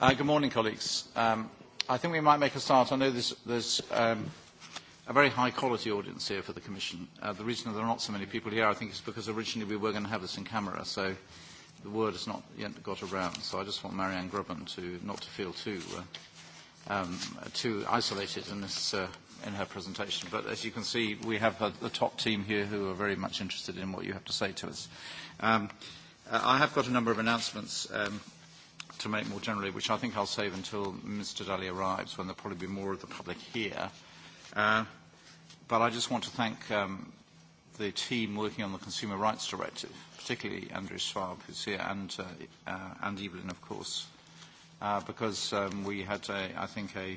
Good morning, colleagues. I think we might make a start. I know there's a very high-quality audience here for the Commission. The reason there are not so many people here, I think, is because originally we were going to have this in camera, so the word has not yet got around. So I just want Marianne Grubman to not to feel too too isolated in this in her presentation. But as you can see, we have a, the top team here who are very much interested in what you have to say to us. Um, I have got a number of announcements. Um, to make more generally, which I think I'll save until Mr. Daly arrives, when there'll probably be more of the public here. Uh, but I just want to thank um, the team working on the Consumer Rights Directive, particularly Andrew Schwab, who's here, and, uh, uh, and Evelyn, of course, uh, because um, we had, a, I think, a,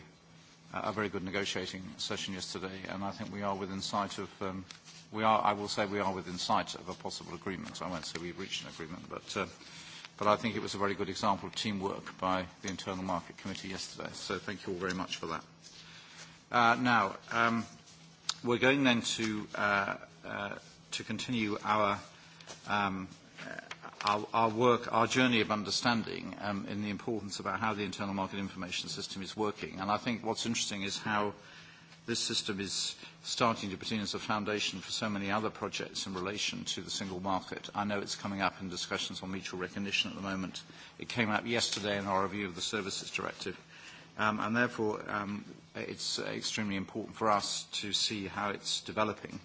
a very good negotiating session yesterday, and I think we are within sight of um, we are, I will say we are within sight of a possible agreement. I won't say we've reached an agreement, but uh, But I think it was a very good example of teamwork by the Internal Market Committee yesterday. So thank you all very much for that. Uh, now, um, we're going then to, uh, uh, to continue our, um, our, our work, our journey of understanding um, in the importance about how the internal market information system is working. And I think what's interesting is how this system is starting to be as a foundation for so many other projects in relation to the single market. I know it's coming up in discussions on mutual recognition at the moment. It came up yesterday in our review of the Services Directive. Um, and therefore, um, it's extremely important for us to see how it's developing.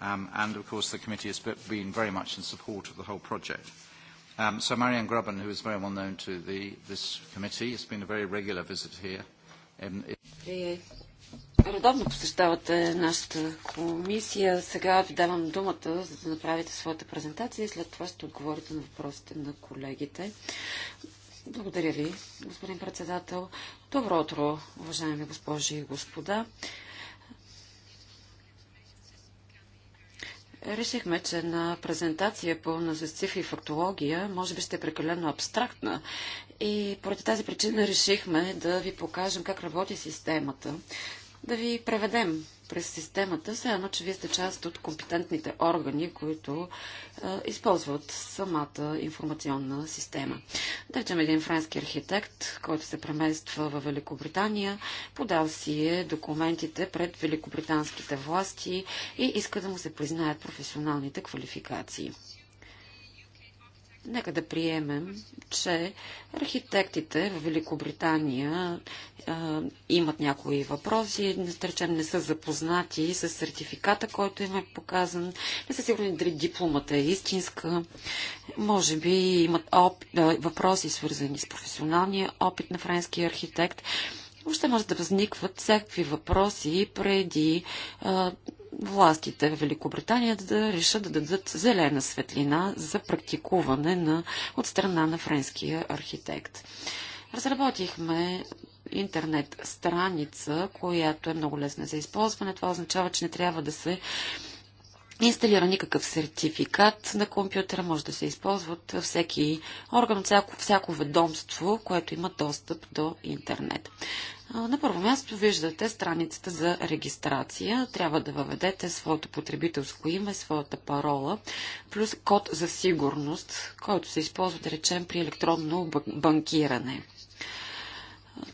Um, and of course, the committee has been very much in support of the whole project. Um, so Marianne Grubben, who is very well known to the, this committee, has been a very regular visit here. Um, it Редовно посещавате нашата комисия. Сега ви давам думата, за да направите своята презентация и след това ще отговорите на въпросите на колегите. Благодаря ви, господин председател. Добро утро, уважаеми госпожи и господа. Решихме, че на презентация пълна с цифри и фактология може би ще е прекалено абстрактна и поради тази причина решихме да ви покажем как работи системата, да ви преведем през системата, все едно, че вие сте част от компетентните органи, които е, използват самата информационна система. Да речем един френски архитект, който се премества в Великобритания, подал си е документите пред великобританските власти и иска да му се признаят професионалните квалификации. Нека да приемем, че архитектите в Великобритания а, имат някои въпроси, Не, речем не са запознати с сертификата, който им е показан, не са сигурни дали дипломата е истинска, може би имат оп... въпроси свързани с професионалния опит на френския архитект. Още може да възникват всякакви въпроси преди а, властите в Великобритания да решат да дадат зелена светлина за практикуване на, от страна на френския архитект. Разработихме интернет страница, която е много лесна за използване. Това означава, че не трябва да се инсталира никакъв сертификат на компютъра, може да се използва от всеки орган, всяко, всяко ведомство, което има достъп до интернет. На първо място виждате страницата за регистрация. Трябва да въведете своето потребителско име, своята парола, плюс код за сигурност, който се използва, да речем, при електронно банкиране.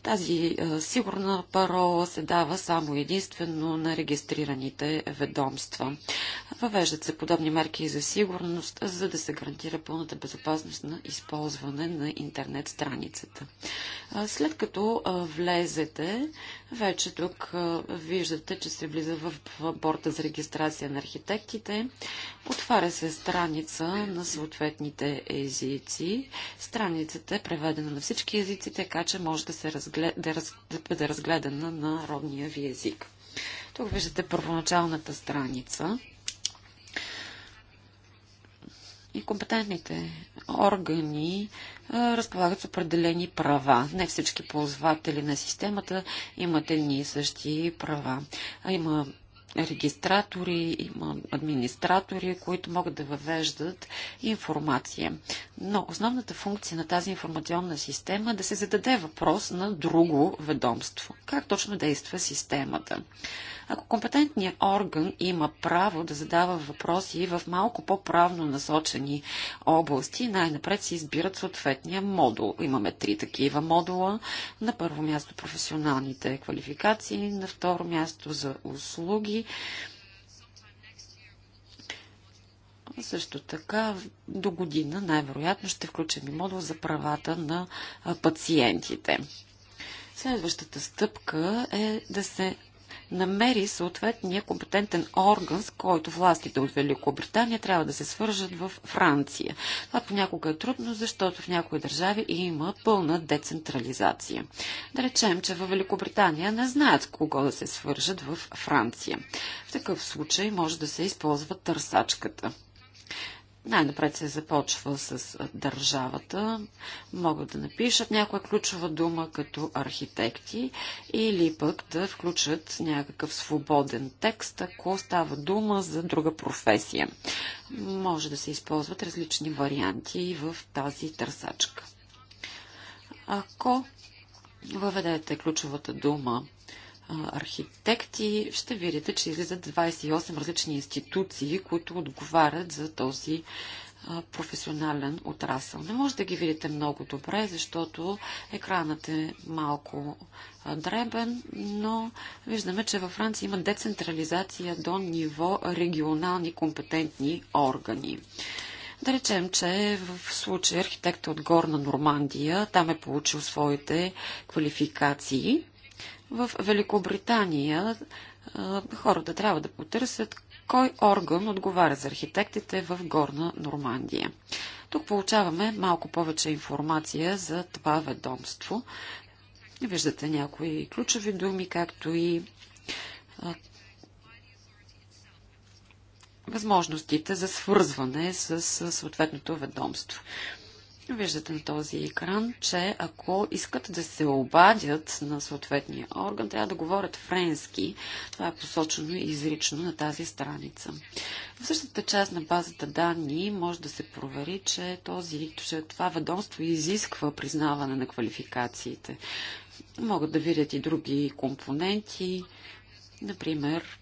Тази сигурна парола се дава само единствено на регистрираните ведомства. Въвеждат се подобни мерки за сигурност, за да се гарантира пълната безопасност на използване на интернет страницата. След като влезете, вече тук виждате, че се влиза в борта за регистрация на архитектите. Отваря се страница на съответните езици. Страницата е преведена на всички езици, така че може да, се разглед... да, раз... да бъде разгледана на родния ви език. Тук виждате първоначалната страница. И компетентните органи а, разполагат с определени права. Не всички ползватели на системата имат едни и същи права. А има регистратори, има администратори, които могат да въвеждат информация. Но основната функция на тази информационна система е да се зададе въпрос на друго ведомство. Как точно действа системата? Ако компетентният орган има право да задава въпроси в малко по-правно насочени области, най-напред се избират съответния модул. Имаме три такива модула. На първо място професионалните квалификации, на второ място за услуги също така, до година най-вероятно ще включим и модул за правата на пациентите. Следващата стъпка е да се намери съответния компетентен орган, с който властите от Великобритания трябва да се свържат в Франция. Това понякога е трудно, защото в някои държави има пълна децентрализация. Да речем, че в Великобритания не знаят кого да се свържат в Франция. В такъв случай може да се използва търсачката. Най-напред се започва с държавата. Могат да напишат някоя ключова дума като архитекти или пък да включат някакъв свободен текст, ако става дума за друга професия. Може да се използват различни варианти в тази търсачка. Ако въведете ключовата дума архитекти, ще видите, че излизат 28 различни институции, които отговарят за този професионален отрасъл. Не може да ги видите много добре, защото екранът е малко дребен, но виждаме, че във Франция има децентрализация до ниво регионални компетентни органи. Да речем, че в случая архитектът от Горна Нормандия там е получил своите квалификации в Великобритания хората трябва да потърсят кой орган отговаря за архитектите в Горна Нормандия. Тук получаваме малко повече информация за това ведомство. Виждате някои ключови думи, както и възможностите за свързване с съответното ведомство. Виждате на този екран, че ако искат да се обадят на съответния орган, трябва да говорят френски. Това е посочено и изрично на тази страница. В същата част на базата данни може да се провери, че, този, че това ведомство изисква признаване на квалификациите. Могат да видят и други компоненти, например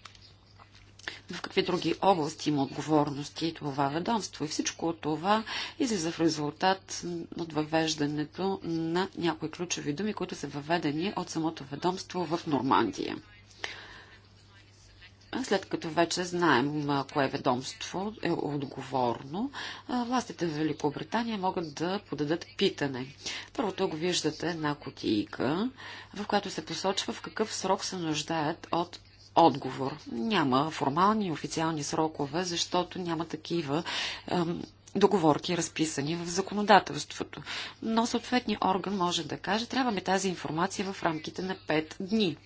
в какви други области има отговорности това ведомство. И всичко от това излиза в резултат от въвеждането на някои ключови думи, които са въведени от самото ведомство в Нормандия. След като вече знаем кое ведомство е отговорно, властите в Великобритания могат да подадат питане. Първо тук виждате една котийка, в която се посочва в какъв срок се нуждаят от отговор. Няма формални и официални срокове, защото няма такива ем, договорки, разписани в законодателството. Но съответният орган може да каже, трябва ми тази информация в рамките на 5 дни.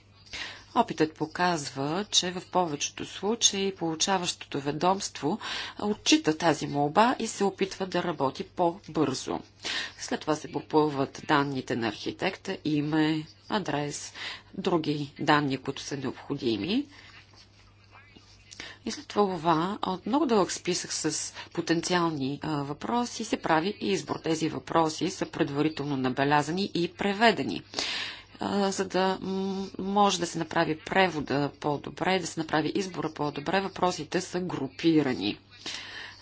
Опитът показва, че в повечето случаи получаващото ведомство отчита тази молба и се опитва да работи по-бързо. След това се попълват данните на архитекта, име, адрес, други данни, които са необходими. И след това от много дълъг списък с потенциални а, въпроси се прави избор. Тези въпроси са предварително набелязани и преведени за да може да се направи превода по-добре, да се направи избора по-добре. Въпросите са групирани.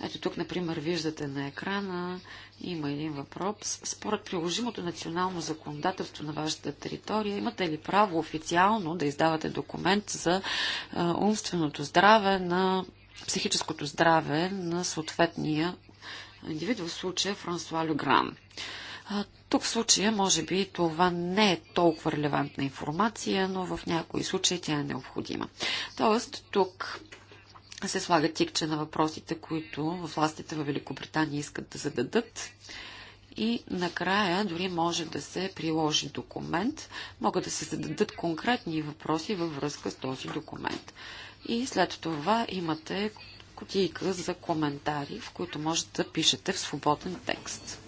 Ето тук, например, виждате на екрана, има един въпрос. Според приложимото национално законодателство на вашата територия, имате ли право официално да издавате документ за умственото здраве на психическото здраве на съответния индивид, в случая Франсуа Люгран? Тук в случая, може би, това не е толкова релевантна информация, но в някои случаи тя е необходима. Тоест, тук се слага тикче на въпросите, които властите в Великобритания искат да зададат. И накрая дори може да се приложи документ. Могат да се зададат конкретни въпроси във връзка с този документ. И след това имате кутийка за коментари, в които можете да пишете в свободен текст.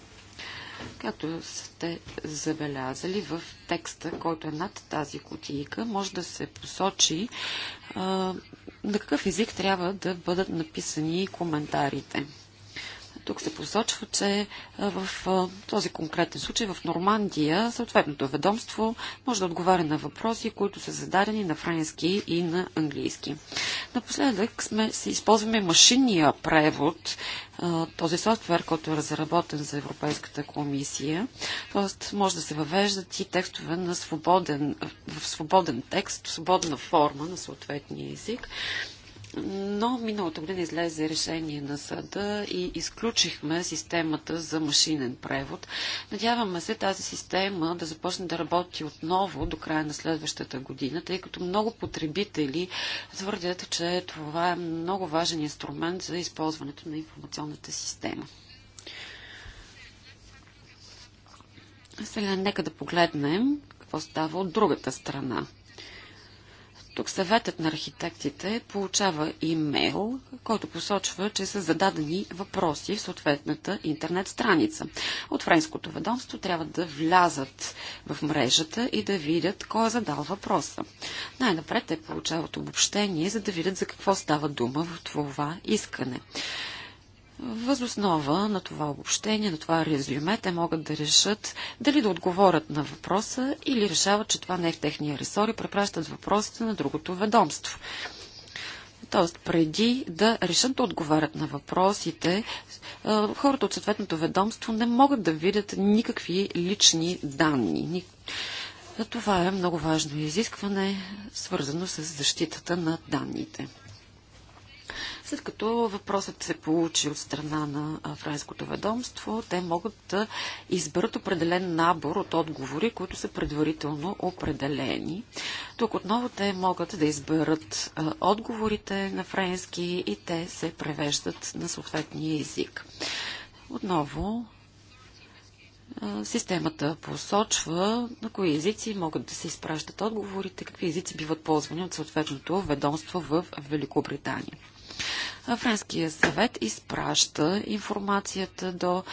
Както сте забелязали в текста, който е над тази кутийка, може да се посочи а, на какъв език трябва да бъдат написани коментарите. Тук се посочва, че в този конкретен случай в Нормандия съответното ведомство може да отговаря на въпроси, които са зададени на френски и на английски. Напоследък сме, си използваме машинния превод, този софтуер, който е разработен за Европейската комисия. Тоест може да се въвеждат и текстове на свободен, в свободен текст, в свободна форма на съответния език. Но миналата година излезе решение на съда и изключихме системата за машинен превод. Надяваме се тази система да започне да работи отново до края на следващата година, тъй като много потребители твърдят, че това е много важен инструмент за използването на информационната система. Сега нека да погледнем какво става от другата страна. Тук съветът на архитектите получава имейл, който посочва, че са зададени въпроси в съответната интернет страница. От френското ведомство трябва да влязат в мрежата и да видят кой е задал въпроса. Най-напред те получават обобщение, за да видят за какво става дума в това искане. Възоснова на това обобщение, на това резюме, те могат да решат дали да отговорят на въпроса или решават, че това не е в техния ресор и препращат въпросите на другото ведомство. Тоест, преди да решат да отговарят на въпросите, хората от съответното ведомство не могат да видят никакви лични данни. Това е много важно изискване, свързано с защитата на данните. След като въпросът се получи от страна на френското ведомство, те могат да изберат определен набор от отговори, които са предварително определени. Тук отново те могат да изберат отговорите на френски и те се превеждат на съответния език. Отново Системата посочва на кои езици могат да се изпращат отговорите, какви езици биват ползвани от съответното ведомство в Великобритания. Френския съвет изпраща информацията до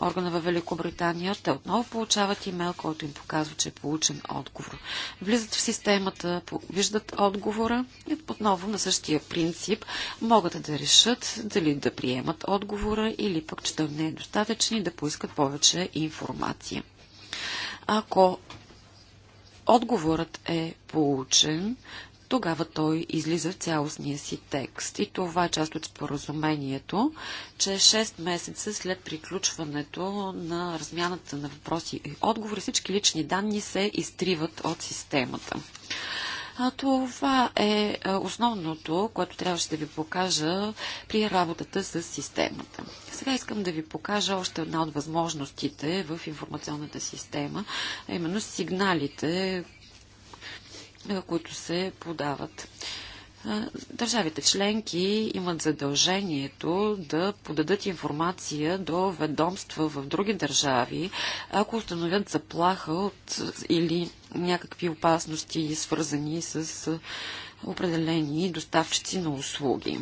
органа във Великобритания. Те отново получават имейл, който им показва, че е получен отговор. Влизат в системата, виждат отговора и отново на същия принцип могат да решат дали да приемат отговора или пък, че да не е достатъчен и да поискат повече информация. Ако отговорът е получен, тогава той излиза в цялостния си текст. И това е част от споразумението, че 6 месеца след приключването на размяната на въпроси и отговори, всички лични данни се изтриват от системата. А това е основното, което трябваше да ви покажа при работата с системата. Сега искам да ви покажа още една от възможностите в информационната система, а именно сигналите, които се подават. Държавите членки имат задължението да подадат информация до ведомства в други държави, ако установят заплаха от, или някакви опасности, свързани с определени доставчици на услуги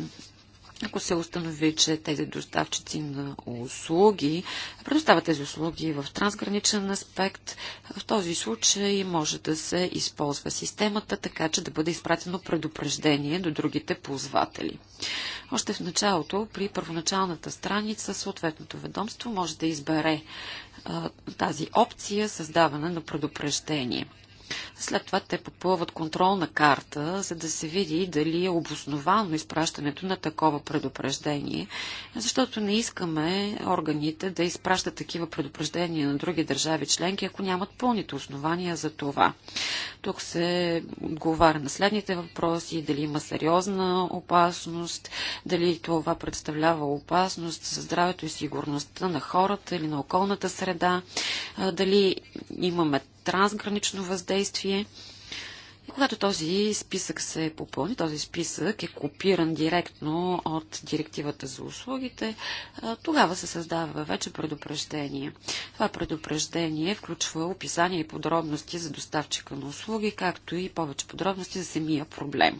ако се установи, че тези доставчици на услуги предоставят тези услуги в трансграничен аспект, в този случай може да се използва системата, така че да бъде изпратено предупреждение до другите ползватели. Още в началото, при първоначалната страница, съответното ведомство може да избере тази опция създаване на предупреждение. След това те попълват контролна карта, за да се види дали е обосновано изпращането на такова предупреждение, защото не искаме органите да изпращат такива предупреждения на други държави членки, ако нямат пълните основания за това. Тук се отговаря на следните въпроси, дали има сериозна опасност, дали това представлява опасност за здравето и сигурността на хората или на околната среда, дали имаме трансгранично въздействие. И когато този списък се попълни, този списък е копиран директно от директивата за услугите, тогава се създава вече предупреждение. Това предупреждение включва описание и подробности за доставчика на услуги, както и повече подробности за самия проблем.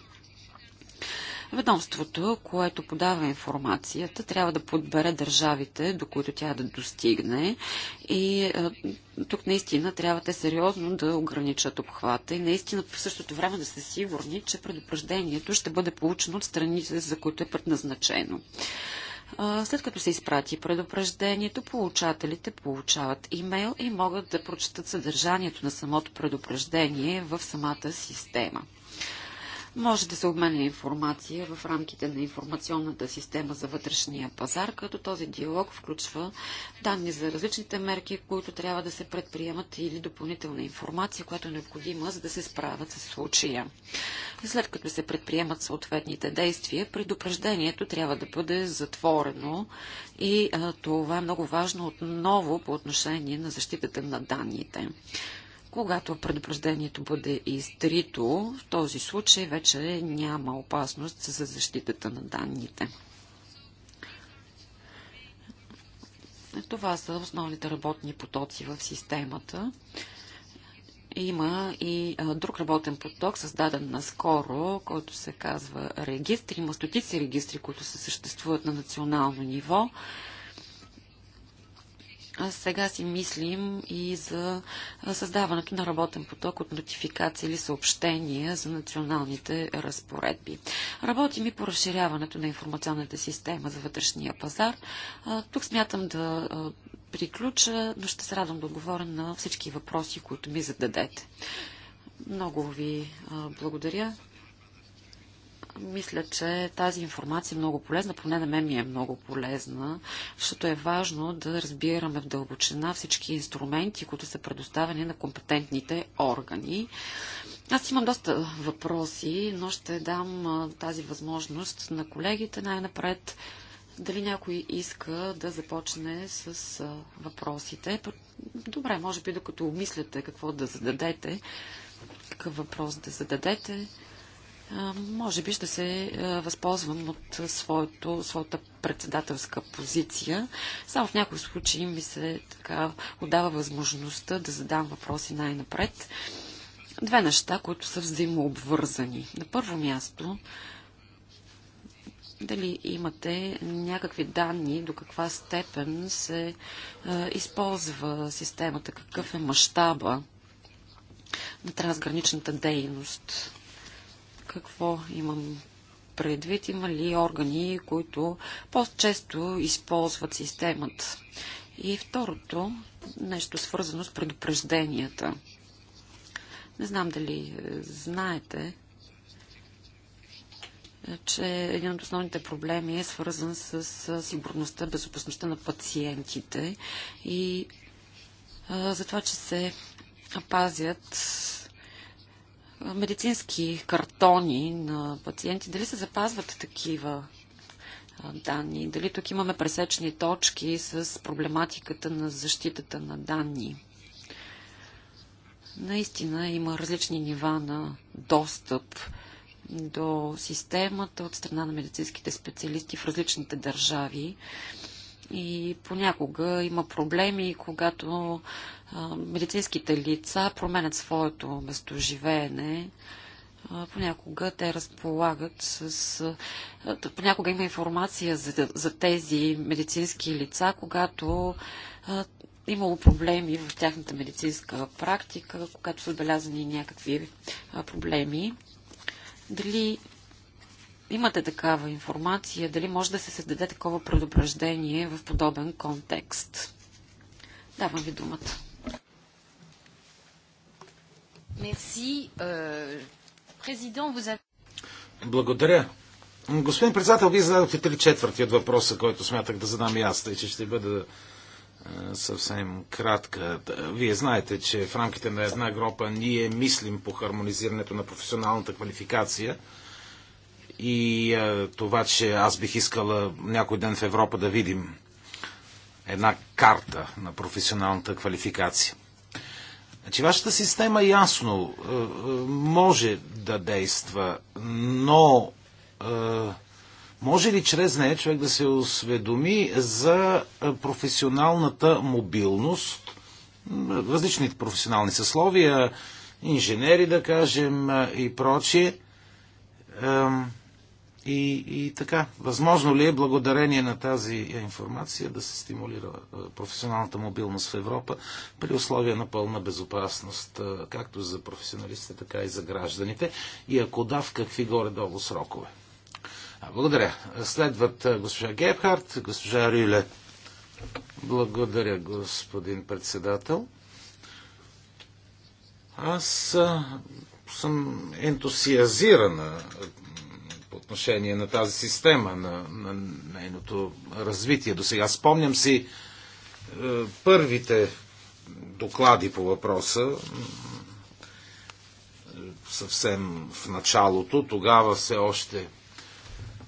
Ведомството, което подава информацията, трябва да подбере държавите, до които тя да достигне и е, тук наистина трябва те сериозно да ограничат обхвата и наистина в същото време да са сигурни, че предупреждението ще бъде получено от страните, за които е предназначено. След като се изпрати предупреждението, получателите получават имейл и могат да прочетат съдържанието на самото предупреждение в самата система. Може да се обменя информация в рамките на информационната система за вътрешния пазар, като този диалог включва данни за различните мерки, които трябва да се предприемат или допълнителна информация, която е необходима, за да се справят с случая. След като се предприемат съответните действия, предупреждението трябва да бъде затворено и а, това е много важно отново по отношение на защитата на данните. Когато предупреждението бъде изтрито, в този случай вече няма опасност за защитата на данните. Това са основните работни потоци в системата. Има и друг работен поток, създаден наскоро, който се казва регистри. Има стотици регистри, които се съществуват на национално ниво сега си мислим и за създаването на работен поток от нотификации или съобщения за националните разпоредби. Работим и по разширяването на информационната система за вътрешния пазар. Тук смятам да приключа, но ще се радвам да отговоря на всички въпроси, които ми зададете. Много ви благодаря. Мисля, че тази информация е много полезна, поне на мен ми е много полезна, защото е важно да разбираме в дълбочина всички инструменти, които са предоставени на компетентните органи. Аз имам доста въпроси, но ще дам тази възможност на колегите най-напред. Дали някой иска да започне с въпросите? Добре, може би докато мислите какво да зададете, какъв въпрос да зададете. Може би ще се възползвам от своето, своята председателска позиция. Само в някои случаи ми се така отдава възможността да задам въпроси най-напред. Две неща, които са взаимообвързани. На първо място, дали имате някакви данни, до каква степен се е, използва системата, какъв е мащаба на трансграничната дейност какво имам предвид? Има ли органи, които по-често използват системата? И второто, нещо свързано с предупрежденията. Не знам дали е, знаете, че един от основните проблеми е свързан с сигурността, безопасността на пациентите и за това, че се пазят медицински картони на пациенти, дали се запазват такива данни? Дали тук имаме пресечни точки с проблематиката на защитата на данни? Наистина има различни нива на достъп до системата от страна на медицинските специалисти в различните държави. И понякога има проблеми, когато медицинските лица променят своето местоживеене. Понякога те разполагат с... Понякога има информация за, за тези медицински лица, когато имало проблеми в тяхната медицинска практика, когато са отбелязани някакви проблеми. Дали имате такава информация, дали може да се създаде такова предупреждение в подобен контекст? Давам ви думата. Euh, Благодаря. Господин председател, вие зададохте три четвърти от въпроса, който смятах да задам и аз, тъй че ще бъда е, съвсем кратка. Вие знаете, че в рамките на една група ние мислим по хармонизирането на професионалната квалификация и е, това, че аз бих искала някой ден в Европа да видим една карта на професионалната квалификация. Значи вашата система ясно е, е, може да действа, но е, може ли чрез нея човек да се осведоми за професионалната мобилност, различните професионални съсловия, инженери, да кажем, и прочие? И, и така, възможно ли е благодарение на тази информация да се стимулира професионалната мобилност в Европа при условия на пълна безопасност, както за професионалистите, така и за гражданите? И ако да, в какви горе-долу срокове? А, благодаря. Следват госпожа Гебхарт, госпожа Рюле. Благодаря, господин председател. Аз съм ентусиазирана отношение на тази система, на, на нейното развитие. До сега спомням си е, първите доклади по въпроса, съвсем в началото, тогава все още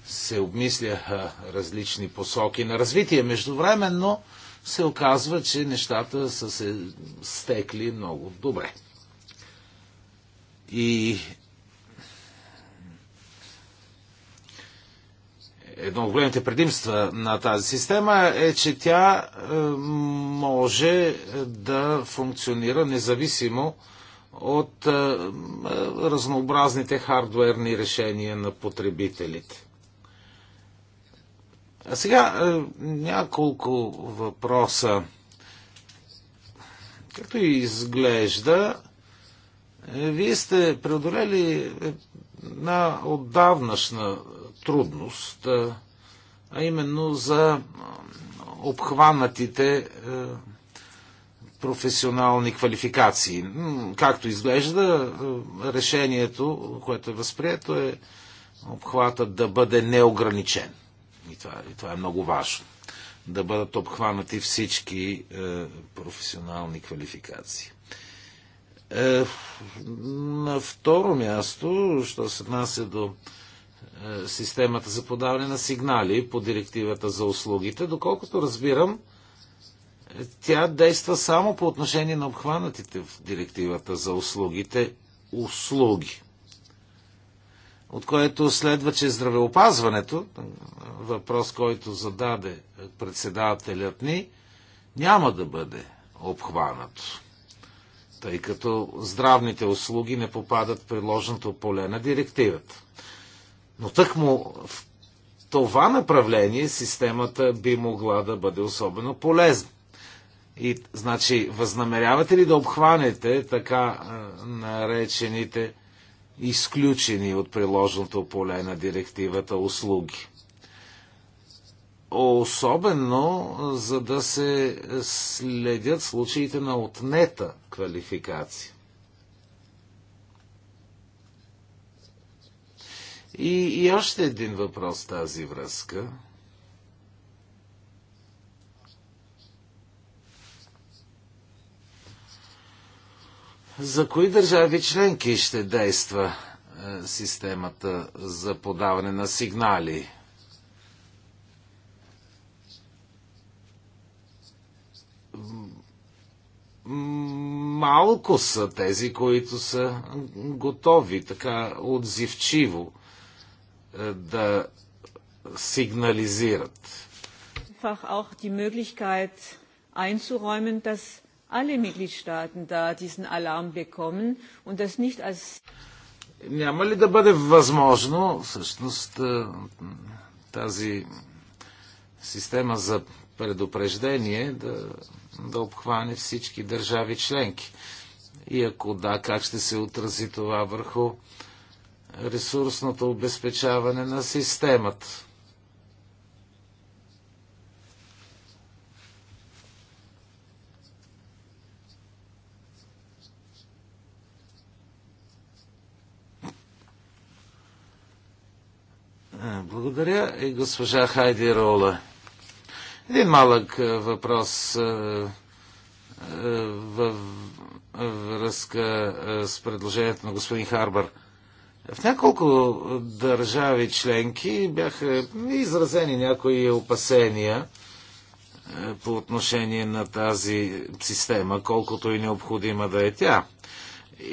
се обмисляха различни посоки на развитие. Междувременно се оказва, че нещата са се стекли много добре. И едно от големите предимства на тази система е, че тя е, може да функционира независимо от е, разнообразните хардуерни решения на потребителите. А сега е, няколко въпроса. Както и изглежда, вие сте преодолели една отдавнашна трудност, а именно за обхванатите професионални квалификации. Както изглежда, решението, което е възприето, е обхвата да бъде неограничен. И това, и това е много важно. Да бъдат обхванати всички е, професионални квалификации. Е, на второ място, що се отнася до е, системата за подаване на сигнали по директивата за услугите. Доколкото разбирам, тя действа само по отношение на обхванатите в директивата за услугите услуги. От което следва, че здравеопазването, въпрос, който зададе председателят ни, няма да бъде обхванато, тъй като здравните услуги не попадат в приложеното поле на директивата. Но тъкмо в това направление системата би могла да бъде особено полезна. И, значи, възнамерявате ли да обхванете така е, наречените изключени от приложното поле на директивата услуги? Особено, за да се следят случаите на отнета квалификация. И, и още един въпрос тази връзка. За кои държави членки ще действа е, системата за подаване на сигнали? Малко са тези, които са готови така отзивчиво е, да сигнализират. Auch die Möglichkeit einzuräumen, dass alle Mitgliedstaaten da diesen Alarm bekommen und das nicht als няма ли да бъде възможно всъщност е, тази система за предупреждение да, да обхване всички държави членки? И ако да, как ще се отрази това върху ресурсното обезпечаване на системата. Е, благодаря и госпожа Хайди Рола. Един малък е, въпрос е, във връзка с предложението на господин Харбър. В няколко държави членки бяха изразени някои опасения е, по отношение на тази система, колкото и необходима да е тя.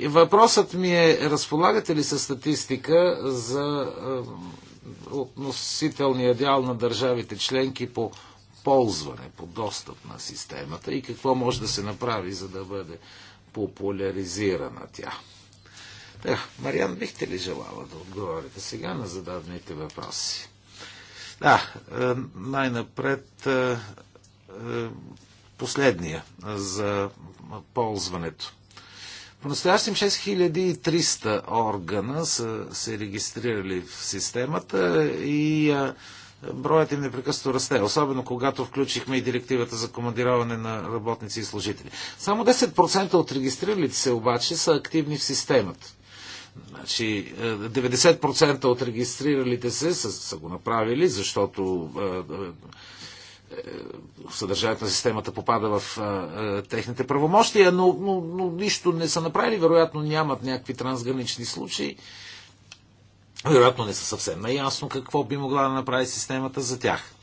Въпросът ми е, разполагате ли се статистика за е, относителния дял на държавите членки по ползване, по достъп на системата и какво може да се направи, за да бъде популяризирана тя? Да, е, Мариан, бихте ли желала да отговорите сега на зададените въпроси? Да, е, най-напред е, последния за ползването. По-настоящем 6300 органа са се регистрирали в системата и броят им непрекъснато расте, особено когато включихме и директивата за командироване на работници и служители. Само 10% от регистриралите се обаче са активни в системата. Значи, 90% е, от регистриралите се са, са го направили, защото е, е, съдържанието на системата попада в а, техните правомощия, но, но, но нищо не са направили, вероятно нямат някакви трансгранични случаи, вероятно не са съвсем наясно какво би могла да направи системата за тях.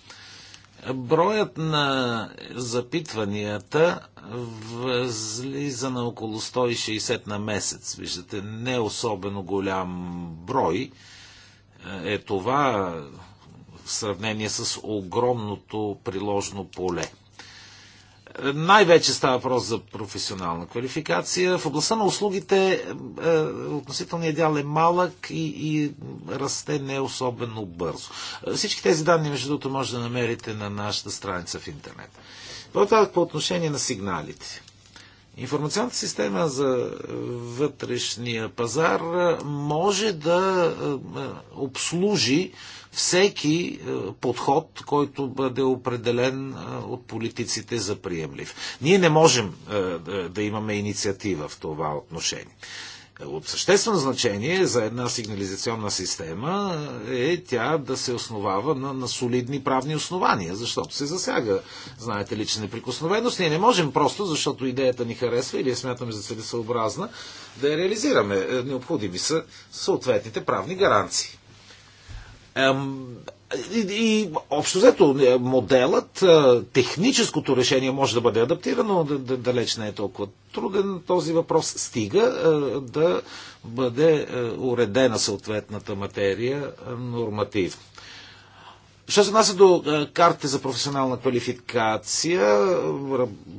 Броят на запитванията възлиза на около 160 на месец. Виждате, не особено голям брой е това в сравнение с огромното приложно поле. Най-вече става въпрос за професионална квалификация. В областта на услугите е, относителният дял е малък и, и расте не особено бързо. Всички тези данни, между другото, може да намерите на нашата страница в интернет. по по отношение на сигналите. Информационната система за вътрешния пазар е, може да е, обслужи всеки е, подход, който бъде определен е, от политиците за приемлив. Ние не можем е, да имаме инициатива в това отношение. От съществено значение за една сигнализационна система е тя да се основава на, на солидни правни основания, защото се засяга, знаете, че неприкосновеност. Ние не можем просто, защото идеята ни харесва или я смятаме за целесъобразна, да я реализираме. Необходими са съответните правни гаранции. И, и общо взето е, моделът, е, техническото решение може да бъде адаптирано, далеч не е толкова труден този въпрос. Стига е, да бъде уредена съответната материя нормативно. Що се отнася до картите за професионална квалификация,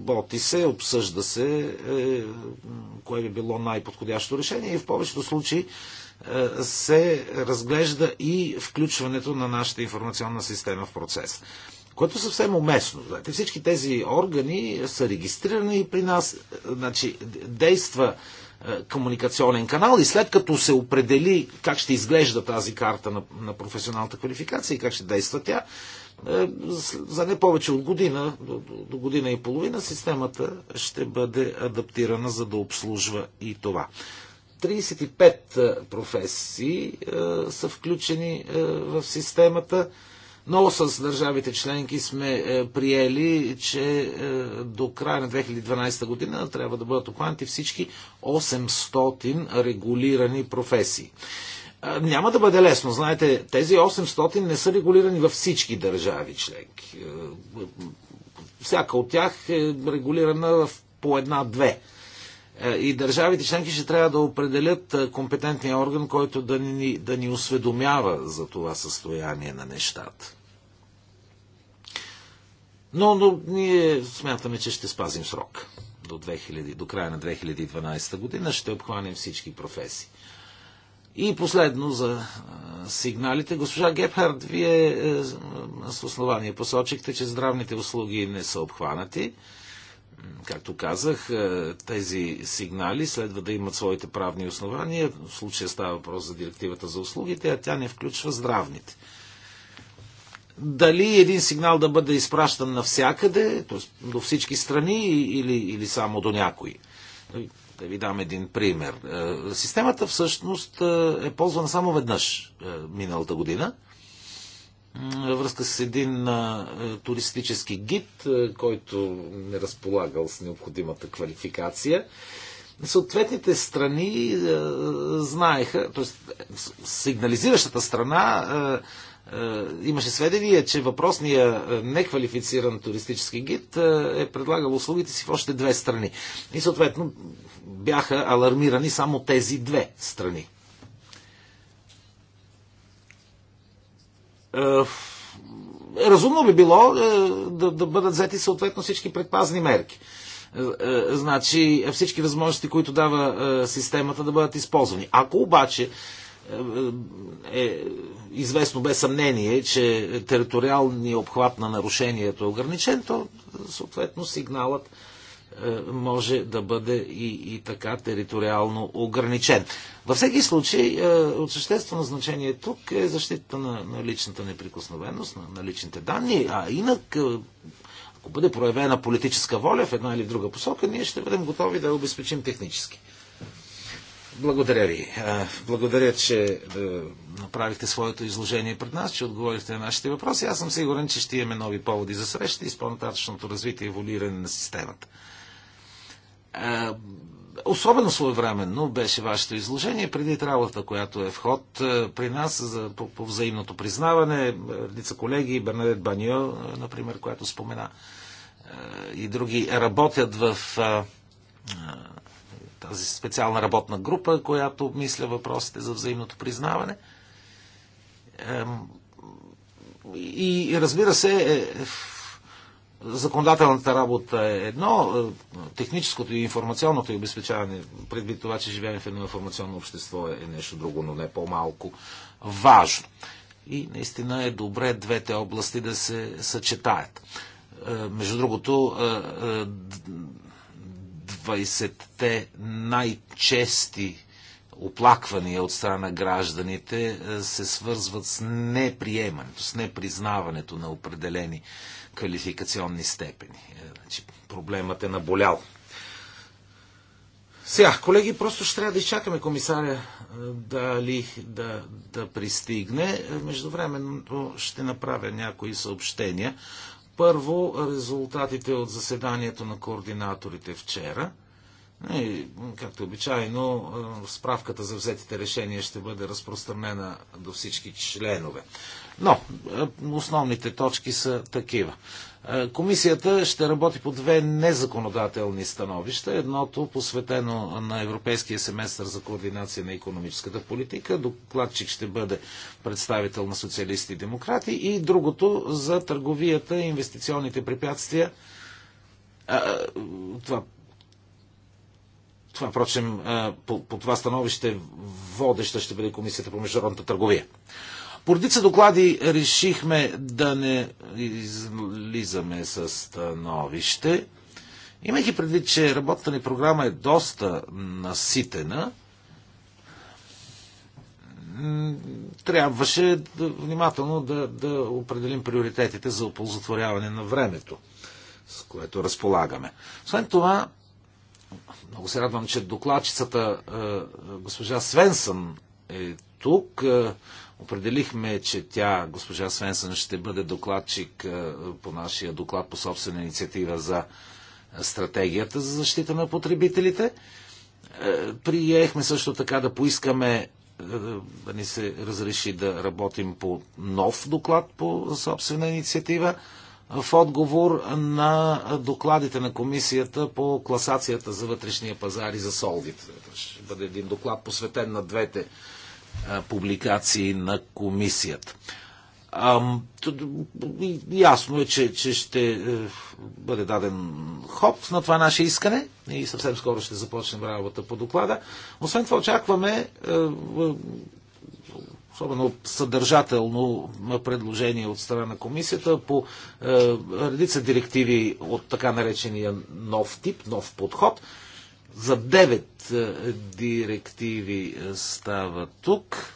работи се, обсъжда се кое би било най-подходящо решение и в повечето случаи се разглежда и включването на нашата информационна система в процес. Което е съвсем уместно. Знаете, всички тези органи са регистрирани при нас, значи действа е, комуникационен канал и след като се определи как ще изглежда тази карта на, на професионалната квалификация и как ще действа тя, е, за не повече от година, до, до година и половина, системата ще бъде адаптирана за да обслужва и това. 35 е, професии е, са включени е, в системата, но с държавите членки сме приели, че до края на 2012 година трябва да бъдат обхванати всички 800 регулирани професии. Няма да бъде лесно. Знаете, тези 800 не са регулирани във всички държави членки. Всяка от тях е регулирана в по една-две е, и държавите членки ще трябва да определят е, компетентния орган, който да ни, да ни осведомява за това състояние на нещата. Но, но ние смятаме, че ще спазим срок. До, 2000, до края на 2012 година ще обхванем всички професии. И последно за е, сигналите. Госпожа Гепхард, вие с основание посочихте, че здравните услуги не са обхванати. Както казах, е, тези сигнали следва да имат своите правни основания. В случая става въпрос за директивата за услугите, а тя не включва здравните. Дали един сигнал да бъде изпращан навсякъде, т.е. до всички страни или, или само до някои? Да ви дам един пример. Е, системата всъщност е, е ползвана само веднъж миналата година във връзка с един а, туристически гид, а, който не разполагал с необходимата квалификация. Съответните страни а, знаеха, т.е. сигнализиращата страна а, а, имаше сведения, че въпросния неквалифициран туристически гид а, е предлагал услугите си в още две страни. И съответно бяха алармирани само тези две страни. Е, е разумно би било е, да, да бъдат взети съответно всички предпазни мерки. Значи всички възможности, които дава системата да бъдат използвани. Ако обаче е известно без съмнение, че териториалният обхват на нарушението е ограничен, то съответно сигналът е, може да бъде и, и така териториално ограничен. Във всеки случай, е, от съществено значение тук е защита на, на личната неприкосновеност, на, на личните данни, а инак, е, ако бъде проявена политическа воля в една или друга посока, ние ще бъдем готови да я обезпечим технически. Благодаря ви. Благодаря, че направихте своето изложение пред нас, че отговорихте на нашите въпроси. Аз съм сигурен, че ще имаме нови поводи за среща и с по-нататъчното развитие и еволиране на системата. Е, особено своевременно беше вашето изложение преди работа, която е в ход е, при нас за, по, по взаимното признаване. Лица е, колеги, Бернадет Баньо, например, която спомена, и други работят в тази специална работна група, която обмисля въпросите за взаимното признаване. И разбира се, законодателната работа е едно, е, техническото и информационното и обезпечаване, предвид това, че живеем в едно информационно общество, е, е нещо друго, но не по-малко важно. И наистина е добре двете области да се съчетаят. Е, между другото, 20-те най-чести оплаквания от страна на гражданите се свързват с неприемането, с непризнаването на определени квалификационни степени. Е, значи, проблемът е наболял. Сега, колеги, просто ще трябва да изчакаме комисаря е, дали да, да пристигне. Е, междувременно ще направя някои съобщения. Първо, резултатите от заседанието на координаторите вчера. И, както обичайно, справката за взетите решения ще бъде разпространена до всички членове. Но основните точки са такива. Комисията ще работи по две незаконодателни становища. Едното посветено на Европейския семестър за координация на економическата политика. Докладчик ще бъде представител на социалисти и демократи. И другото за търговията и инвестиционните препятствия. Това това, впрочем, по, по това становище водеща ще бъде Комисията по международната търговия. Породица доклади решихме да не излизаме с становище. Имайки предвид, че работната ни програма е доста наситена, трябваше внимателно да, да определим приоритетите за оползотворяване на времето, с което разполагаме. Освен това, много се радвам, че докладчицата е, е, госпожа Свенсън е тук. Е, Определихме, че тя, госпожа Свенсън, ще бъде докладчик е, по нашия доклад по собствена инициатива за стратегията за защита на потребителите. Е, приехме също така да поискаме е, да ни се разреши да работим по нов доклад по собствена инициатива в отговор на докладите на комисията по класацията за вътрешния пазар и за солдите. Ще бъде един доклад посветен на двете публикации на комисията. Ясно е, че, че ще е, бъде даден хоп на това наше искане и съвсем скоро ще започнем работа по доклада. Освен това очакваме е, особено съдържателно предложение от страна на комисията по е, редица директиви от така наречения нов тип, нов подход – за девет е, директиви е, става тук.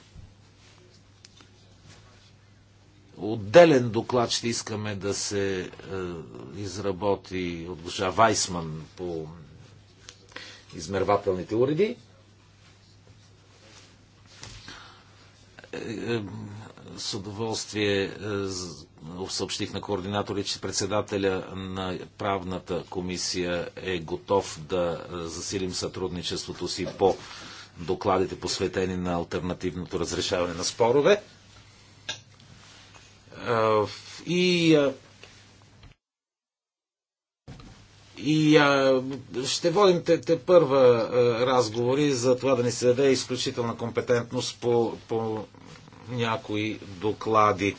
Отделен доклад ще искаме да се е, изработи от госпожа Вайсман по измервателните уреди. С удоволствие съобщих на координатори, че председателя на правната комисия е готов да засилим сътрудничеството си по докладите, посветени на альтернативното разрешаване на спорове. И и а, ще водим те, те първа а, разговори за това да ни се даде изключителна компетентност по, по някои доклади.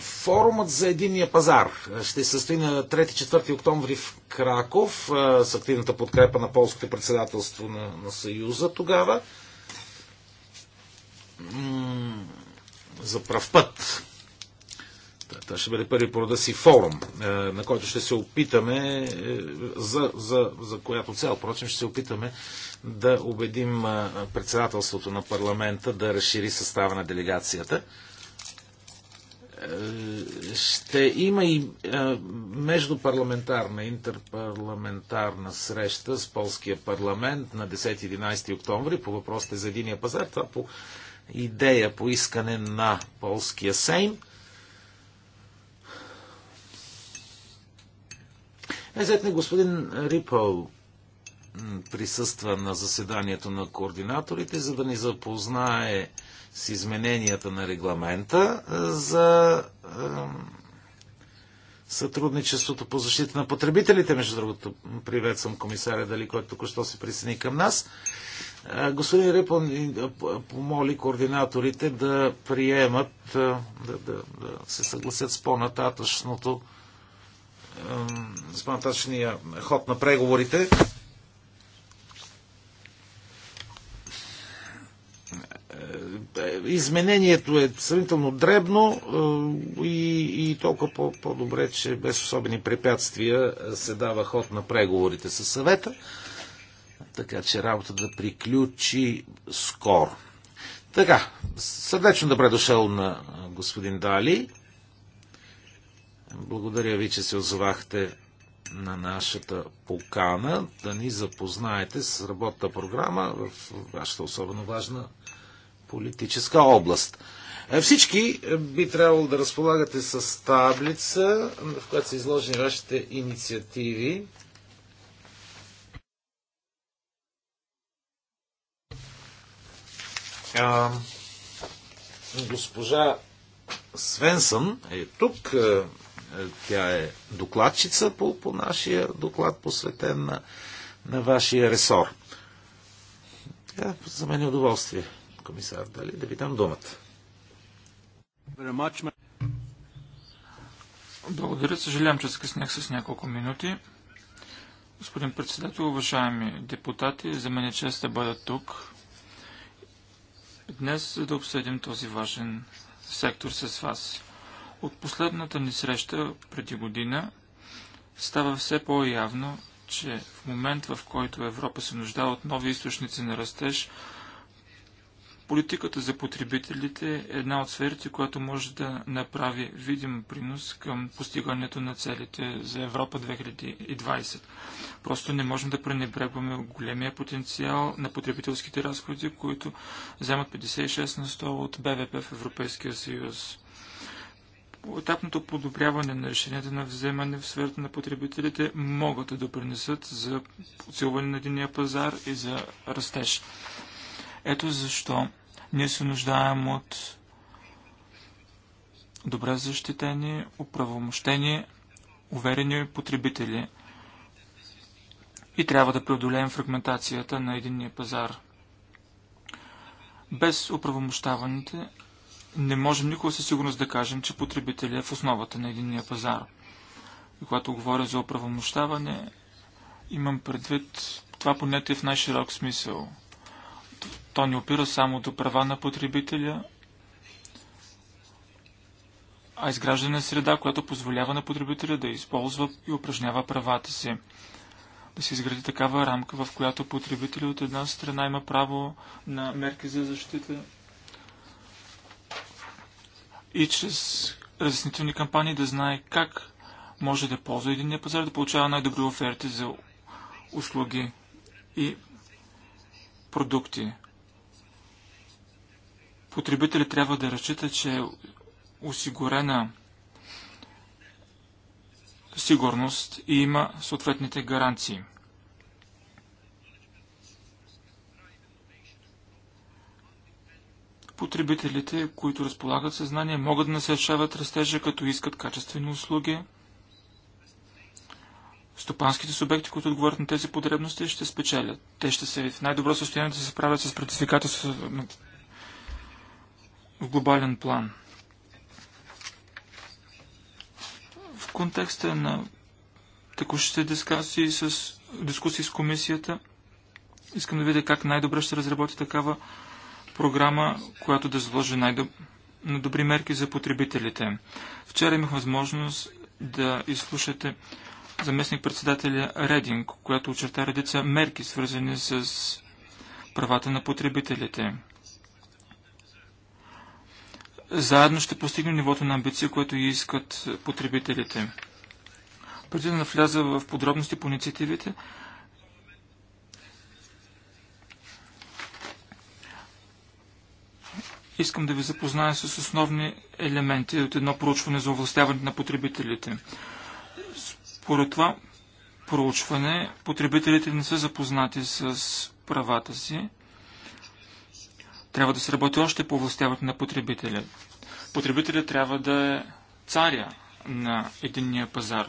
Форумът за единния пазар ще състои на 3-4 октомври в Краков с активната подкрепа на полското председателство на, на Съюза тогава. За прав път. Това ще бъде първи порода си форум, на който ще се опитаме, е, за, за, за която цел, впрочем, ще се опитаме да убедим председателството на парламента да разшири състава на делегацията ще има и е, междупарламентарна, интерпарламентарна среща с полския парламент на 10-11 октомври по въпросите за единия пазар. Това по идея, по искане на полския сейм. Езетне господин Рипъл присъства на заседанието на координаторите, за да ни запознае с измененията на регламента е, за сътрудничеството по защита на потребителите. Между другото, приветствам комисаря Дали, който току-що се присъедини към нас. Е, господин Репо е, помоли координаторите да приемат, да, да, да се съгласят с по-нататъчното с по-нататъчния ход на преговорите Е, е, изменението е сравнително дребно е, и, и толкова по-добре, -по че без особени препятствия се дава ход на преговорите със съвета, така че работа да приключи скоро. Така, сърдечно добре дошъл на господин Дали. Благодаря ви, че се озовахте на нашата покана да ни запознаете с работната програма в вашата особено важна политическа област. Е, всички е, би трябвало да разполагате с таблица, в която са изложени вашите инициативи. А, госпожа Свенсън е тук. Е, тя е докладчица по, по нашия доклад, посветен на, на вашия ресор. Тя за мен е удоволствие комисар Дали, да ви дам думата. Благодаря. Съжалявам, че скъснях с няколко минути. Господин председател, уважаеми депутати, за мен е чест да бъда тук днес, за да обсъдим този важен сектор с вас. От последната ни среща преди година става все по-явно, че в момент, в който Европа се нуждае от нови източници на растеж, Политиката за потребителите е една от сферите, която може да направи видим принос към постигането на целите за Европа 2020. Просто не можем да пренебрегваме големия потенциал на потребителските разходи, които вземат 56 на 100 от БВП в Европейския съюз. Етапното подобряване на решенията на вземане в сферата на потребителите могат да допринесат за подсилване на единия пазар и за растеж. Ето защо ние се нуждаем от добре защитени, оправомощени, уверени потребители и трябва да преодолеем фрагментацията на единния пазар. Без оправомощаваните не можем никога със сигурност да кажем, че потребителят е в основата на единния пазар. И когато говоря за оправомощаване, имам предвид това понятие в най-широк смисъл – то не опира само до права на потребителя, а изграждане на среда, която позволява на потребителя да използва и упражнява правата си. Да се изгради такава рамка, в която потребителя от една страна има право на мерки за защита и чрез разяснителни кампании да знае как може да ползва единния пазар, да получава най-добри оферти за услуги и продукти потребители трябва да разчита, че е осигурена сигурност и има съответните гаранции. Потребителите, които разполагат съзнание, могат да насърчават растежа, като искат качествени услуги. Стопанските субекти, които отговарят на тези потребности, ще спечелят. Те ще са в най-добро състояние да се справят с предизвикателството в глобален план. В контекста на текущите дискусии с, дискусии с комисията, искам да видя как най-добре ще разработи такава програма, която да заложи най на добри мерки за потребителите. Вчера имах възможност да изслушате заместник-председателя Рединг, която очерта редица мерки, свързани с правата на потребителите заедно ще постигнем нивото на амбиция, което искат потребителите. Преди да навляза в подробности по инициативите, искам да ви запозная с основни елементи от едно проучване за овластяване на потребителите. Според това проучване, потребителите не са запознати с правата си, трябва да се работи още по властяването на потребителя. Потребителя трябва да е царя на единния пазар.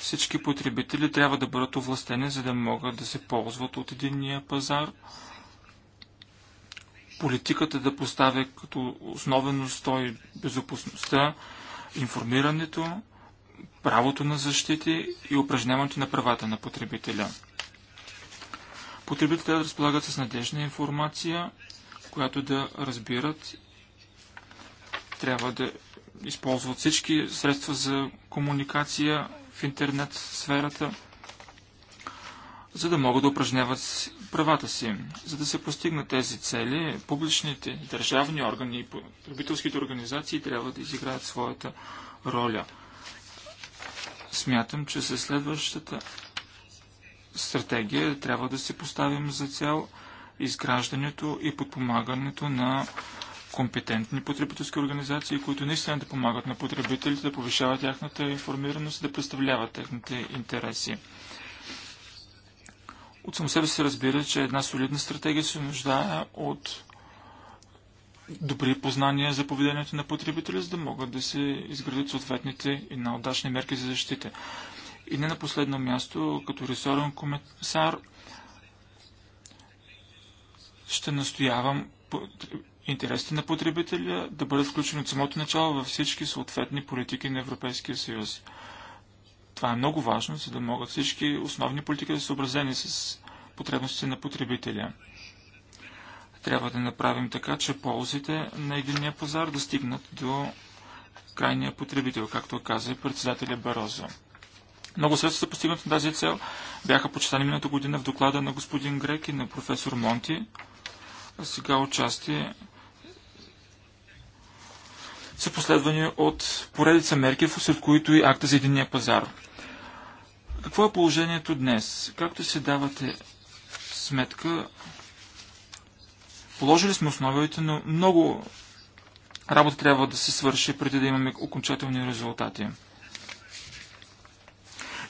Всички потребители трябва да бъдат овластени, за да могат да се ползват от единния пазар. Политиката да поставя като основен устой безопасността, информирането, правото на защити и упражняването на правата на потребителя. Потребителите разполагат с надежна информация, която да разбират. Трябва да използват всички средства за комуникация в интернет сферата, за да могат да упражняват правата си. За да се постигнат тези цели, публичните държавни органи и правителските организации трябва да изиграят своята роля. Смятам, че със следващата стратегия трябва да се поставим за цял изграждането и подпомагането на компетентни потребителски организации, които наистина да помагат на потребителите, да повишават тяхната информираност, и да представляват техните интереси. От само себе се разбира, че една солидна стратегия се нуждае от добри познания за поведението на потребителя, за да могат да се изградят съответните и удачни мерки за защита. И не на последно място, като ресорен комисар, ще настоявам интересите на потребителя да бъдат включени от самото начало във всички съответни политики на Европейския съюз. Това е много важно, за да могат всички основни политики да са съобразени с потребностите на потребителя. Трябва да направим така, че ползите на единния пазар да стигнат до крайния потребител, както каза и председателя Барозо. Много средства за постигнат на тази цел бяха почитани миналата година в доклада на господин Грек и на професор Монти – сега участие са последвани от поредица мерки, сред които и акта за единния пазар. Какво е положението днес? Както се давате сметка, положили сме основите, но много работа трябва да се свърши преди да имаме окончателни резултати.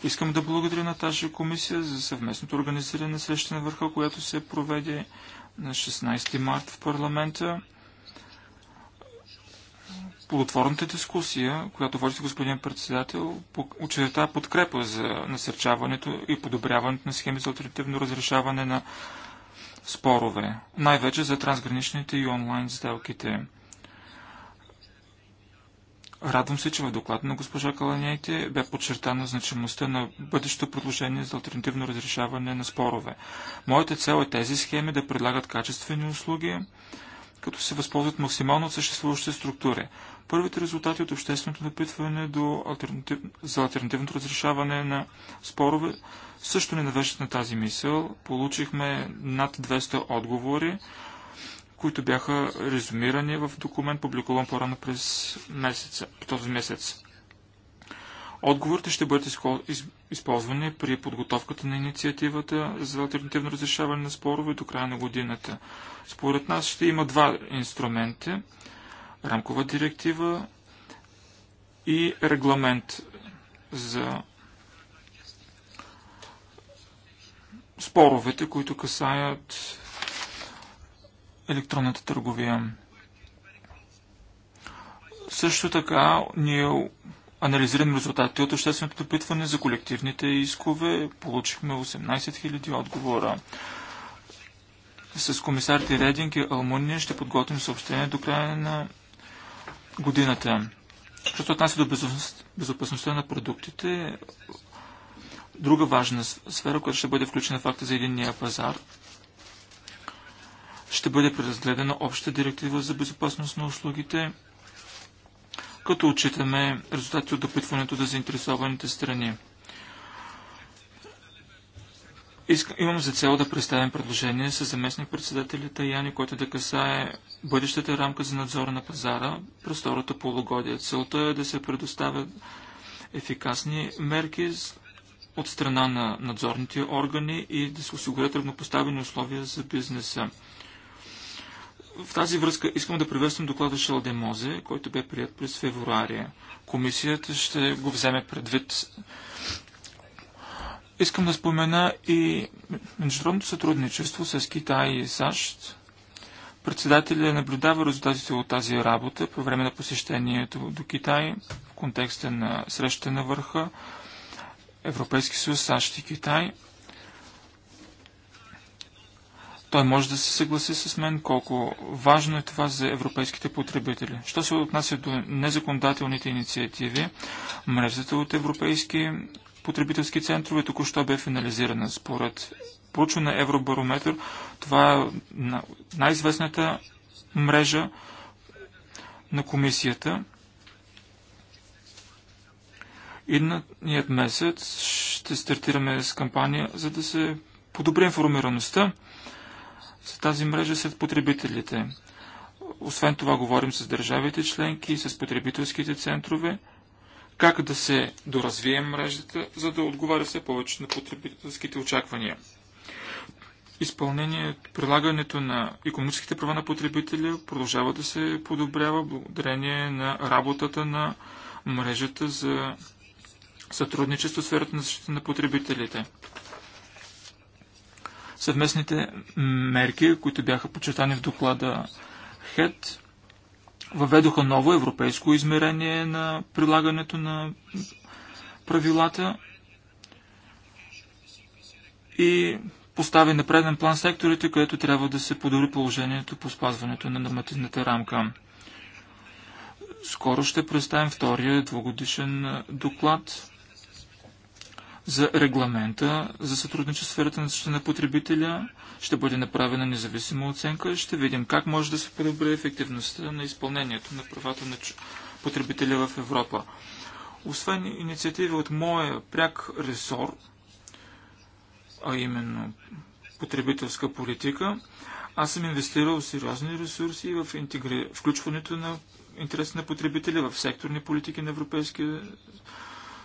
Искам да благодаря на тази комисия за съвместното организиране на среща на върха, която се проведе на 16 март в парламента. Плодотворната дискусия, която води господин председател, очерта подкрепа за насърчаването и подобряването на схеми за альтернативно разрешаване на спорове, най-вече за трансграничните и онлайн сделките. Радвам се, че в доклада на госпожа Каланяйте бе подчертана значимостта на бъдещето предложение за альтернативно разрешаване на спорове. Моята цел е тези схеми да предлагат качествени услуги, като се възползват максимално от съществуващите структури. Първите резултати от общественото напитване до альтернатив... за альтернативното разрешаване на спорове също не навеждат на тази мисъл. Получихме над 200 отговори които бяха резюмирани в документ, публикуван по-рано през месеца, този месец. Отговорите ще бъдат използвани при подготовката на инициативата за альтернативно разрешаване на спорове до края на годината. Според нас ще има два инструмента – рамкова директива и регламент за споровете, които касаят електронната търговия. Също така ние анализираме резултатите от общественото допитване за колективните искове. Получихме 18 000 отговора. С комисарите Рединг и Алмуния ще подготвим съобщение до края на годината. Що се отнася до безопасността на продуктите, друга важна сфера, която ще бъде включена в факта за единния пазар, ще бъде преразгледана обща директива за безопасност на услугите, като отчитаме резултати от допитването за заинтересованите страни. имам за цел да представим предложение с заместник председателите Таяни, което да касае бъдещата рамка за надзора на пазара през втората полугодие. Целта е да се предоставят ефикасни мерки от страна на надзорните органи и да се осигурят равнопоставени условия за бизнеса. В тази връзка искам да приветствам доклада Шалдемозе, Мозе, който бе прият през февруари. Комисията ще го вземе предвид. Искам да спомена и международното сътрудничество с Китай и САЩ. Председателя наблюдава резултатите от тази работа по време на посещението до Китай в контекста на среща на върха Европейски съюз, САЩ и Китай – той може да се съгласи с мен колко важно е това за европейските потребители. Що се отнася до незаконодателните инициативи, мрежата от европейски потребителски центрове току-що бе финализирана. Според проучване на Евробарометр, това е най-известната мрежа на комисията. Идният месец ще стартираме с кампания, за да се подобри информираността за тази мрежа са потребителите. Освен това говорим с държавите членки и с потребителските центрове, как да се доразвие мрежата, за да отговаря все повече на потребителските очаквания. Изпълнение, прилагането на економическите права на потребителя продължава да се подобрява благодарение на работата на мрежата за сътрудничество в сферата на защита на потребителите съвместните мерки, които бяха почетани в доклада ХЕД, въведоха ново европейско измерение на прилагането на правилата и постави на преден план секторите, където трябва да се подобри положението по спазването на нормативната рамка. Скоро ще представим втория двогодишен доклад за регламента за сътрудничество в сферата на защита на потребителя. Ще бъде направена независима оценка. Ще видим как може да се подобри ефективността на изпълнението на правата на потребителя в Европа. Освен инициативи от моя пряк ресор, а именно потребителска политика, аз съм инвестирал сериозни ресурси в интегри... включването на интереси на потребителя в секторни политики на Европейския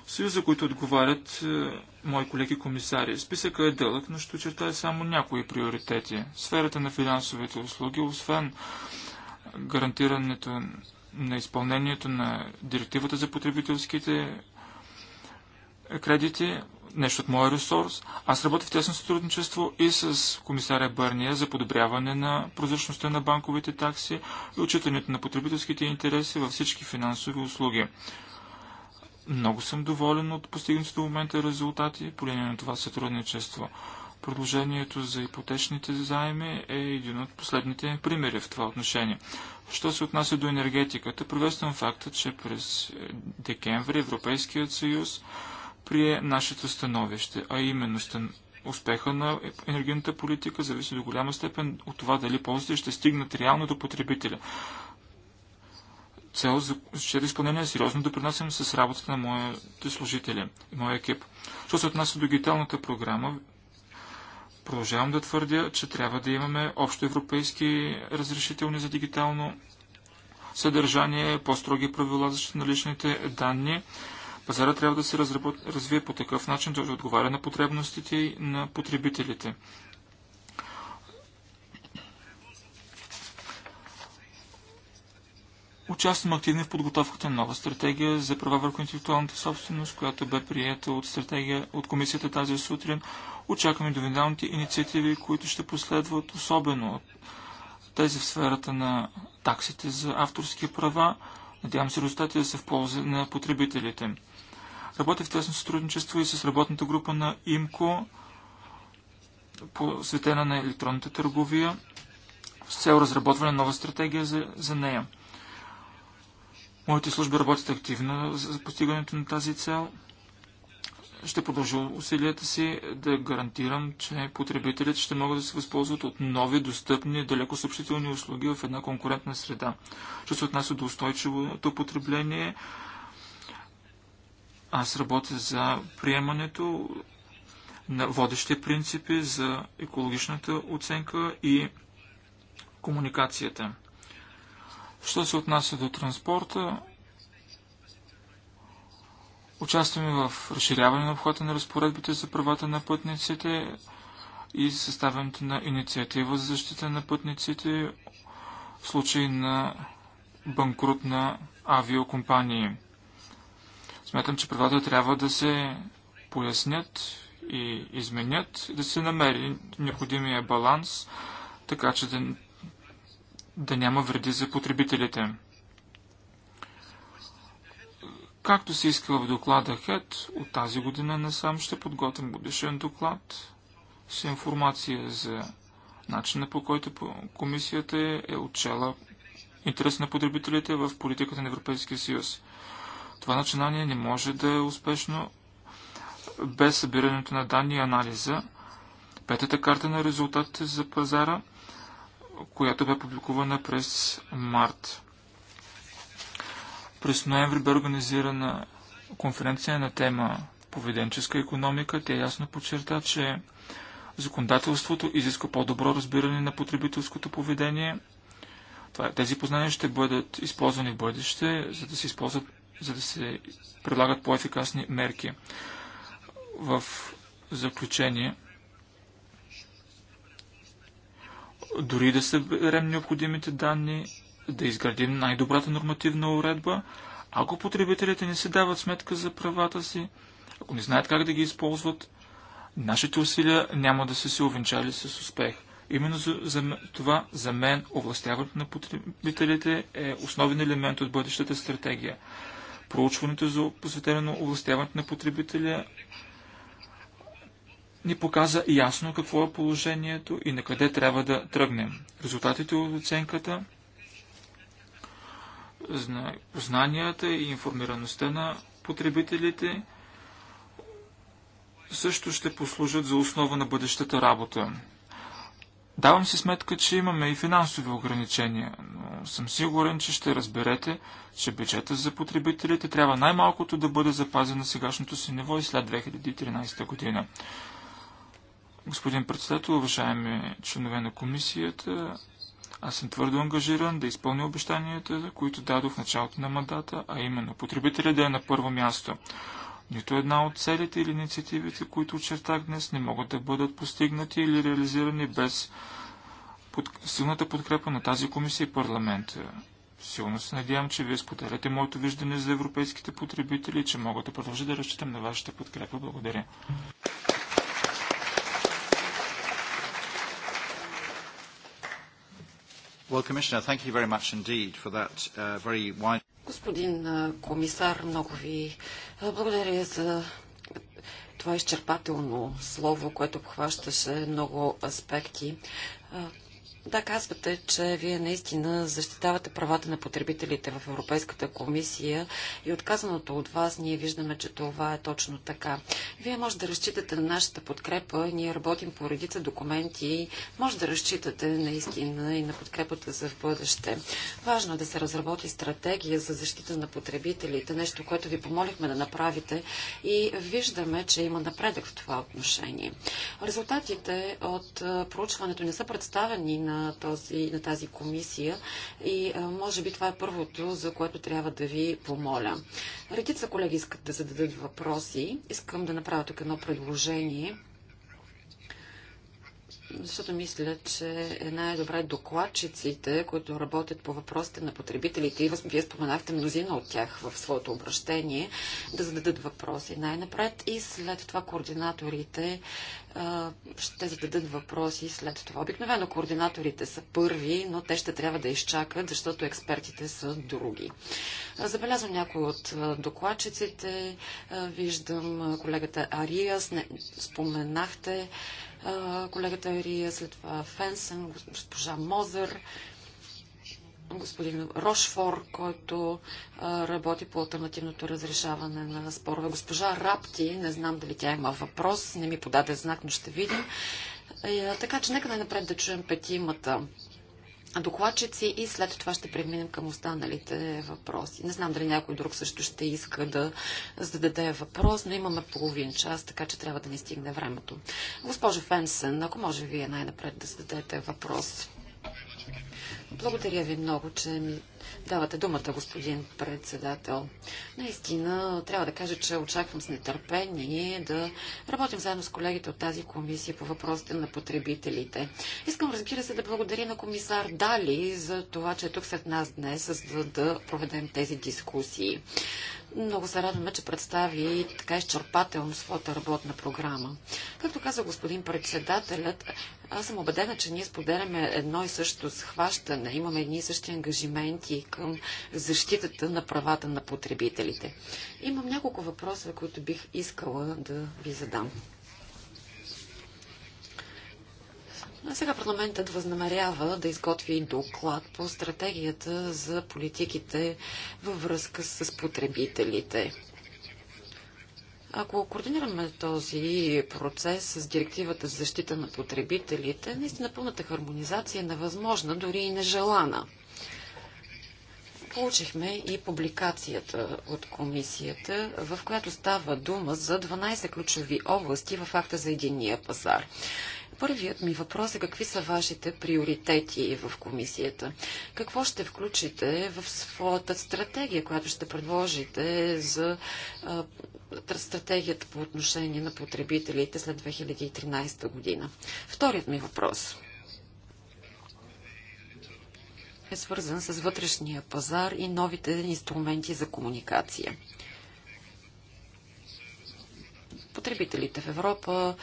Съюза, които отговарят е, мои колеги комисари. Списъка е дълъг, но ще очертая само някои приоритети. Сферата на финансовите услуги, освен гарантирането на изпълнението на директивата за потребителските кредити, нещо от моя ресурс. Аз работя в тесно сътрудничество и с комисаря Бърния за подобряване на прозрачността на банковите такси и отчитането на потребителските интереси във всички финансови услуги. Много съм доволен от постигнатите до момента резултати по линия на това сътрудничество. Продължението за ипотечните заеми е един от последните примери в това отношение. Що се отнася до енергетиката, приветствам факта, че през декември Европейският съюз прие нашето становище, а именно успеха на енергийната политика зависи до голяма степен от това дали ползите ще стигнат реално до потребителя цел за, чрез изпълнение е сериозно допринасям с работата на моите служители и моя екип. Що се отнася до дигиталната програма, продължавам да твърдя, че трябва да имаме общо европейски разрешителни за дигитално съдържание, по-строги правила за защита на личните данни. Пазара трябва да се разработ... развие по такъв начин, да отговаря на потребностите и на потребителите. Участвам активно в подготовката на нова стратегия за права върху интелектуалната собственост, която бе приета от стратегия от комисията тази сутрин. Очакваме доминалните инициативи, които ще последват, особено тези в сферата на таксите за авторски права. Надявам се резултатите да са в полза на потребителите. Работя в тесно сътрудничество и с работната група на ИМКО, посветена на електронната търговия, с цел разработване на нова стратегия за, за нея. Моите служби работят активно за постигането на тази цел. Ще продължа усилията си да гарантирам, че потребителите ще могат да се възползват от нови, достъпни, далеко съобщителни услуги в една конкурентна среда. Що се отнася до устойчивото потребление, аз работя за приемането на водещи принципи за екологичната оценка и комуникацията. Що се отнася до транспорта, участваме в разширяване на обхвата на разпоредбите за правата на пътниците и съставянето на инициатива за защита на пътниците в случай на банкрут на авиокомпании. Смятам, че правата трябва да се пояснят и изменят, да се намери необходимия баланс, така че да да няма вреди за потребителите. Както се иска в доклада ХЕД, от тази година насам ще подготвим годишен доклад с информация за начина по който комисията е отчела интерес на потребителите в политиката на Европейския съюз. Това начинание не може да е успешно без събирането на данни и анализа. Петата карта на резултатите за пазара – която бе публикувана през март. През ноември бе организирана конференция на тема поведенческа економика. Тя ясно подчерта, че законодателството изисква по-добро разбиране на потребителското поведение. Тези познания ще бъдат използвани в бъдеще, за да се, използват, за да се предлагат по-ефикасни мерки. В заключение, дори да съберем необходимите данни, да изградим най-добрата нормативна уредба, ако потребителите не се дават сметка за правата си, ако не знаят как да ги използват, нашите усилия няма да са се увенчали с успех. Именно за, за това за мен овластяването на потребителите е основен елемент от бъдещата стратегия. Проучването за посветено овластяването на потребителя ни показа ясно какво е положението и на къде трябва да тръгнем. Резултатите от оценката, познанията и информираността на потребителите също ще послужат за основа на бъдещата работа. Давам си сметка, че имаме и финансови ограничения, но съм сигурен, че ще разберете, че бюджета за потребителите трябва най-малкото да бъде запазен на сегашното си ниво и след 2013 година. Господин председател, уважаеми членове на комисията, аз съм твърдо ангажиран да изпълня обещанията, които дадох в началото на мандата, а именно потребителя да е на първо място. Нито една от целите или инициативите, които очертах днес, не могат да бъдат постигнати или реализирани без под... силната подкрепа на тази комисия и парламент. Силно се надявам, че вие споделяте моето виждане за европейските потребители и че мога да продължа да разчитам на вашата подкрепа. Благодаря. Uh, Господин uh, комисар, много ви uh, благодаря за това изчерпателно слово, което обхващаше много аспекти. Да, казвате, че вие наистина защитавате правата на потребителите в Европейската комисия и отказаното от вас ние виждаме, че това е точно така. Вие може да разчитате на нашата подкрепа, ние работим по редица документи, може да разчитате наистина и на подкрепата за в бъдеще. Важно е да се разработи стратегия за защита на потребителите, нещо, което ви помолихме да направите и виждаме, че има напредък в това отношение. Резултатите от проучването не са представени на на, този, на тази комисия и може би това е първото, за което трябва да ви помоля. Редица колеги искат да зададат въпроси. Искам да направя тук едно предложение защото мисля, че е най-добре докладчиците, които работят по въпросите на потребителите, и вие споменахте мнозина от тях в своето обращение, да зададат въпроси най-напред и след това координаторите ще зададат въпроси след това. Обикновено координаторите са първи, но те ще трябва да изчакат, защото експертите са други. Забелязвам някои от докладчиците, виждам колегата Ариас, споменахте колегата Ерия, след това Фенсен, госпожа Мозер, господин Рошфор, който работи по альтернативното разрешаване на спорове. Госпожа Рапти, не знам дали тя има въпрос, не ми подаде знак, но ще видим. Е, така че нека най-напред да чуем петимата докладчици и след това ще преминем към останалите въпроси. Не знам дали някой друг също ще иска да зададе въпрос, но имаме половин час, така че трябва да ни стигне времето. Госпожо Фенсен, ако може вие най-напред да зададете въпрос. Благодаря ви много, че ми Давате думата, господин председател. Наистина, трябва да кажа, че очаквам с нетърпение да работим заедно с колегите от тази комисия по въпросите на потребителите. Искам, разбира се, да благодаря на комисар Дали за това, че е тук след нас днес, за да проведем тези дискусии. Много се радваме, че представи така изчерпателно своята работна програма. Както каза господин председателят, аз съм убедена, че ние споделяме едно и също схващане, имаме едни и същи ангажименти към защитата на правата на потребителите. Имам няколко въпроса, които бих искала да ви задам. Сега парламентът възнамерява да изготви доклад по стратегията за политиките във връзка с потребителите. Ако координираме този процес с директивата за защита на потребителите, наистина пълната хармонизация е невъзможна, дори и нежелана. Получихме и публикацията от комисията, в която става дума за 12 ключови области в акта за единния пазар. Първият ми въпрос е какви са вашите приоритети в комисията? Какво ще включите в своята стратегия, която ще предложите за а, стратегията по отношение на потребителите след 2013 година? Вторият ми въпрос е свързан с вътрешния пазар и новите инструменти за комуникация. Потребителите в Европа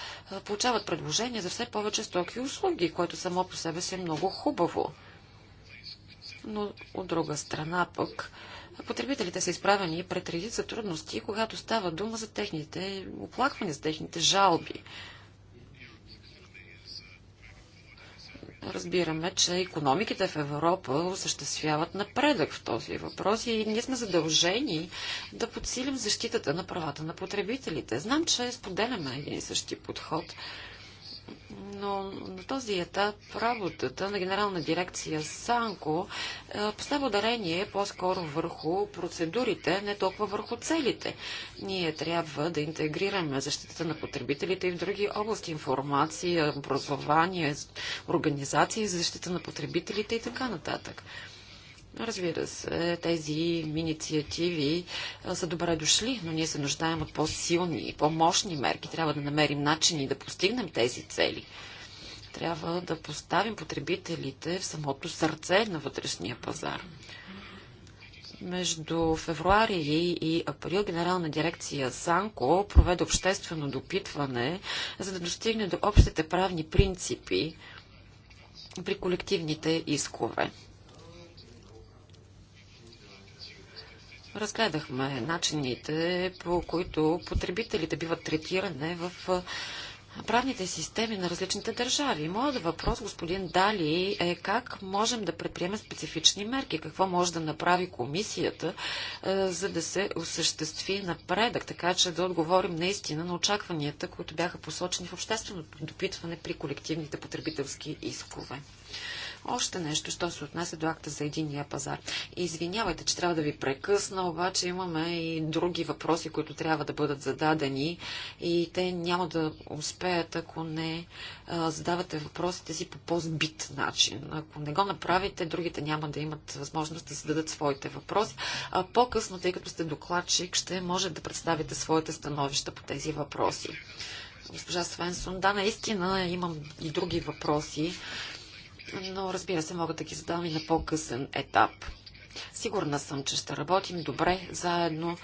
получават предложения за все повече стоки и услуги, което само по себе си е много хубаво. Но от друга страна пък потребителите са изправени пред редица трудности, когато става дума за техните оплаквания, за техните жалби. разбираме, че економиките в Европа осъществяват напредък в този въпрос и ние сме задължени да подсилим защитата на правата на потребителите. Знам, че споделяме един и същи подход, но на този етап работата на Генерална дирекция Санко е, поставя ударение по-скоро върху процедурите, не толкова върху целите. Ние трябва да интегрираме защитата на потребителите и в други области информация, образование, организации, защита на потребителите и така нататък. Разбира се, тези инициативи са добре дошли, но ние се нуждаем от по-силни и по-мощни мерки. Трябва да намерим начини да постигнем тези цели. Трябва да поставим потребителите в самото сърце на вътрешния пазар. Между февруари и април Генерална дирекция Санко проведе обществено допитване, за да достигне до общите правни принципи при колективните искове. разгледахме начините, по които потребителите биват третирани в правните системи на различните държави. Моят въпрос, господин Дали, е как можем да предприемем специфични мерки? Какво може да направи комисията, за да се осъществи напредък, така че да отговорим наистина на очакванията, които бяха посочени в общественото допитване при колективните потребителски искове? Още нещо, що се отнася до акта за единия пазар. Извинявайте, че трябва да ви прекъсна, обаче имаме и други въпроси, които трябва да бъдат зададени и те няма да успеят, ако не а, задавате въпросите си по по-збит начин. Ако не го направите, другите няма да имат възможност да зададат своите въпроси. А по-късно, тъй като сте докладчик, ще може да представите своите становища по тези въпроси госпожа Свенсон. Да, наистина имам и други въпроси, но разбира се, мога да ги задам и на по-късен етап. Сигурна съм, че ще работим добре заедно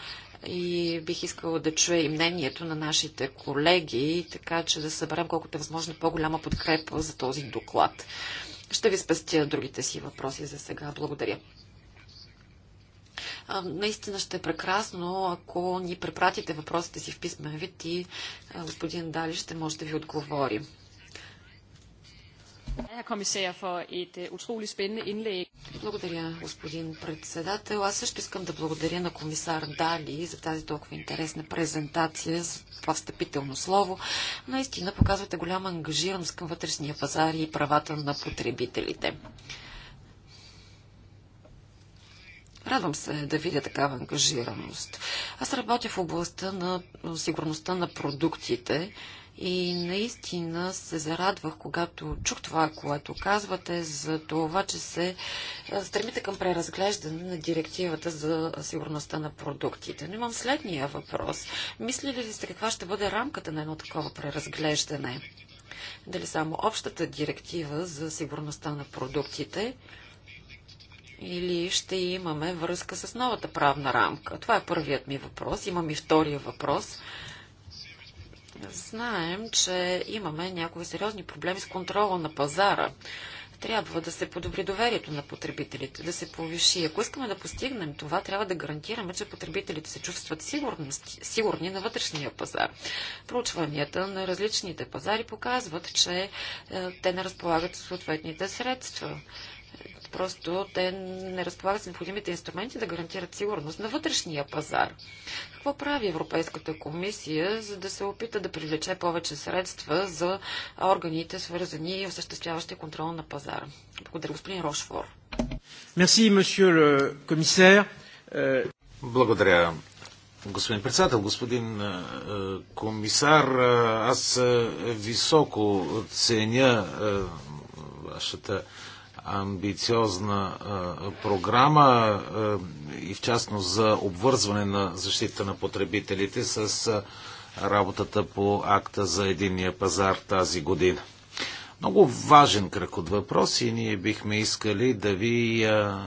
и бих искала да чуя и мнението на нашите колеги, така че да съберем колкото е възможно по-голяма подкрепа за този доклад. Ще ви спестя другите си въпроси за сега. Благодаря. наистина ще е прекрасно, ако ни препратите въпросите си в писмен вид и господин Дали ще може да ви отговори. Øh, благодаря, господин председател. Аз също искам да благодаря на комисар Дали за тази толкова интересна презентация, за това встъпително слово. Наистина показвате голяма ангажираност към вътрешния пазар и правата на потребителите. Радвам се да видя такава ангажираност. Аз работя в областта на сигурността на продуктите и наистина се зарадвах, когато чух това, което казвате, за това, че се стремите към преразглеждане на директивата за сигурността на продуктите. Но имам следния въпрос. Мислили ли сте каква ще бъде рамката на едно такова преразглеждане? Дали само общата директива за сигурността на продуктите или ще имаме връзка с новата правна рамка? Това е първият ми въпрос. Имам и втория въпрос. Знаем, че имаме някои сериозни проблеми с контрола на пазара. Трябва да се подобри доверието на потребителите, да се повиши. Ако искаме да постигнем това, трябва да гарантираме, че потребителите се чувстват сигурни, на вътрешния пазар. Проучванията на различните пазари показват, че е, те не разполагат съответните средства. Просто те не разполагат с необходимите инструменти да гарантират сигурност на вътрешния пазар. Какво прави Европейската комисия, за да се опита да привлече повече средства за органите, свързани и осъществяващи контрол на пазара? Благодаря, господин Рошфор. Мерси, месье комисар. Благодаря, Господин председател, господин е, комисар, е, аз е, високо ценя вашата амбициозна програма и в частност за обвързване на защита на потребителите с работата по акта за единния пазар тази година. Много важен кръг от въпроси и ние бихме искали да ви а, а,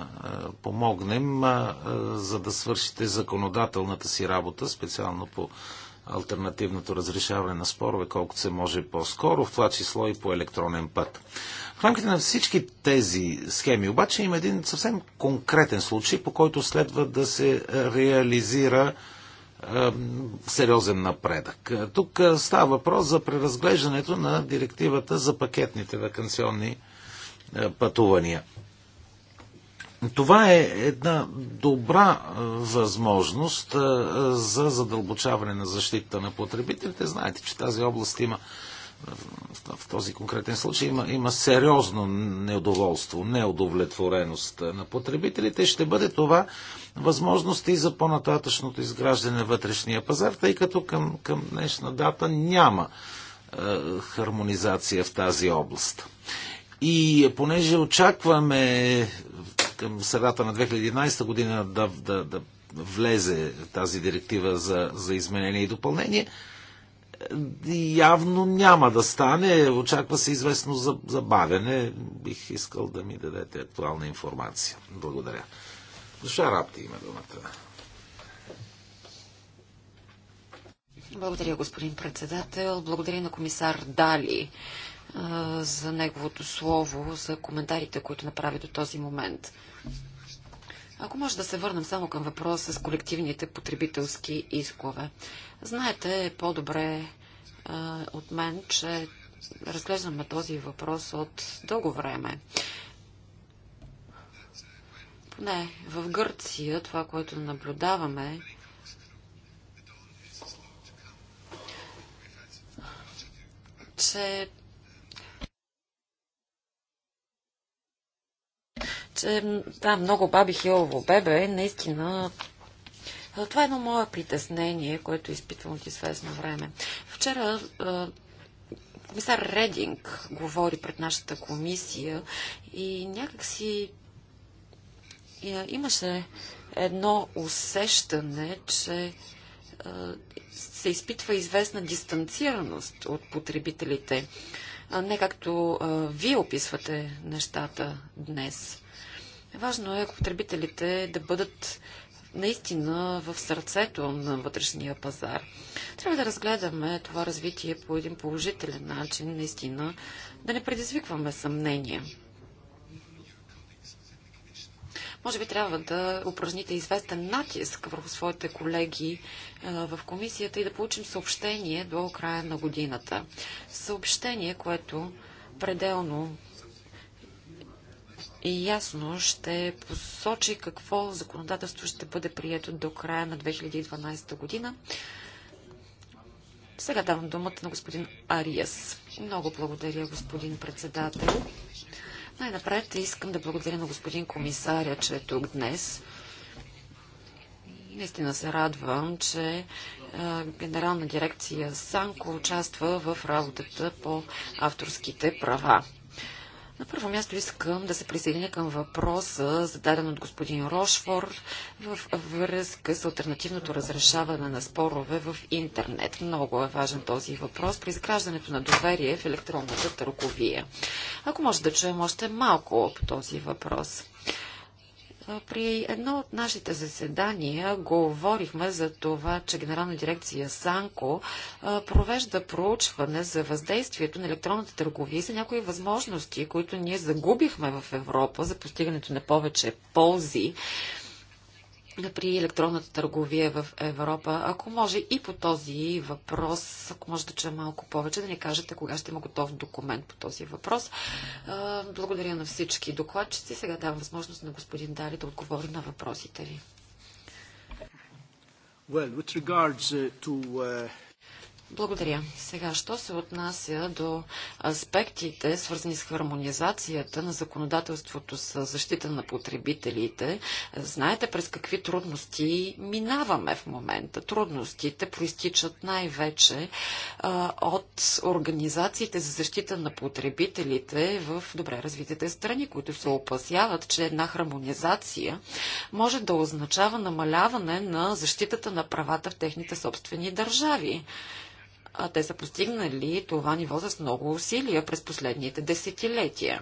помогнем, а, а, за да свършите законодателната си работа, специално по альтернативното разрешаване на спорове, колкото се може по-скоро, в това число и по електронен път. В рамките на всички тези схеми обаче има един съвсем конкретен случай, по който следва да се реализира е, сериозен напредък. Тук става въпрос за преразглеждането на директивата за пакетните вакансионни пътувания. Това е една добра възможност за задълбочаване на защита на потребителите. Знаете, че тази област има е, в този конкретен случай има, има сериозно неудоволство, неудовлетвореност на потребителите, ще бъде това възможност и за по-нататъчното изграждане на вътрешния пазар, тъй като към, към днешна дата няма е, хармонизация в тази област. И понеже очакваме към средата на 2011 година да, да, да влезе тази директива за, за изменение и допълнение, явно няма да стане. Очаква се известно забавяне. Бих искал да ми дадете актуална информация. Благодаря. Душа Рапти има думата. Благодаря, господин председател. Благодаря на комисар Дали за неговото слово, за коментарите, които направи до този момент. Ако може да се върнем само към въпроса с колективните потребителски искове. Знаете по-добре от мен, че разглеждаме този въпрос от дълго време. Поне в Гърция това, което наблюдаваме, че че да, много баби хилово бебе, наистина това е едно мое притеснение, което изпитвам от известно време. Вчера комисар Рединг говори пред нашата комисия и някакси имаше едно усещане, че се изпитва известна дистанцираност от потребителите, не както вие описвате нещата днес. Важно е потребителите да бъдат наистина в сърцето на вътрешния пазар. Трябва да разгледаме това развитие по един положителен начин, наистина, да не предизвикваме съмнение. Може би трябва да упражните известен натиск върху своите колеги е, в комисията и да получим съобщение до края на годината. Съобщение, което пределно и ясно ще посочи какво законодателство ще бъде прието до края на 2012 година. Сега давам думата на господин Ариас. Много благодаря, господин председател. Най-напред искам да благодаря на господин комисаря, че е тук днес. Наистина се радвам, че Генерална дирекция Санко участва в работата по авторските права. На първо място искам да се присъединя към въпроса, зададен от господин Рошфор в връзка с альтернативното разрешаване на спорове в интернет. Много е важен този въпрос при изграждането на доверие в електронната търговия. Ако може да чуем още малко по този въпрос. При едно от нашите заседания говорихме за това, че Генерална дирекция Санко провежда проучване за въздействието на електронната търговия и за някои възможности, които ние загубихме в Европа за постигането на повече ползи при електронната търговия в Европа. Ако може и по този въпрос, ако може да чуя малко повече, да ни кажете кога ще има готов документ по този въпрос. Благодаря на всички докладчици. Сега давам възможност на господин Дали да отговори на въпросите ви. Well, with regards uh, to uh, благодаря. Сега, що се отнася до аспектите, свързани с хармонизацията на законодателството с защита на потребителите, знаете през какви трудности минаваме в момента. Трудностите проистичат най-вече от организациите за защита на потребителите в добре развитите страни, които се опасяват, че една хармонизация може да означава намаляване на защитата на правата в техните собствени държави а те са постигнали това ниво с много усилия през последните десетилетия.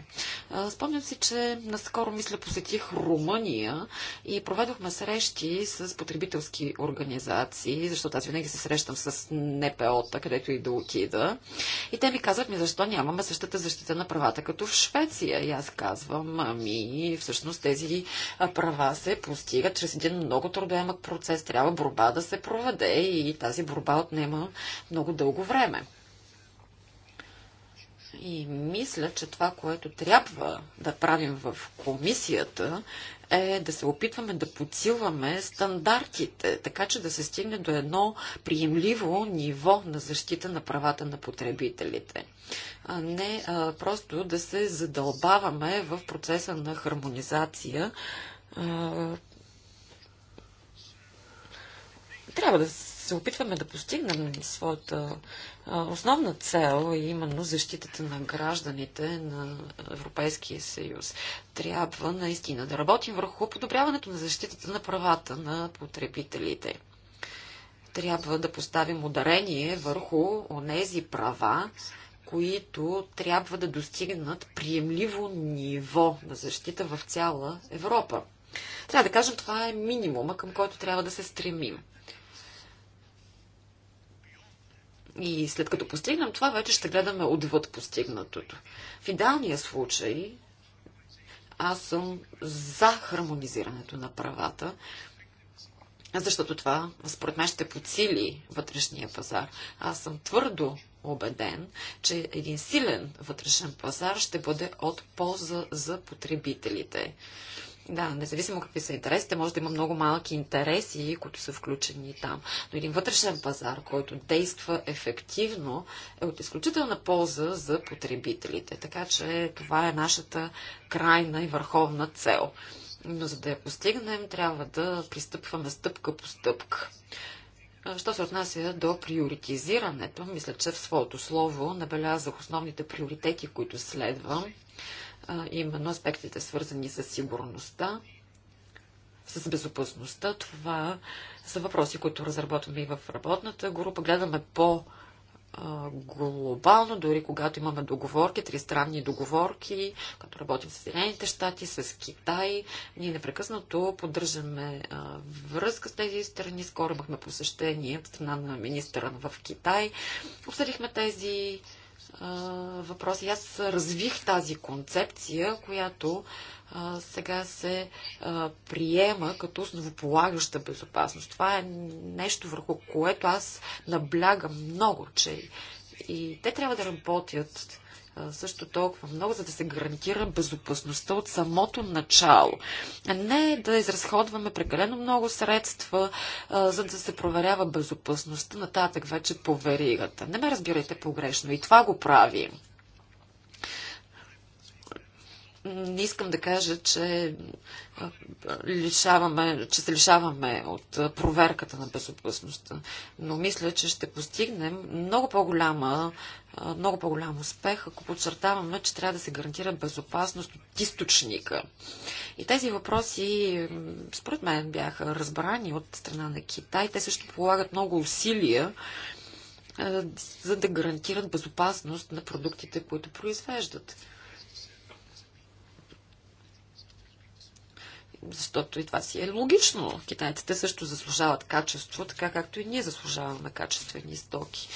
Спомням си, че наскоро, мисля, посетих Румъния и проведохме срещи с потребителски организации, защото аз винаги се срещам с НПО-та, където и да отида. И те ми казват ми, защо нямаме същата защита на правата, като в Швеция. И аз казвам, ами, всъщност тези права се постигат чрез един много трудоемък процес. Трябва борба да се проведе и тази борба отнема много дълго време. И мисля, че това, което трябва да правим в комисията, е да се опитваме да подсилваме стандартите, така че да се стигне до едно приемливо ниво на защита на правата на потребителите. А не а, просто да се задълбаваме в процеса на хармонизация. А, трябва да се опитваме да постигнем своята основна цел, именно защитата на гражданите на Европейския съюз. Трябва наистина да работим върху подобряването на защитата на правата на потребителите. Трябва да поставим ударение върху онези права, които трябва да достигнат приемливо ниво на защита в цяла Европа. Трябва да кажем, това е минимума, към който трябва да се стремим. И след като постигнем това, вече ще гледаме отвъд постигнатото. В идеалния случай аз съм за хармонизирането на правата, защото това, според мен, ще подсили вътрешния пазар. Аз съм твърдо убеден, че един силен вътрешен пазар ще бъде от полза за потребителите. Да, независимо какви са интересите, може да има много малки интереси, които са включени там. Но един вътрешен пазар, който действа ефективно, е от изключителна полза за потребителите. Така че това е нашата крайна и върховна цел. Но за да я постигнем, трябва да пристъпваме стъпка по стъпка. Що се отнася до приоритизирането, мисля, че в своето слово набелязах основните приоритети, които следвам а, именно аспектите свързани с сигурността, с безопасността. Това са въпроси, които разработваме и в работната група. Гледаме по- глобално, дори когато имаме договорки, тристранни договорки, като работим с Съединените щати, с Китай. Ние непрекъснато поддържаме връзка с тези страни. Скоро имахме посещение от страна на министъра в Китай. Обсъдихме тези въпроси. Аз развих тази концепция, която а, сега се а, приема като основополагаща безопасност. Това е нещо върху което аз наблягам много, че и те трябва да работят също толкова много, за да се гарантира безопасността от самото начало. Не да изразходваме прекалено много средства, за да се проверява безопасността нататък вече по веригата. Не ме разбирайте погрешно. И това го правим не искам да кажа, че, лишаваме, че се лишаваме от проверката на безопасността, но мисля, че ще постигнем много по-голяма много по-голям успех, ако подчертаваме, че трябва да се гарантира безопасност от източника. И тези въпроси, според мен, бяха разбрани от страна на Китай. Те също полагат много усилия за да гарантират безопасност на продуктите, които произвеждат. Защото и това си е логично. Китайците също заслужават качество, така както и ние заслужаваме качествени стоки.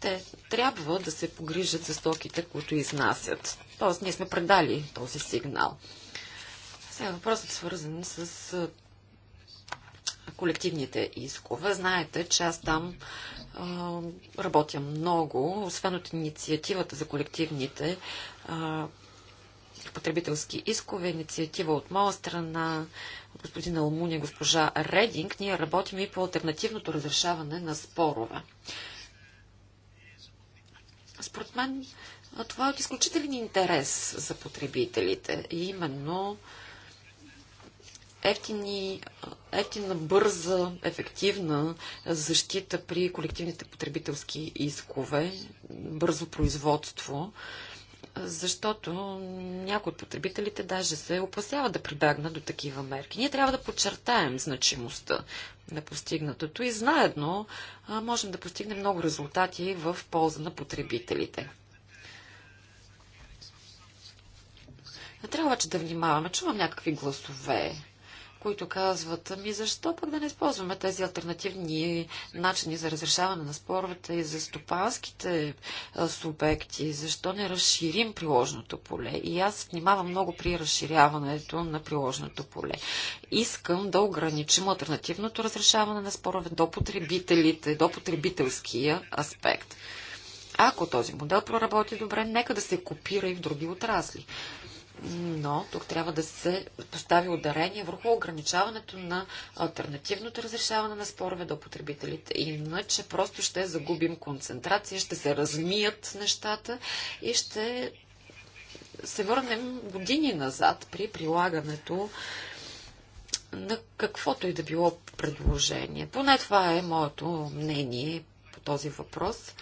Те трябва да се погрижат за стоките, които изнасят. Тоест, ние сме предали този сигнал. Сега въпросът е свързан с колективните искове. Знаете, че аз там а, работя много, освен от инициативата за колективните а, потребителски искове, инициатива от моя страна, от господин Алмуния, госпожа Рединг, ние работим и по альтернативното разрешаване на спорове. Според мен това е от изключителен интерес за потребителите. И именно ефтини, ефтина, бърза, ефективна защита при колективните потребителски искове, бързо производство защото някои от потребителите даже се опасяват да прибягнат до такива мерки. Ние трябва да подчертаем значимостта на постигнатото и заедно можем да постигнем много резултати в полза на потребителите. Трябва че да внимаваме. Чувам някакви гласове които казват, ами защо пък да не използваме тези альтернативни начини за разрешаване на споровете и за стопанските субекти, защо не разширим приложното поле. И аз внимавам много при разширяването на приложното поле. Искам да ограничим альтернативното разрешаване на спорове до потребителите, до потребителския аспект. Ако този модел проработи добре, нека да се копира и в други отрасли но тук трябва да се постави ударение върху ограничаването на альтернативното разрешаване на спорове до потребителите. Иначе просто ще загубим концентрация, ще се размият нещата и ще се върнем години назад при прилагането на каквото и да било предложение. Поне това е моето мнение този въпрос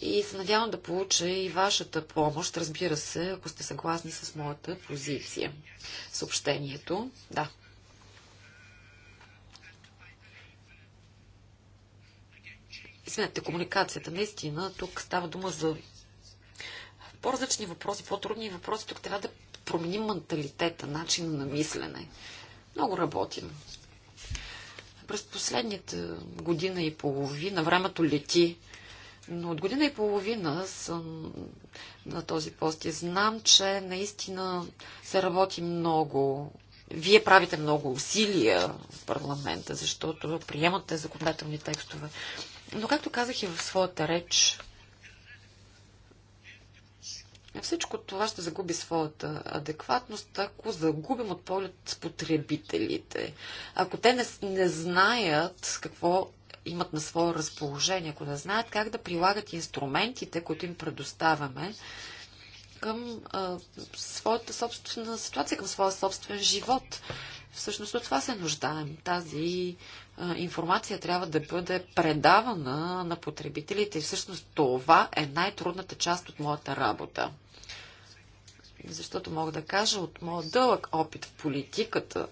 и се надявам да получа и вашата помощ, разбира се, ако сте съгласни с моята позиция. Съобщението, да. Извинете, комуникацията наистина, тук става дума за по-различни въпроси, по-трудни въпроси. Тук трябва да променим менталитета, начина на мислене. Много работим. През последните година и половина времето лети, но от година и половина съм на този пост и знам, че наистина се работи много. Вие правите много усилия в парламента, защото приемате законодателни текстове. Но, както казах и в своята реч, всичко това ще загуби своята адекватност, ако загубим от поглед потребителите. Ако те не, не знаят какво имат на свое разположение, ако не знаят как да прилагат инструментите, които им предоставяме, към а, своята собствена ситуация, към своя собствен живот. Всъщност от това се нуждаем. Тази а, информация трябва да бъде предавана на потребителите и всъщност това е най-трудната част от моята работа защото мога да кажа от моят дълъг опит в политиката,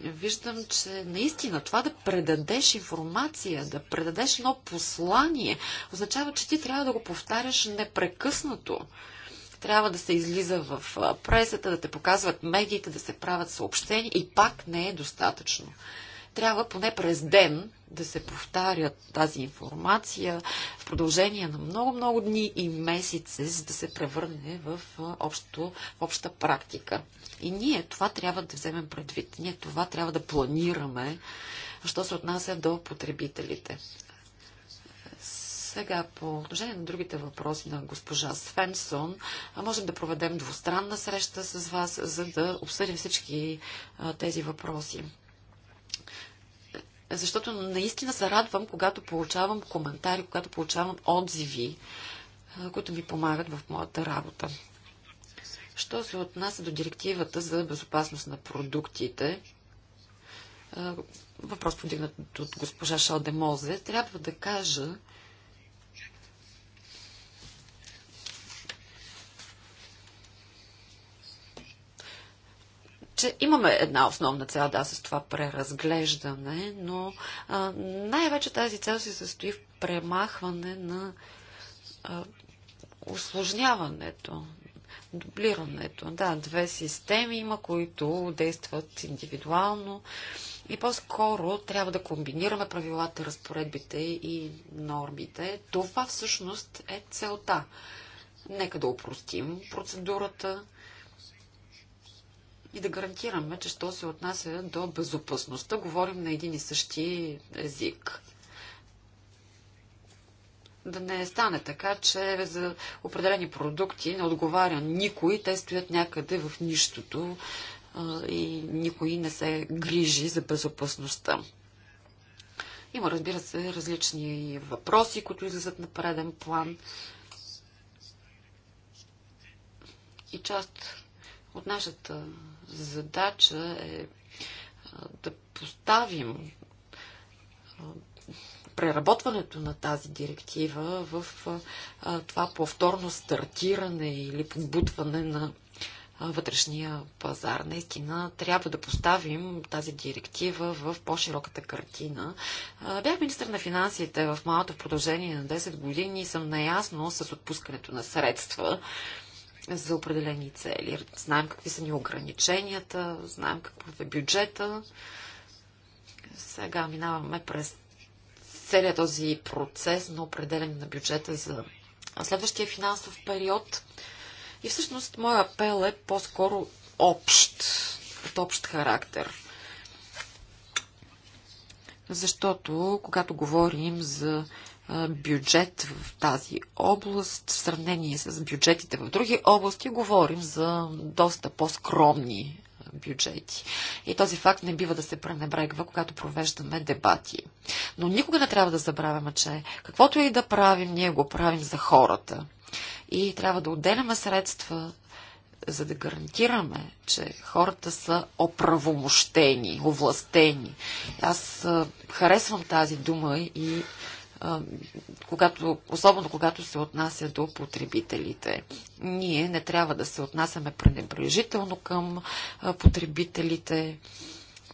виждам, че наистина това да предадеш информация, да предадеш едно послание, означава, че ти трябва да го повтаряш непрекъснато. Трябва да се излиза в пресата, да те показват медиите, да се правят съобщения и пак не е достатъчно трябва поне през ден да се повтаря тази информация в продължение на много-много дни и месеци, за да се превърне в, общо, в обща практика. И ние това трябва да вземем предвид. Ние това трябва да планираме, що се отнася до потребителите. Сега, по отношение на другите въпроси на госпожа Свенсон, можем да проведем двустранна среща с вас, за да обсъдим всички а, тези въпроси защото наистина се радвам, когато получавам коментари, когато получавам отзиви, които ми помагат в моята работа. Що се отнася до директивата за безопасност на продуктите, въпрос подигнат от госпожа Шалдемозе, трябва да кажа, че имаме една основна цел, да, с това преразглеждане, но най-вече тази цел се състои в премахване на а, осложняването, дублирането. Да, две системи има, които действат индивидуално и по-скоро трябва да комбинираме правилата, разпоредбите и нормите. Това всъщност е целта. Нека да упростим процедурата, и да гарантираме, че що се отнася до безопасността, говорим на един и същи език. Да не стане така, че за определени продукти не отговаря никой, те стоят някъде в нищото и никой не се грижи за безопасността. Има, разбира се, различни въпроси, които излизат на преден план. И част от нашата задача е да поставим преработването на тази директива в това повторно стартиране или побутване на вътрешния пазар. Наистина трябва да поставим тази директива в по-широката картина. Бях министр на финансите в малото продължение на 10 години и съм наясно с отпускането на средства за определени цели. Знаем какви са ни ограниченията, знаем какъв е бюджета. Сега минаваме през целият този процес на определене на бюджета за следващия финансов период. И всъщност моя апел е по-скоро общ, от общ характер. Защото, когато говорим за бюджет в тази област в сравнение с бюджетите в други области, говорим за доста по-скромни бюджети. И този факт не бива да се пренебрегва, когато провеждаме дебати. Но никога не трябва да забравяме, че каквото и да правим, ние го правим за хората. И трябва да отделяме средства, за да гарантираме, че хората са оправомощени, овластени. Аз харесвам тази дума и когато, особено когато се отнася до потребителите. Ние не трябва да се отнасяме пренебрежително към потребителите.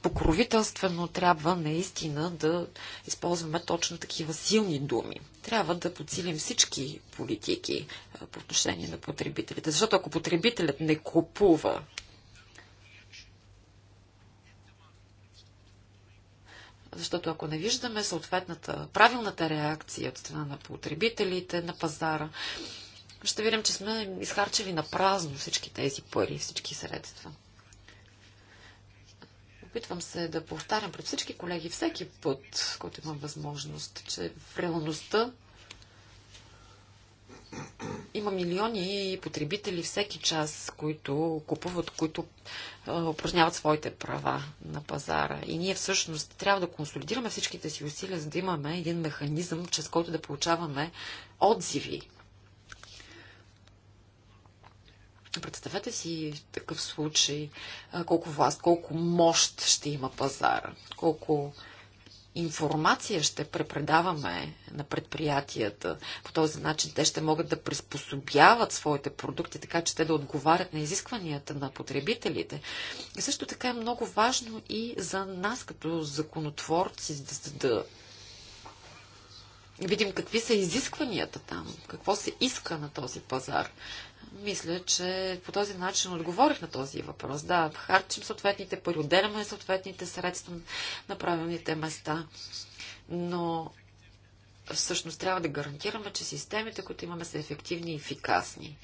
Покровителствено трябва наистина да използваме точно такива силни думи. Трябва да подсилим всички политики по отношение на потребителите. Защото ако потребителят не купува Защото ако не виждаме съответната правилната реакция от страна на потребителите, на пазара, ще видим, че сме изхарчили на празно всички тези пари, всички средства. Опитвам се да повтарям пред всички колеги всеки път, който имам възможност, че в реалността има милиони потребители всеки час, които купуват, които упражняват своите права на пазара. И ние всъщност трябва да консолидираме всичките си усилия, за да имаме един механизъм, чрез който да получаваме отзиви. Представете си такъв случай колко власт, колко мощ ще има пазара, колко информация ще препредаваме на предприятията. По този начин те ще могат да приспособяват своите продукти, така че те да отговарят на изискванията на потребителите. И също така е много важно и за нас като законотворци да, да видим какви са изискванията там, какво се иска на този пазар. Мисля, че по този начин отговорих на този въпрос. Да, харчим съответните пари, отделяме съответните средства на правилните места, но всъщност трябва да гарантираме, че системите, които имаме, са ефективни и ефикасни.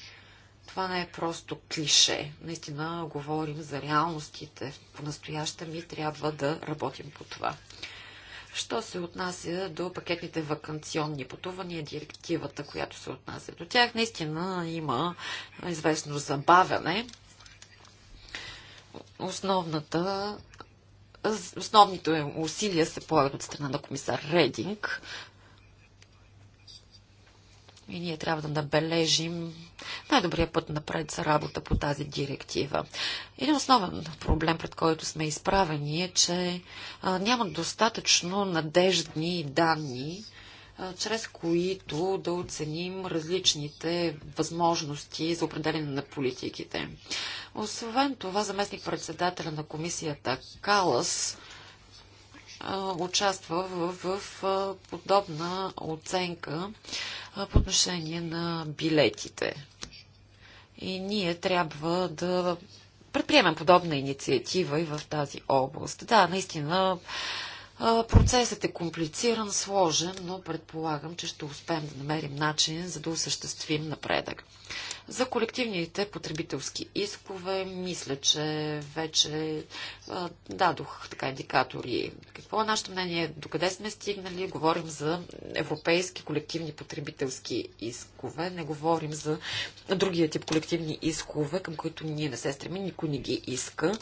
Това не е просто клише. Наистина говорим за реалностите. по настояща ми трябва да работим по това. Що се отнася до пакетните вакансионни пътувания, директивата, която се отнася до тях, наистина има известно забавяне. Основната, основните усилия се полагат от страна на комисар Рединг и ние трябва да набележим най-добрия път напред за работа по тази директива. Един основен проблем, пред който сме изправени е, че а, няма достатъчно надеждни данни, а, чрез които да оценим различните възможности за определене на политиките. Освен това, заместник председателя на комисията Калас участва в, в, в подобна оценка по отношение на билетите. И ние трябва да предприемем подобна инициатива и в тази област. Да, наистина Процесът е комплициран, сложен, но предполагам, че ще успеем да намерим начин, за да осъществим напредък. За колективните потребителски искове, мисля, че вече а, дадох така индикатори. Какво е нашето мнение? Докъде сме стигнали? Говорим за европейски колективни потребителски искове. Не говорим за другия тип колективни искове, към които ние не се стремим, никой не ги иска.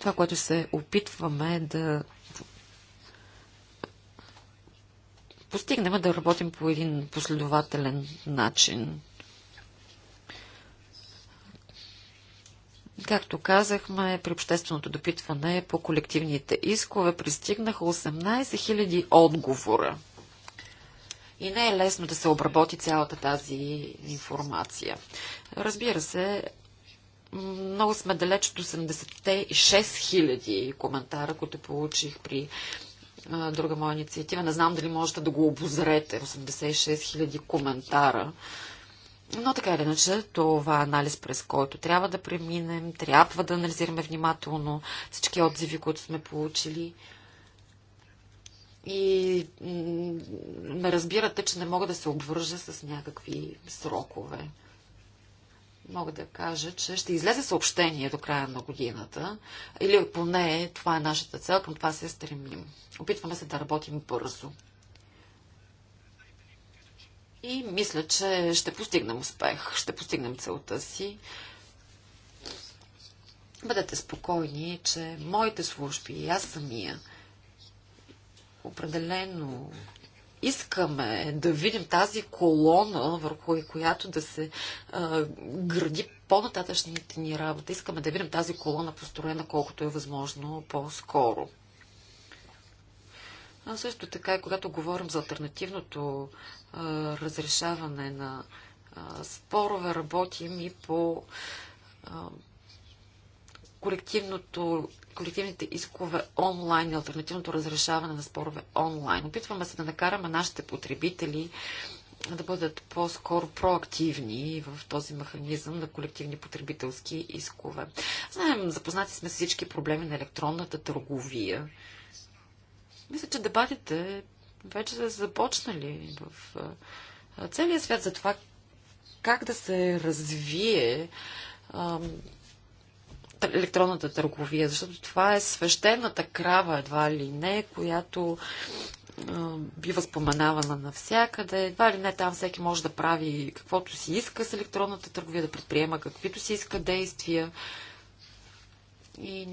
Това, което се опитваме е да постигнем е да работим по един последователен начин. Както казахме, при общественото допитване по колективните искове пристигнаха 18 000 отговора. И не е лесно да се обработи цялата тази информация. Разбира се, много сме далеч от 86 хиляди коментара, които получих при а, друга моя инициатива. Не знам дали можете да го обозрете. 86 хиляди коментара. Но така или иначе, това е анализ, през който трябва да преминем, трябва да анализираме внимателно всички отзиви, които сме получили. И не разбирате, че не мога да се обвържа с някакви срокове мога да кажа, че ще излезе съобщение до края на годината, или поне това е нашата цел, към това се стремим. Опитваме се да работим бързо. И мисля, че ще постигнем успех, ще постигнем целта си. Бъдете спокойни, че моите служби и аз самия определено искаме да видим тази колона, върху която да се а, гради по нататъчните ни работа. Искаме да видим тази колона построена колкото е възможно по-скоро. А също така и когато говорим за альтернативното а, разрешаване на а, спорове, работим и по а, колективните искове онлайн, альтернативното разрешаване на спорове онлайн. Опитваме се да накараме нашите потребители да бъдат по-скоро проактивни в този механизъм на колективни потребителски искове. Знаем, запознати сме с всички проблеми на електронната търговия. Мисля, че дебатите вече са започнали в целия свят за това как да се развие електронната търговия, защото това е свещената крава, едва ли не, която бива споменавана навсякъде. Едва ли не там всеки може да прави каквото си иска с електронната търговия, да предприема каквито си иска действия и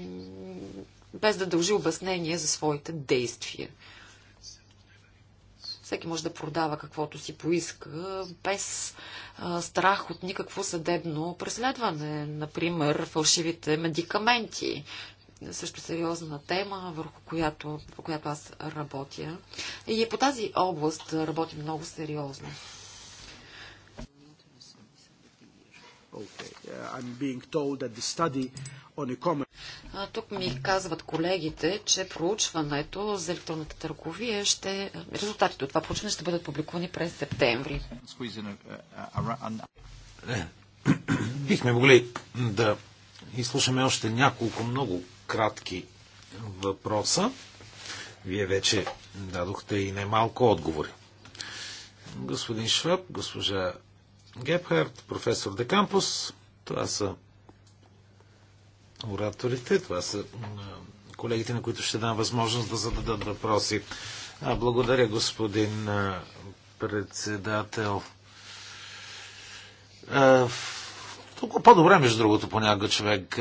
без да дължи обяснение за своите действия. Всеки може да продава каквото си поиска, без а, страх от никакво съдебно преследване. Например, фалшивите медикаменти. Също сериозна тема, върху която, по която аз работя. И по тази област работим много сериозно. Okay. Uh, I'm being told that the study а, тук ми казват колегите, че проучването за електронната търговия ще... Резултатите от това проучване ще бъдат публикувани през септември. Бихме могли да изслушаме още няколко много кратки въпроса. Вие вече дадохте и немалко отговори. Господин Шваб, госпожа Гепхарт, професор Декампус, това са ораторите. Това са колегите, на които ще дам възможност да зададат въпроси. Благодаря, господин председател. Тук по-добре, между другото, понякога човек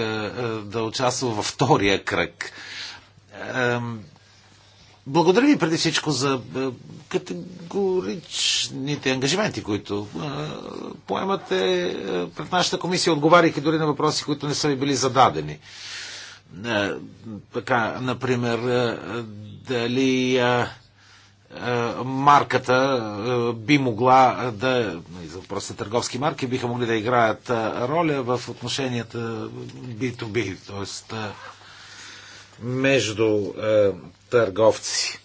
да участва във втория кръг. Благодаря ви преди всичко за е, категоричните ангажименти, които е, поемате е, пред нашата комисия, отговаряйки дори на въпроси, които не са ви били зададени. Така, например, дали марката би могла да, нали, за въпроса търговски марки, биха могли да играят роля в отношенията B2B, т.е между е, търговци.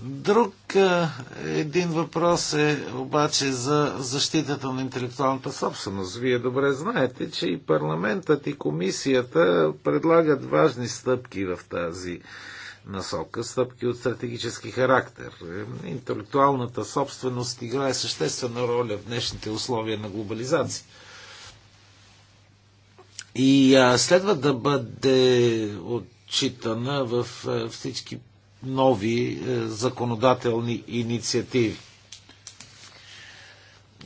Друг е, един въпрос е обаче за защитата на интелектуалната собственост. Вие добре знаете, че и парламентът и комисията предлагат важни стъпки в тази насока, стъпки от стратегически характер. Интелектуалната собственост играе съществена роля в днешните условия на глобализация. И а, следва да бъде от отчитана в е, всички нови е, законодателни инициативи.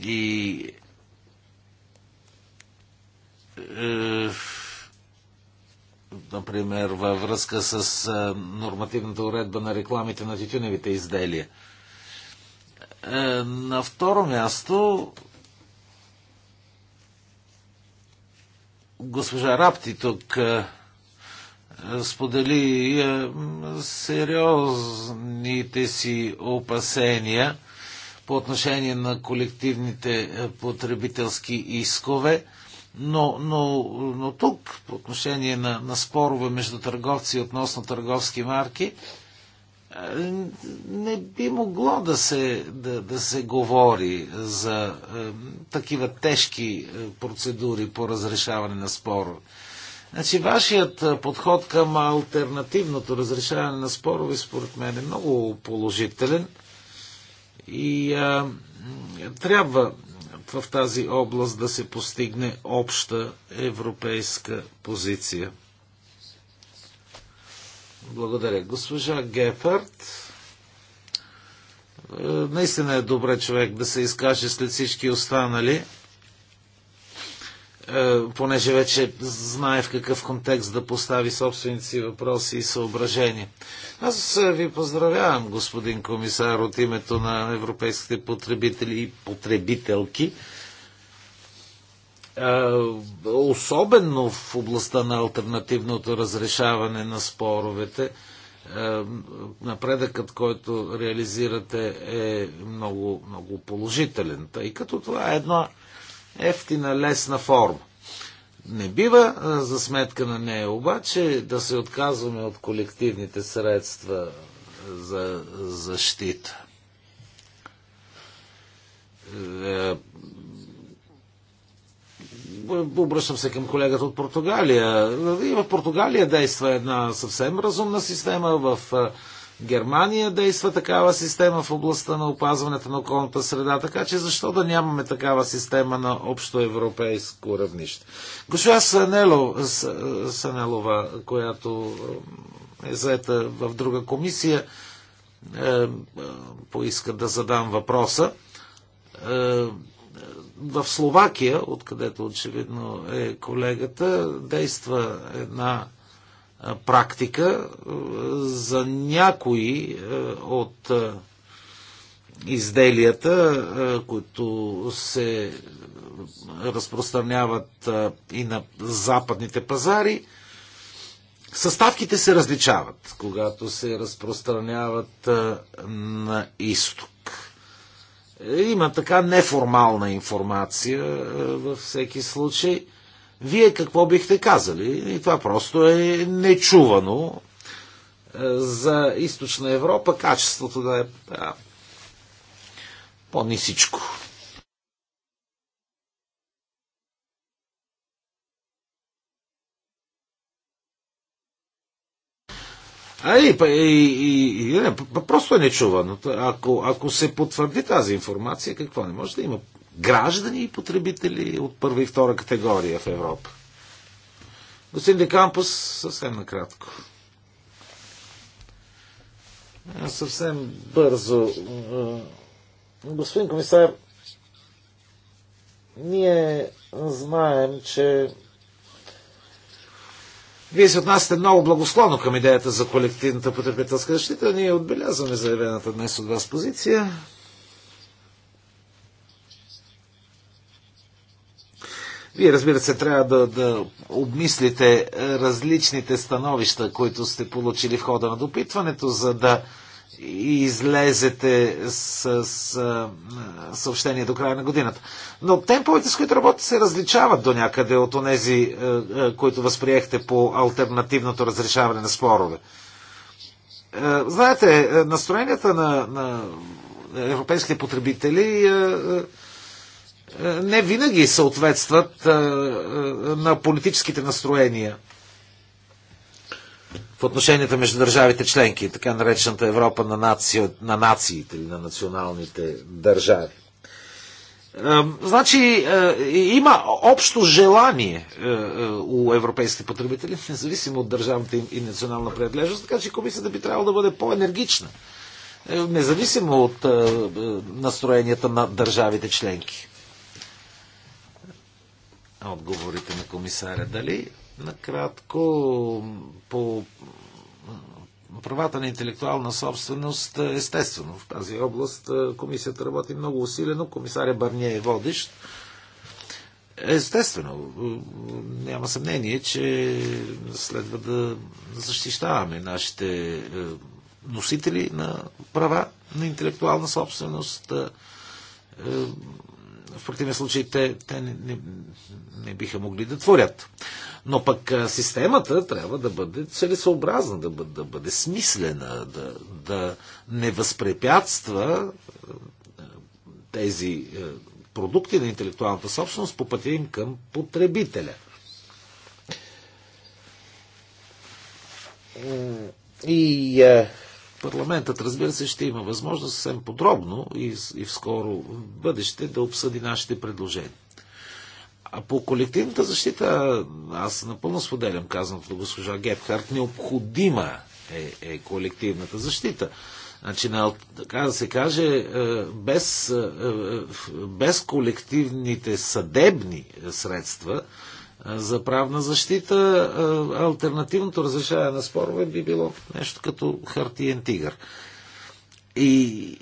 И е, например, във връзка с нормативната уредба на рекламите на тютюневите изделия. на второ място госпожа Рапти тук сподели е, сериозните си опасения по отношение на колективните е, потребителски искове, но, но, но тук, по отношение на, на спорове между търговци относно търговски марки, е, не би могло да се, да, да се говори за е, такива тежки процедури по разрешаване на спорове. Значи, вашият подход към альтернативното разрешаване на спорове, според мен, е много положителен и а, трябва в тази област да се постигне обща европейска позиция. Благодаря. Госпожа Гефард. Е, наистина е добре човек да се изкаже след всички останали. Е, понеже вече знае в какъв контекст да постави собствените си въпроси и съображения. Аз ви поздравявам, господин комисар, от името на европейските потребители и потребителки, е, особено в областта на альтернативното разрешаване на споровете. Е, напредъкът, който реализирате, е много, много положителен, тъй като това е една ефтина, лесна форма. Не бива за сметка на нея обаче да се отказваме от колективните средства за защита. Е, обръщам се към колегата от Португалия. И в Португалия действа една съвсем разумна система. В Германия действа такава система в областта на опазването на околната среда, така че защо да нямаме такава система на общо европейско равнище? Госпожа Санело, Санелова, която е заета в друга комисия, е, поиска да задам въпроса. Е, в Словакия, откъдето очевидно е колегата, действа една практика за някои от изделията, които се разпространяват и на западните пазари, съставките се различават, когато се разпространяват на изток. Има така неформална информация във всеки случай – вие какво бихте казали? И това просто е нечувано е, за източна Европа, качеството да е да, по-нисичко. А и, и, и, и не, просто е нечувано. Ако, ако се потвърди тази информация, какво не може да има граждани и потребители от първа и втора категория в Европа. Господин Декампус, съвсем накратко. Е, съвсем бързо. Е, господин комисар, ние знаем, че вие се отнасяте много благословно към идеята за колективната потребителска защита. Ние отбелязваме заявената днес от вас позиция. Вие, разбира се, трябва да, да обмислите различните становища, които сте получили в хода на допитването, за да излезете с, с съобщение до края на годината. Но темповете, с които работите, се различават до някъде от онези, които възприехте по альтернативното разрешаване на спорове. Знаете, настроенията на, на европейските потребители е, не винаги съответстват е, е, на политическите настроения в отношенията между държавите членки, така наречената Европа на, наци... на нациите или на националните държави. Значи, има общо желание у европейските потребители, независимо от държавната и национална принадлежност, така че комисията би трябвало да бъде по-енергична, независимо от настроенията на държавите членки отговорите на комисаря. Дали накратко по правата на интелектуална собственост, е, естествено, в тази област е, комисията работи много усилено, комисаря Барния е водещ. Естествено, е, няма съмнение, че следва да защищаваме нашите носители на права на интелектуална собственост, в противен случай те, те не, не, не биха могли да творят. Но пък системата трябва да бъде целесообразна, да бъде, да бъде смислена, да, да не възпрепятства тези продукти на интелектуалната собственост по пътя им към потребителя. И Парламентът, разбира се, ще има възможност съвсем подробно и, и в скоро бъдеще да обсъди нашите предложения. А по колективната защита, аз напълно споделям казаното госпожа Гепхарт, необходима е, е колективната защита. Значи, на, така да се каже, е, без, е, е, без колективните съдебни средства, за правна защита, альтернативното разрешаване на спорове би било нещо като хартиен тигър. И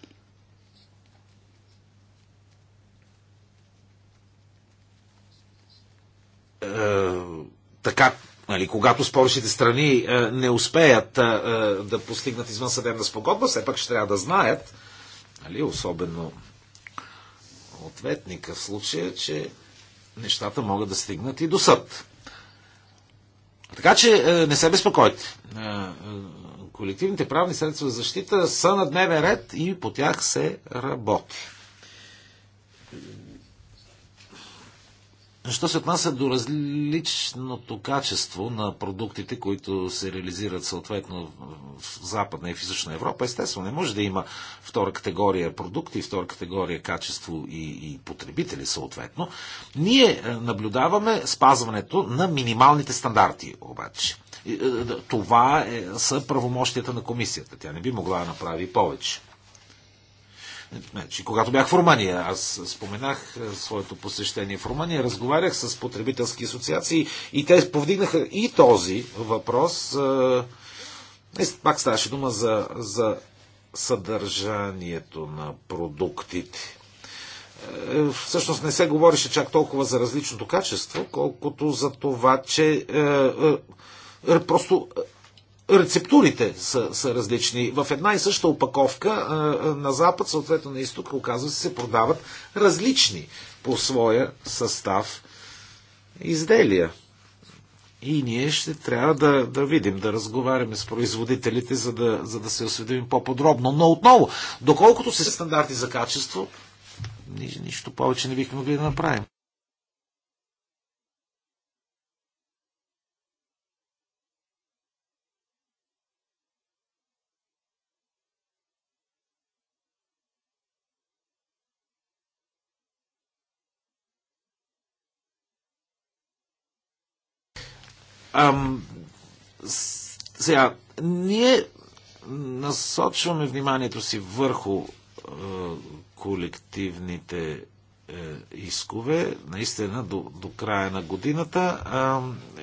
е, така, нали, когато спорщите страни е, не успеят е, да постигнат извънсъдебна спогодба, все пак ще трябва да знаят, нали, особено ответника в случая, че нещата могат да стигнат и до съд. Така че е, не се безпокойте. Е, е, колективните правни средства за защита са на дневен ред и по тях се работи. Що се отнася до различното качество на продуктите, които се реализират съответно в Западна и в Източна Европа, естествено не може да има втора категория продукти, втора категория качество и, и потребители съответно. Ние е, наблюдаваме спазването на минималните стандарти обаче. Е, е, това е, са правомощията на комисията. Тя не би могла да направи повече. Значи, когато бях в Румъния, аз споменах е, своето посещение в Румъния, разговарях с потребителски асоциации и те повдигнаха и този въпрос. Е, е, пак ставаше дума за, за съдържанието на продуктите. Всъщност не се говореше чак толкова за различното качество, колкото за това, че е, е, просто рецептурите са, са различни. В една и съща опаковка на запад, съответно на изток, оказва се, се продават различни по своя състав изделия. И ние ще трябва да, да видим, да разговаряме с производителите, за да, за да се осведомим по-подробно. Но отново, доколкото се стандарти за качество, нищо повече не бихме могли да направим. Ам, сега, ние насочваме вниманието си върху е, колективните е, искове, наистина до, до края на годината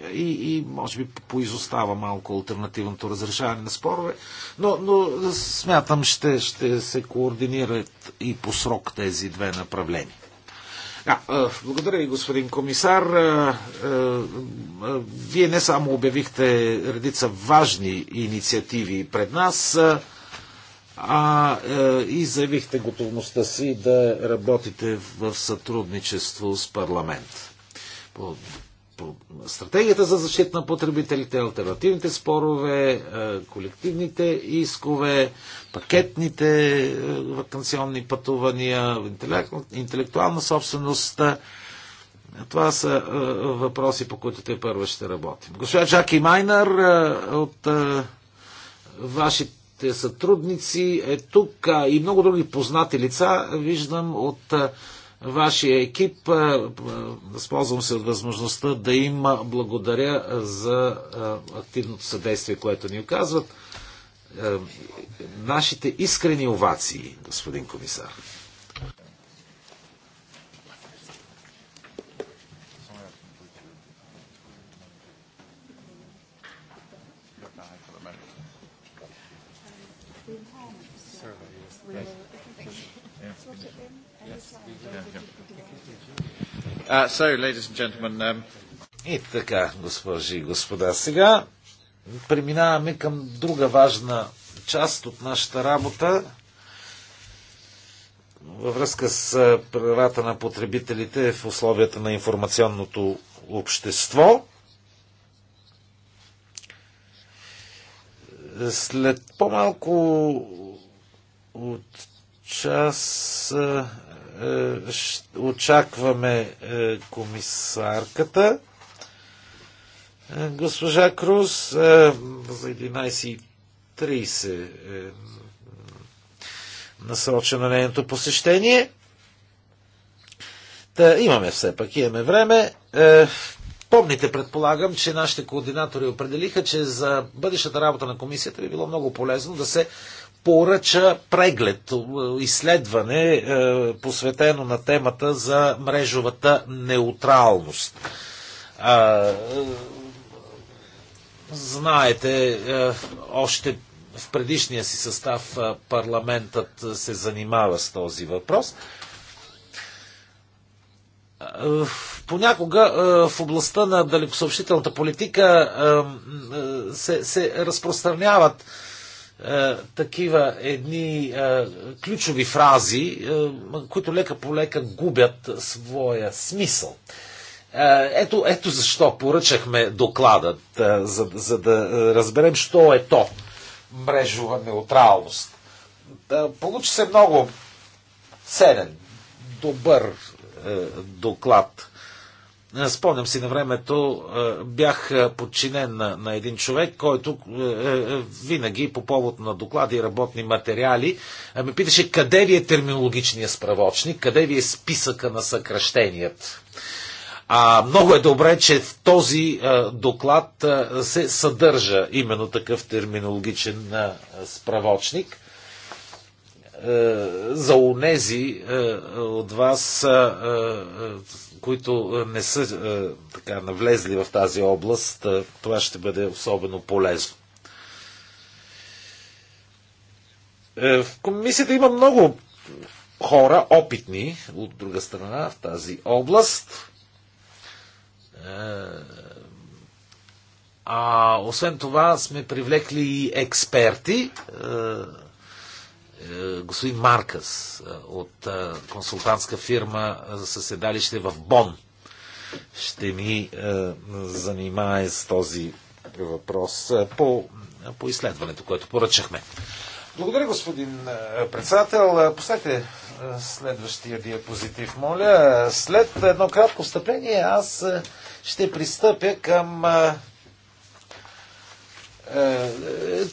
е, и, и може би поизостава малко альтернативното разрешаване на спорове, но, но смятам ще, ще се координират и по срок тези две направления. Да, благодаря ви, господин комисар. Вие не само обявихте редица важни инициативи пред нас, а и заявихте готовността си да работите в сътрудничество с парламент по стратегията за защита на потребителите, альтернативните спорове, е, колективните искове, пакетните е, вакансионни пътувания, интелектуална собственост. Е, това са въпроси, по които те първо ще работим. Госпожа Джаки Майнер, от вашите сътрудници е тук и много други познати лица виждам от вашия екип. Е, е, възползвам се от възможността да им благодаря за е, активното съдействие, което ни оказват. Нашите искрени овации, господин комисар. Uh, um, и така, госпожи и господа, сега преминаваме към друга важна част от нашата работа във връзка с правата на потребителите в условията на информационното общество. След по-малко от час е, очакваме е, комисарката. Е, госпожа Круз, за 11.30 е насрочено нейното посещение. Та, имаме все пак, имаме време. помните, предполагам, че нашите координатори определиха, че за бъдещата работа на комисията би било много полезно да се поръча преглед, изследване, е, посветено на темата за мрежовата неутралност. Е, знаете, е, още в предишния си състав парламентът се занимава с този въпрос. Понякога в областта на далекосъобщителната политика се, се разпространяват е, такива едни е, ключови фрази, е, които лека по лека губят своя смисъл. Е, ето, ето защо поръчахме докладът, е, за, за да е, разберем, що е то мрежова неутралност. Получи се много ценен, добър доклад. Е, спомням си на времето, е, бях е, подчинен на, на един човек, който винаги по повод на доклади и работни материали ме питаше къде ви е терминологичният справочник, къде ви е списъка на съкръщенията. А много е добре, че в този а, доклад а, се съдържа именно такъв терминологичен а, справочник за унези от вас, които е, не са е, така, навлезли в тази област, е, това ще бъде особено полезно. В комисията има много хора, опитни, от друга страна, в тази област. А освен това сме привлекли и експерти господин Маркъс от консултантска фирма със седалище в Бон ще ми занимае с този въпрос по, по изследването, което поръчахме. Благодаря, господин председател. Поставете следващия диапозитив, моля. След едно кратко встъпление аз ще пристъпя към е,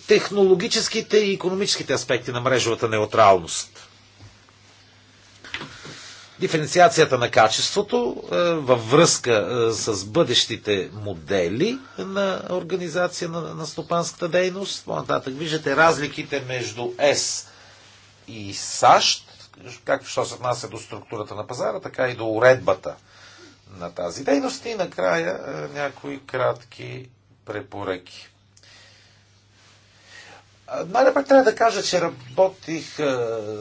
технологическите и економическите аспекти на мрежовата неутралност. Диференциацията на качеството е, във връзка е, с бъдещите модели на организация на, на стопанската дейност. По-нататък виждате разликите между ЕС и САЩ, както що се отнася до структурата на пазара, така и до уредбата на тази дейност. И накрая някои кратки препоръки. Най-напред трябва да кажа, че работих е,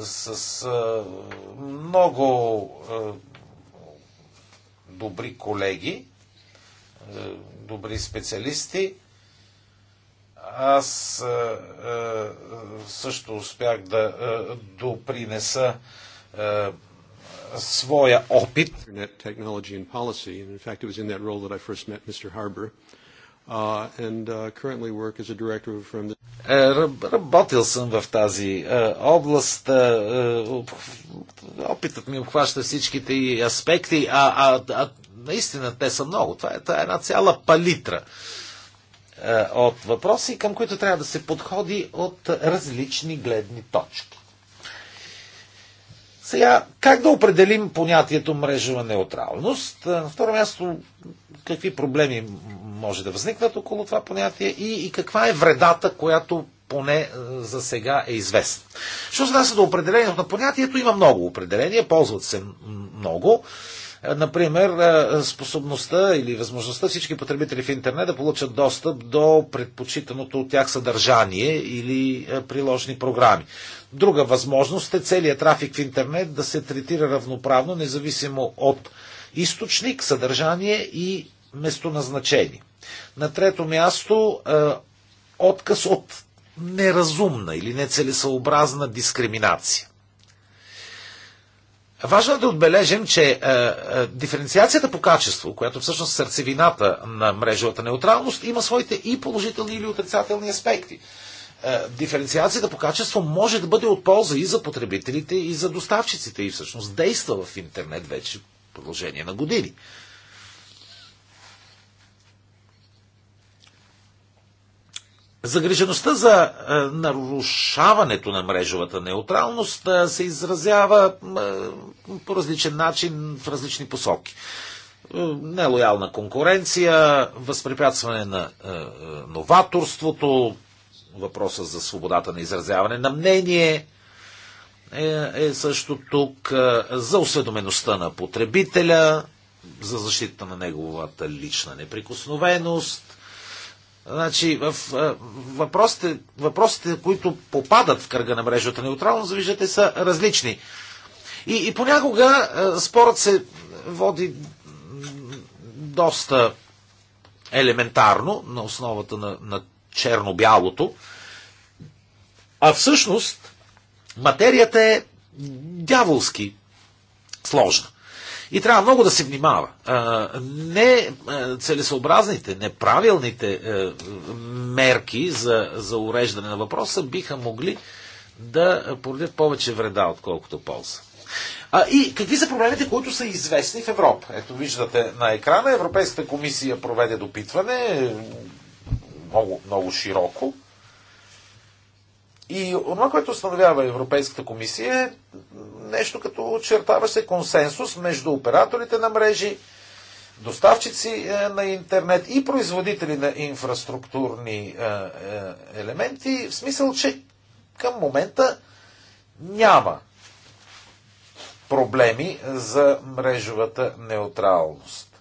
с е, много е, добри колеги, добри специалисти. Аз също успях да допринеса своя опит. Technology and policy, and in fact it was in that role that I first met Mr. Harbour. Uh, and uh, currently work as a director from the... Е, работил съм в тази е, област. Е, опитът ми обхваща всичките и аспекти, а, а, а наистина те са много. Това е, това е една цяла палитра от въпроси, към които трябва да се подходи от различни гледни точки. Сега, как да определим понятието мрежова неутралност? Е, на второ място, какви проблеми може да възникнат около това понятие и, и каква е вредата, която поне е, за сега е известна. Що се нася до определението на понятието, има много определения, ползват се много. Е, например, способността или възможността всички потребители в интернет да получат достъп до предпочитаното от тях съдържание или приложни програми. Друга възможност е целият трафик в интернет да се третира равноправно, независимо от източник, съдържание и местоназначение. На трето място е, отказ от неразумна или нецелесъобразна дискриминация. Важно е да отбележим, че е, е, диференциацията по качество, която всъщност е сърцевината на мрежовата неутралност, има своите и положителни или отрицателни аспекти. Е, диференциацията по качество може да бъде от полза и за потребителите, и за доставчиците, и всъщност действа в интернет вече в продължение на години. Загрижеността за е, нарушаването на мрежовата неутралност е, се изразява по различен начин в различни посоки. Нелоялна конкуренция, възпрепятстване на новаторството, въпроса за свободата на изразяване на мнение е, е също тук е, за осведомеността на потребителя, за защита на неговата лична неприкосновеност. Значи, в в, е, въпросите, въпросите, които попадат в кръга на мрежата неутралност, завиждате, са различни. И, и понякога е, спорът се води доста елементарно, на основата на, на черно-бялото, а всъщност материята е дяволски сложна. И трябва много да се внимава. Не целесообразните, неправилните мерки за, за уреждане на въпроса биха могли да породят повече вреда, отколкото полза. А, и какви са проблемите, които са известни в Европа? Ето виждате на екрана, Европейската комисия проведе допитване, много, много широко. И това, което установява Европейската комисия е нещо като очертава се консенсус между операторите на мрежи, доставчици е, на интернет и производители на инфраструктурни е, е, елементи, в смисъл, че към момента няма проблеми за мрежовата неутралност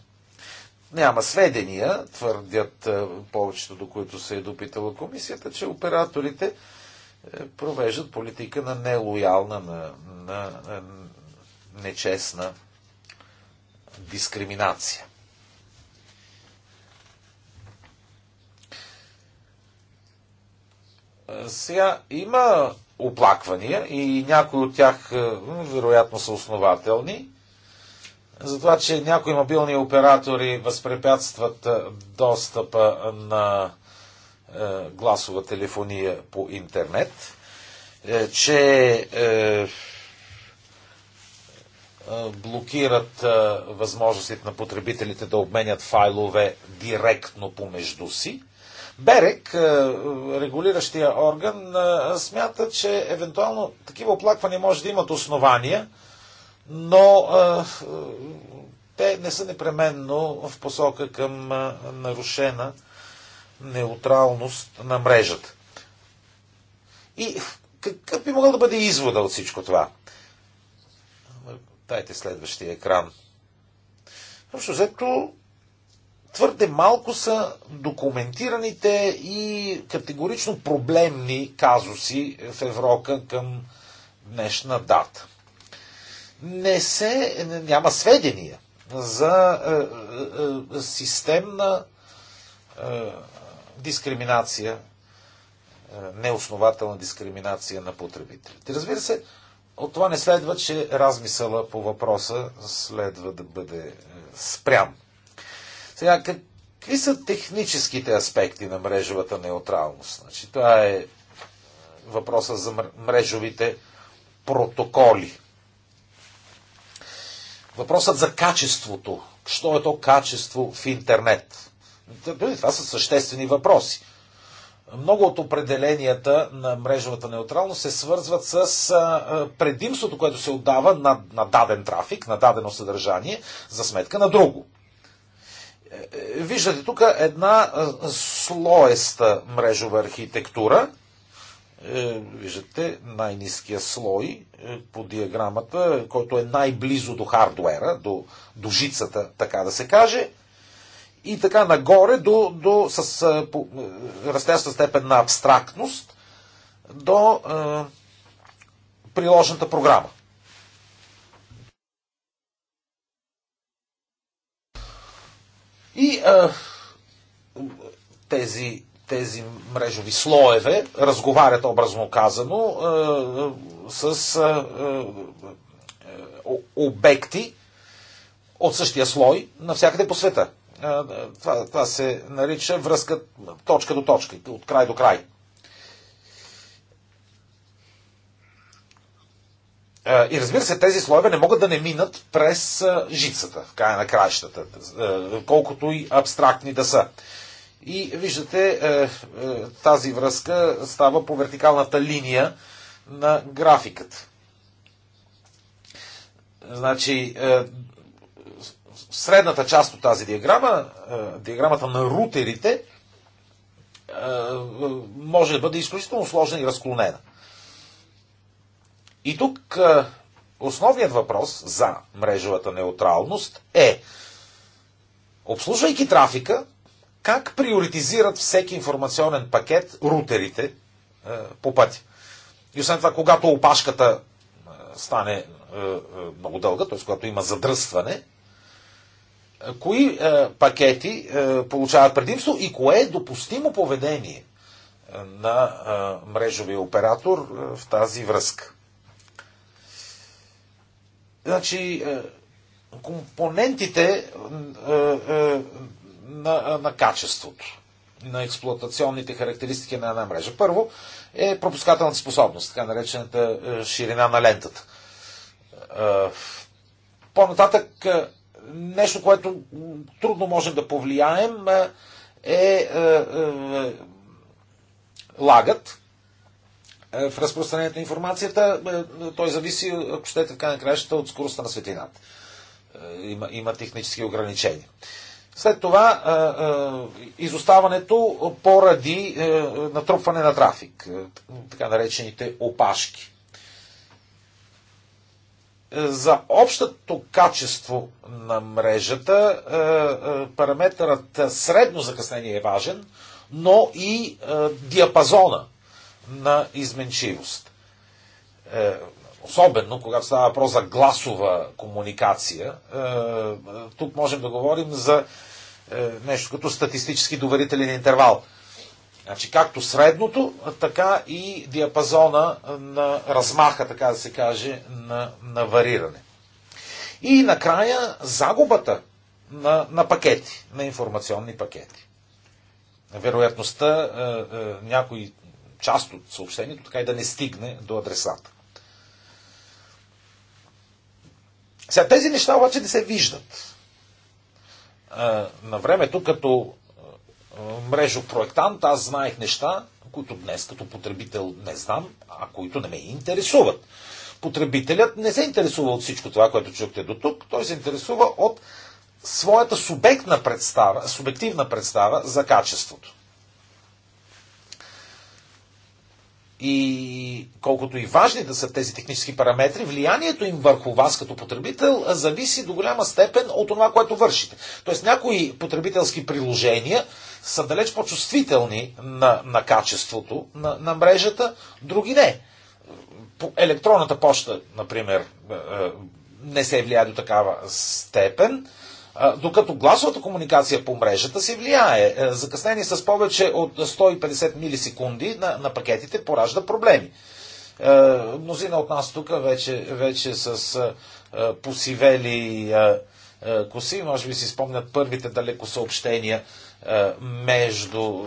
няма сведения, твърдят е, повечето, до които се е допитала комисията, че операторите е, провеждат политика на нелоялна, на, на, на нечестна дискриминация. Е, сега има оплаквания и някои от тях вероятно са основателни – за това, че някои мобилни оператори възпрепятстват е, достъпа на е, гласова телефония по интернет, е, че блокират възможностите на потребителите да обменят файлове директно помежду си. Берек, регулиращия орган, смята, че евентуално такива оплаквания може да имат основания – но те не са непременно в посока към нарушена неутралност на мрежата. И какъв би могъл да бъде извода от всичко това? Дайте следващия екран. Общо взето, твърде малко са документираните и категорично проблемни казуси в Еврока към днешна дата не се, няма сведения за е, е, е системна е, дискриминация, е, неоснователна дискриминация на потребителите. Разбира се, от това не следва, че размисъла по въпроса следва да бъде е, спрям. Сега, какви са техническите аспекти на мрежовата неутралност? Значи, това е въпроса за мрежовите протоколи. Въпросът за качеството. Що е то качество в интернет? Това са съществени въпроси. Много от определенията на мрежовата неутралност се свързват с предимството, което се отдава на, на даден трафик, на дадено съдържание, за сметка на друго. Е, е, виждате тук една слоеста мрежова архитектура – е, виждате най-низкия слой е, по диаграмата, който е най-близо до хардуера, до, до жицата, така да се каже. И така нагоре до, до с е, растяща степен на абстрактност до е, приложната програма. И е, тези тези мрежови слоеве разговарят, образно казано, е, с е, е, обекти от същия слой навсякъде по света. Това, това се нарича връзка точка до точка, от край до край. И разбира се, тези слоеве не могат да не минат през жицата, в края на краищата, колкото и абстрактни да са. И виждате, е, е, тази връзка става по вертикалната линия на графиката. Значи, е, средната част от тази диаграма, диаграмата на рутерите, може да бъде изключително сложна и разклонена. И тук основният въпрос за мрежовата неутралност е, обслужвайки трафика, как приоритизират всеки информационен пакет рутерите е, по пътя. И освен това, когато опашката е, стане е, много дълга, т.е. когато има задръстване, кои пакети получават предимство и кое е допустимо поведение на мрежовия оператор в тази връзка. Значи, компонентите на, на качеството, на експлуатационните характеристики на една мрежа. Първо е пропускателната способност, така наречената е, ширина на лентата. Е, по-нататък е, нещо, което трудно можем да повлияем е лагът в разпространението на информацията. Той зависи, ако щете така на краищата, от скоростта на светлината. Има, има технически ограничения. След това изоставането поради е, натрупване на трафик, е, така наречените опашки. Е, за общото качество на мрежата параметърът средно закъснение е важен, но и диапазона на изменчивост особено когато става въпрос за гласова комуникация, е, е, тук можем да говорим за е, нещо като статистически доверителен интервал. Значи както средното, така и диапазона на размаха, така да се каже, на, на вариране. И накрая загубата на, на пакети, на информационни пакети. Вероятността е, е, някой част от съобщението така и да не стигне до адресата. Сега тези неща обаче не се виждат. На времето като мрежопроектант аз знаех неща, които днес като потребител не знам, а които не ме интересуват. Потребителят не се интересува от всичко това, което чухте до тук. Той се интересува от своята субектна представа, субективна представа за качеството. И колкото и важни да са тези технически параметри, влиянието им върху вас като потребител зависи до голяма степен от това, което вършите. Тоест някои потребителски приложения са далеч по-чувствителни на, на качеството на, на мрежата, други не. Електронната почта, например, е, е, не се е влияе до такава степен докато гласовата комуникация по мрежата се влияе. Е, закъснение с повече от 150 милисекунди на, на пакетите поражда проблеми. Е, мнозина от нас тук вече, вече с е, посивели коси, може би си спомнят първите далеко съобщения между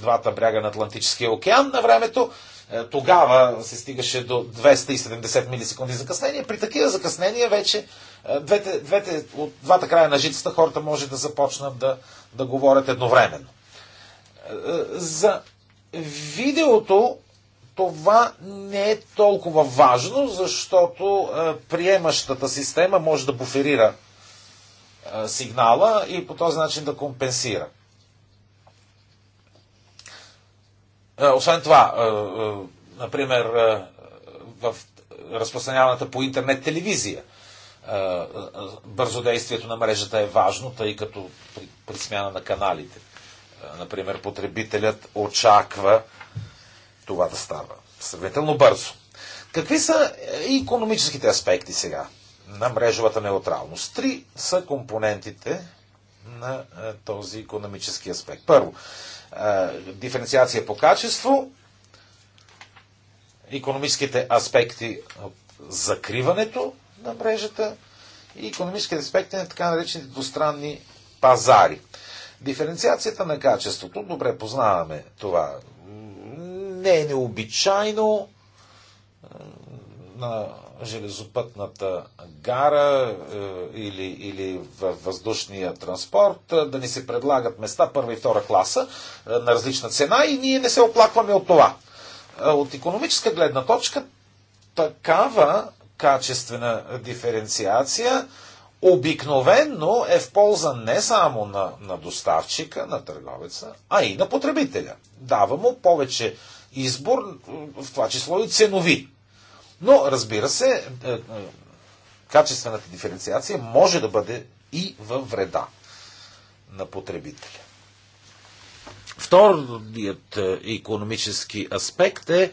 двата бряга на Атлантическия океан на времето. Е, тогава се стигаше до 270 милисекунди закъснение. При такива закъснения вече е, двете, двете, от двата края на жицата хората може да започнат да, да говорят едновременно. Е, за видеото това не е толкова важно, защото приемащата система може да буферира сигнала и по този начин да компенсира. Е, освен това, е, е, например, в разпространяваната по интернет телевизия, бързодействието на мрежата е важно, тъй като при, смяна на каналите, например, потребителят очаква това да става сравнително бързо. Какви са економическите аспекти сега на мрежовата неутралност? Три са компонентите на този економически аспект. Първо, е, диференциация по качество, економическите аспекти от закриването на мрежата и економическите аспекти на така наречените двустранни пазари. Диференциацията на качеството, добре познаваме това, не е необичайно е, на железопътната гара е, или, или във въздушния транспорт, е, да ни се предлагат места първа и втора класа е, на различна цена и ние не се оплакваме от това. От економическа гледна точка, такава качествена диференциация обикновенно е в полза не само на, на доставчика, на търговеца, а и на потребителя. Дава му повече избор, в това число и ценови но, разбира се, е, е, качествената диференциация може да бъде и във вреда на потребителя. Вторият економически аспект е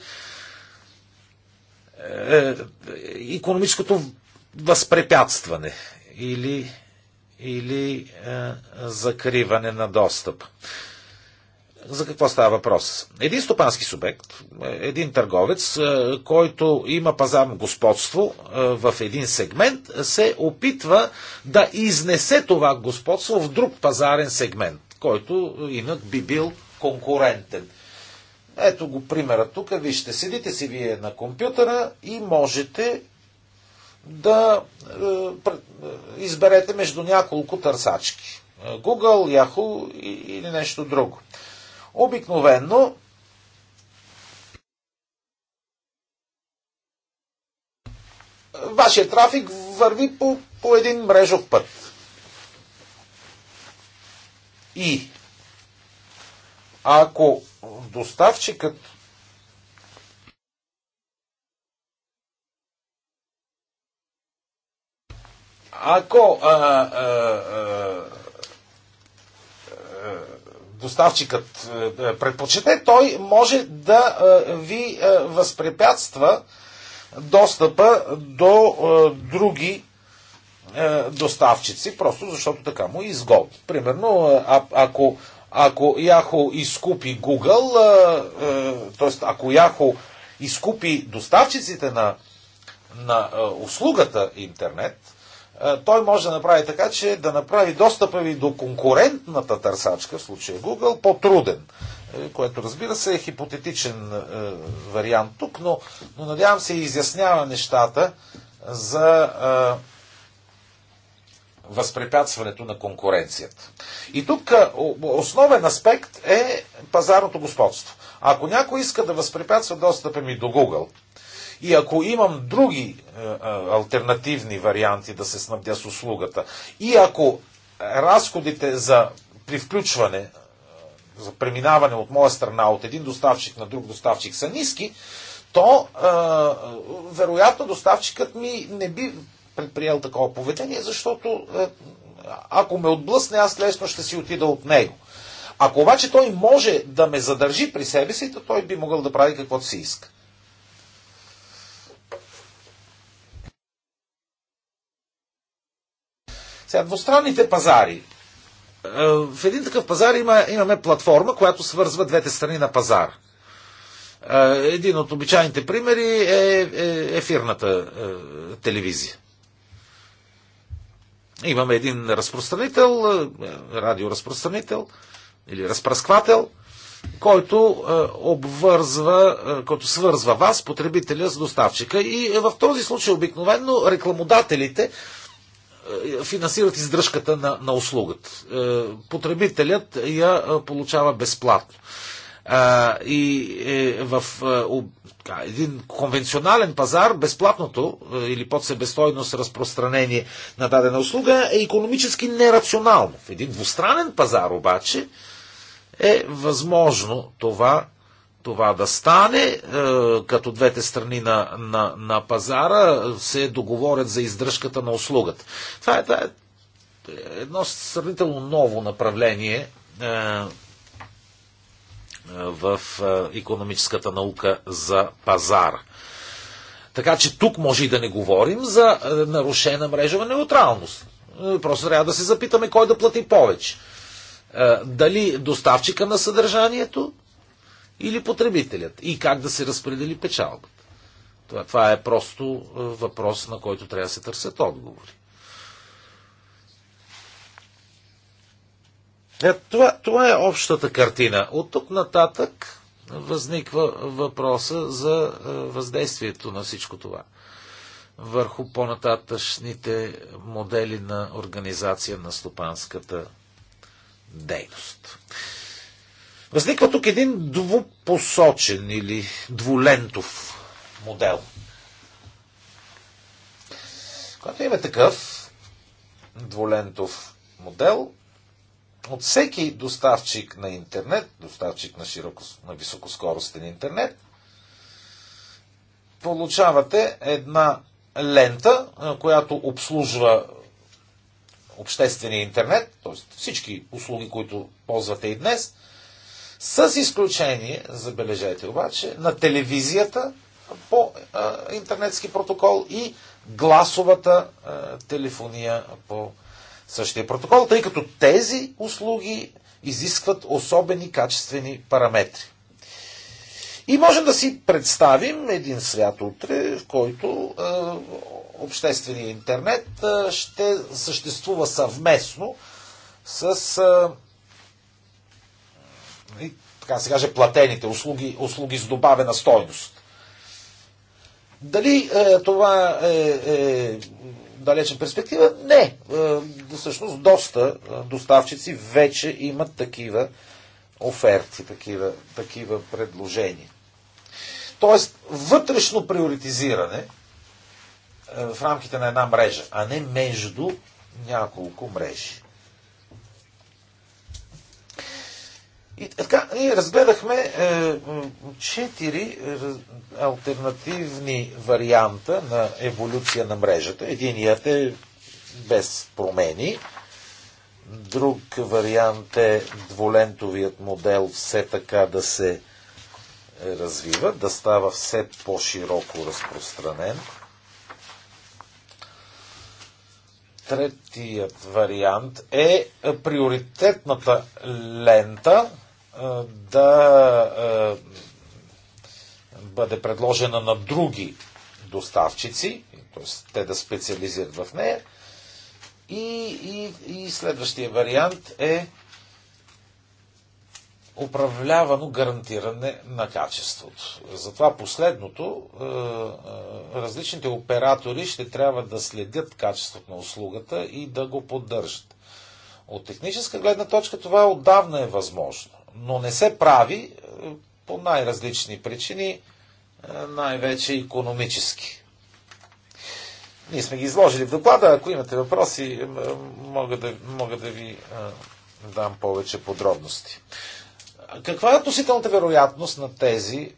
економическото възпрепятстване или, или е, закриване на достъп. За какво става въпрос? Един стопански субект, е, един търговец, е, който има пазарно господство е, в един сегмент, се опитва да изнесе това господство в друг пазарен сегмент, който инак би бил конкурентен. Ето го примера тук. Вижте, седите си вие на компютъра и можете да изберете между няколко търсачки. Google, Yahoo или нещо друго. Обикновенно вашия трафик върви по, по един мрежов път. И ако доставчикът ако а, а, а, доставчикът е, е, предпочете, той може да е, ви възпрепятства достъпа до други доставчици, просто защото така му е Примерно, а, ако, ако Яхо изкупи Google, т.е. ако яхо изкупи доставчиците на, на услугата интернет, е, той може да направи така, че да направи достъпа ви до конкурентната търсачка, в случая Google, по-труден. Е, което, разбира се, е хипотетичен е, вариант тук, но, но надявам се изяснява нещата за възпрепятстването на конкуренцията. И тук основен аспект е пазарното господство. Ако някой иска да възпрепятства достъпа ми до Google, и ако имам други е, е, альтернативни варианти да се снабдя с услугата, и ако разходите за привключване, е, за преминаване от моя страна от един доставчик на друг доставчик са ниски, то а, вероятно доставчикът ми не би предприел такова поведение, защото ако ме отблъсне, аз лесно ще си отида от него. Ако обаче той може да ме задържи при себе си, то той би могъл да прави каквото си иска. Сега, двустранните пазари. Е, в един такъв пазар има, имаме платформа, която свързва двете страни на пазар. Е, един от обичайните примери е, е ефирната телевизия. Имаме един разпространител, радиоразпространител или разпръсквател, който обвързва, който свързва вас, потребителя с доставчика. И в този случай обикновено рекламодателите е, финансират издръжката на, на услугата. Е, потребителят я е, получава безплатно. А, и е, в един конвенционален пазар безплатното или под себестойност разпространение на дадена услуга е економически нерационално. В един двустранен пазар обаче е възможно това това да стане, е, като двете страни на, на, на пазара се договорят за издръжката на услугата. Това е, това е едно сравнително ново направление е, в економическата наука за пазара. Така че тук може и да не говорим за е, нарушена мрежова неутралност. Просто трябва да се запитаме кой да плати повече. Дали доставчика на съдържанието или потребителят и как да се разпредели печалбата. Това, това е просто е, въпрос, на който трябва да се търсят отговори. Е, това, това е общата картина. От тук нататък възниква въпроса за е, въздействието на всичко това върху по-нататъчните модели на организация на стопанската дейност. Възниква тук един двупосочен или двулентов модел. Когато има такъв двулентов модел, от всеки доставчик на интернет, доставчик на, широко, на високоскоростен интернет, получавате една лента, която обслужва обществения интернет, т.е. всички услуги, които ползвате и днес – с изключение, забележете обаче, на телевизията по а, интернетски протокол и гласовата а, телефония по същия протокол, тъй като тези услуги изискват особени качествени параметри. И можем да си представим един свят утре, в който обществения интернет ще съществува съвместно с така се каже, платените услуги, услуги с добавена стойност. Дали е, това е, е далечна перспектива? Не. Е, всъщност доста е, доставчици вече имат такива оферти, такива, такива предложения. Тоест, вътрешно приоритизиране е, в рамките на една мрежа, а не между няколко мрежи. И така, ние разгледахме е, четири е, альтернативни варианта на еволюция на мрежата. Единият е без промени. Друг вариант е дволентовият модел все така да се е, развива, да става все по-широко разпространен. Третият вариант е приоритетната лента, да бъде предложена на други доставчици, т.е. те да специализират в нея. И, и, и следващия вариант е управлявано гарантиране на качеството. Затова последното, различните оператори ще трябва да следят качеството на услугата и да го поддържат. От техническа гледна точка това отдавна е възможно но не се прави е, по най-различни причини, е, най-вече економически. Ние сме ги изложили в доклада. Ако имате въпроси, е, мога да, мога да ви дам повече подробности. Каква е относителната вероятност на тези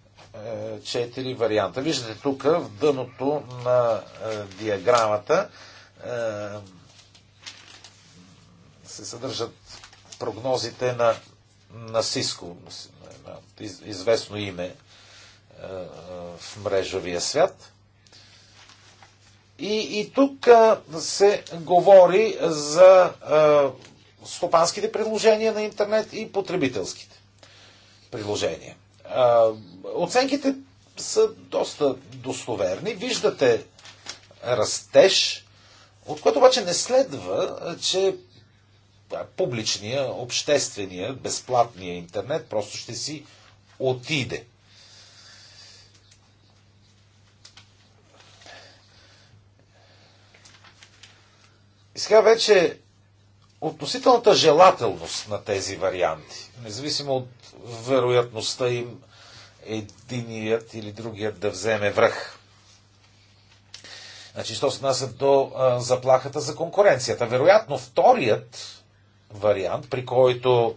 четири варианта? Виждате тук в дъното на диаграмата се съдържат прогнозите на Насиско, известно име е, в мрежовия свят. И, и тук е, се говори за е, стопанските приложения на интернет и потребителските приложения. Оценките са доста достоверни. Виждате растеж, от което обаче не следва, че публичния, обществения, безплатния интернет просто ще си отиде. И сега вече относителната желателност на тези варианти, независимо от вероятността им единият или другият да вземе връх. Значи, що се нася до а, заплахата за конкуренцията? Вероятно, вторият вариант, при който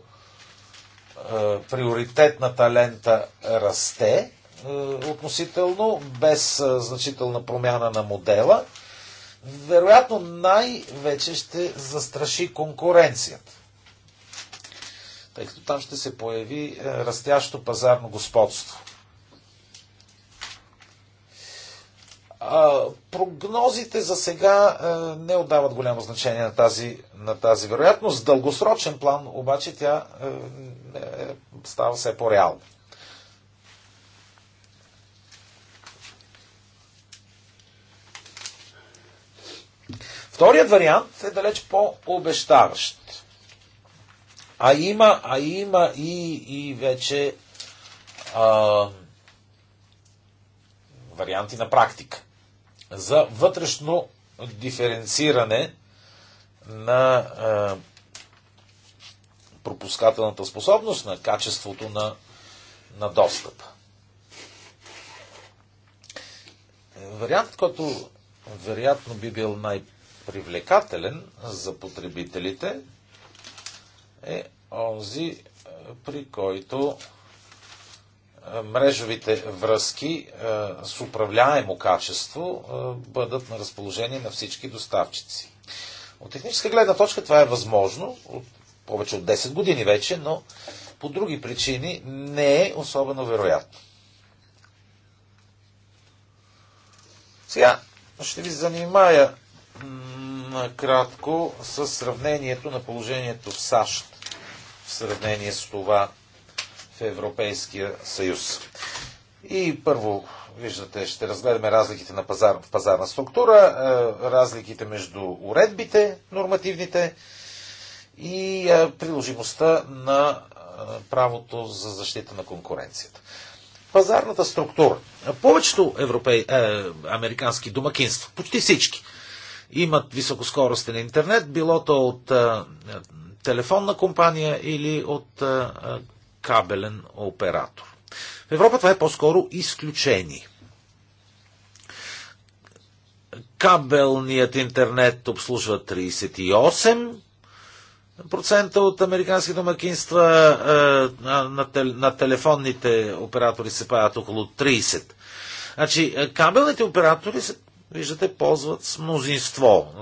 е, приоритетната талента расте е, относително, без е, значителна промяна на модела, вероятно най-вече ще застраши конкуренцията. Тъй като там ще се появи растящо пазарно господство. прогнозите за сега не отдават голямо значение на тази, на тази вероятност. В дългосрочен план обаче тя е, става все по-реална. Вторият вариант е далеч по-обещаващ. А има, а има и, и вече а, варианти на практика за вътрешно диференциране на пропускателната способност, на качеството на, на достъп. Вариантът, който вероятно би бил най-привлекателен за потребителите, е онзи, при който мрежовите връзки с управляемо качество бъдат на разположение на всички доставчици. От техническа гледна точка това е възможно, от повече от 10 години вече, но по други причини не е особено вероятно. Сега ще ви занимая накратко с сравнението на положението в САЩ в сравнение с това Европейския съюз. И първо, виждате, ще разгледаме разликите на пазар, в пазарна структура, е, разликите между уредбите, нормативните и е, приложимостта на е, правото за защита на конкуренцията. Пазарната структура. Повечето европей, е, американски домакинства, почти всички, имат високоскоростен интернет, било то от е, телефонна компания или от е, кабелен оператор. В Европа това е по-скоро изключение. Кабелният интернет обслужва 38 процента от американски домакинства, на телефонните оператори се падат около 30. Значи, кабелните оператори, се, виждате, ползват с мнозинство,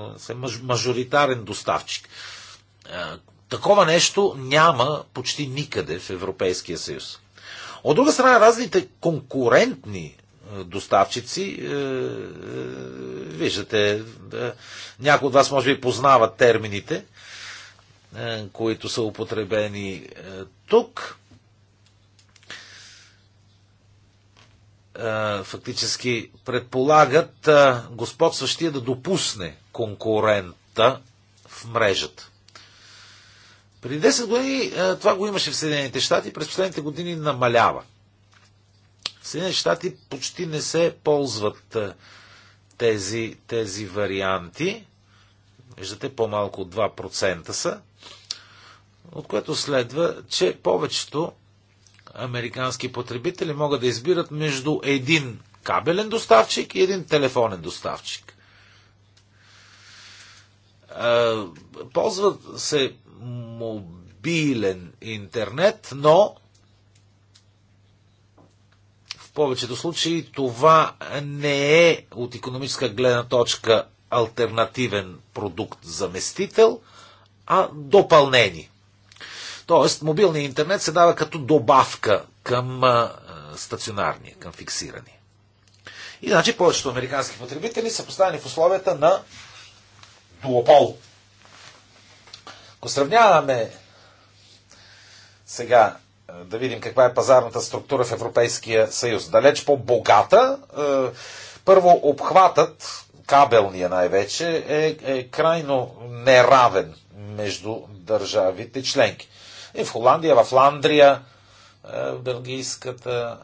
мажоритарен доставчик. Такова нещо няма почти никъде в Европейския съюз. От друга страна, разните конкурентни е, доставчици, е, е, виждате, някои от вас може би познават термините, които са употребени тук. Фактически предполагат господстващия да допусне конкурента в мрежата. Преди 10 години е, това го имаше в Съединените щати, през последните години намалява. В Съединените щати почти не се ползват е, тези, тези варианти. Виждате, по-малко от 2% са. От което следва, че повечето американски потребители могат да избират между един кабелен доставчик и един телефонен доставчик. Е, ползват се мобилен интернет, но в повечето случаи това не е от економическа гледна точка альтернативен продукт заместител, а допълнение. Тоест, мобилният интернет се дава като добавка към стационарния, към фиксирания. И значи повечето американски потребители са поставени в условията на дуопол. Ако сравняваме сега е, да видим каква е пазарната структура в Европейския съюз, далеч по-богата, е, първо обхватът, кабелния най-вече, е, е крайно неравен между държавите членки. И в Холандия, в Ландрия, е, в белгийската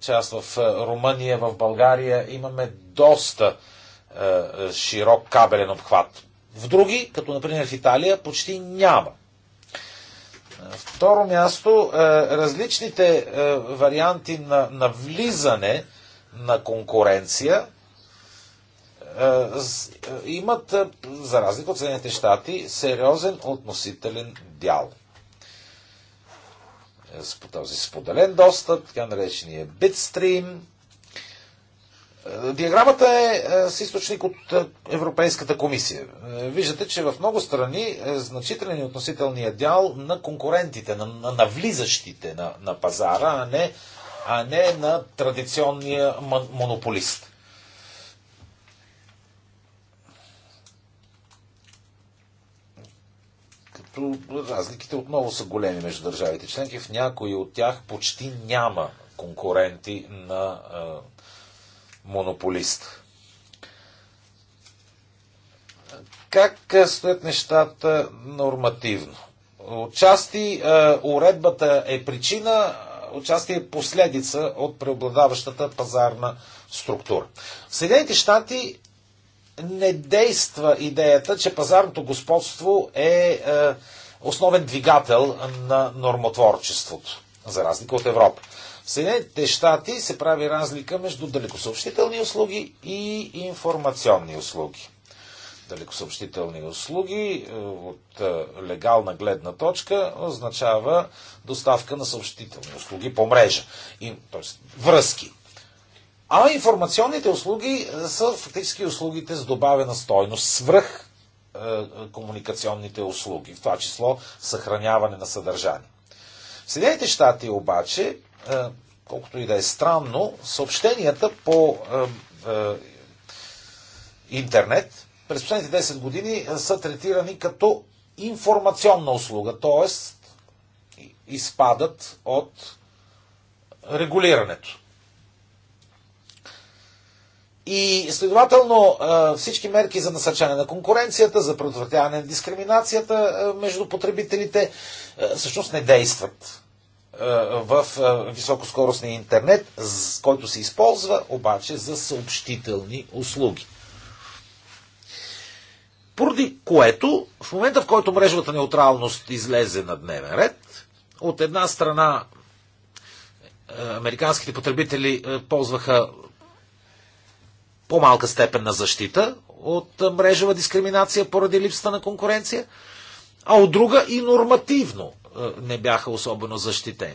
част, в Румъния, в България имаме доста широк кабелен обхват. В други, като например в Италия, почти няма. Е, второ място, е, различните е, варианти на, на влизане на конкуренция имат, за разлика от Съединените щати, сериозен относителен дял. С този споделен достъп, така наречения битстрим, Диаграмата е, е с източник от е, Европейската комисия. Е, виждате, че в много страни значителен и относителният дял на конкурентите, на, на, на влизащите на, на пазара, а не, а не на традиционния монополист. Като разликите отново са големи между държавите членки, в някои от тях почти няма конкуренти на монополист. Как е, стоят нещата нормативно? Отчасти е, уредбата е причина, отчасти е последица от преобладаващата пазарна структура. В Съединените щати не действа идеята, че пазарното господство е, е основен двигател на нормотворчеството, за разлика от Европа. В Съединените щати се прави разлика между далекосъобщителни услуги и информационни услуги. Далекосъобщителни услуги е, от е, легална гледна точка означава доставка на съобщителни услуги по мрежа, т.е. връзки. А информационните услуги е, са фактически услугите с добавена стойност, свръх комуникационните услуги, в това число съхраняване на съдържание. В Съединените щати обаче е, колкото и да е странно, съобщенията по е, е, интернет през последните 10 години са третирани като информационна услуга, т.е. изпадат от регулирането. И следователно всички мерки за насърчане на конкуренцията, за предотвратяване на дискриминацията между потребителите всъщност не действат. Е, в е, високоскоростния интернет, който се използва обаче за съобщителни услуги. Поради което, в момента в който мрежовата неутралност излезе на дневен ред, от една страна е, американските потребители ползваха по-малка степен на защита от мрежова дискриминация поради липсата на конкуренция, а от друга и нормативно е, не бяха особено защитени.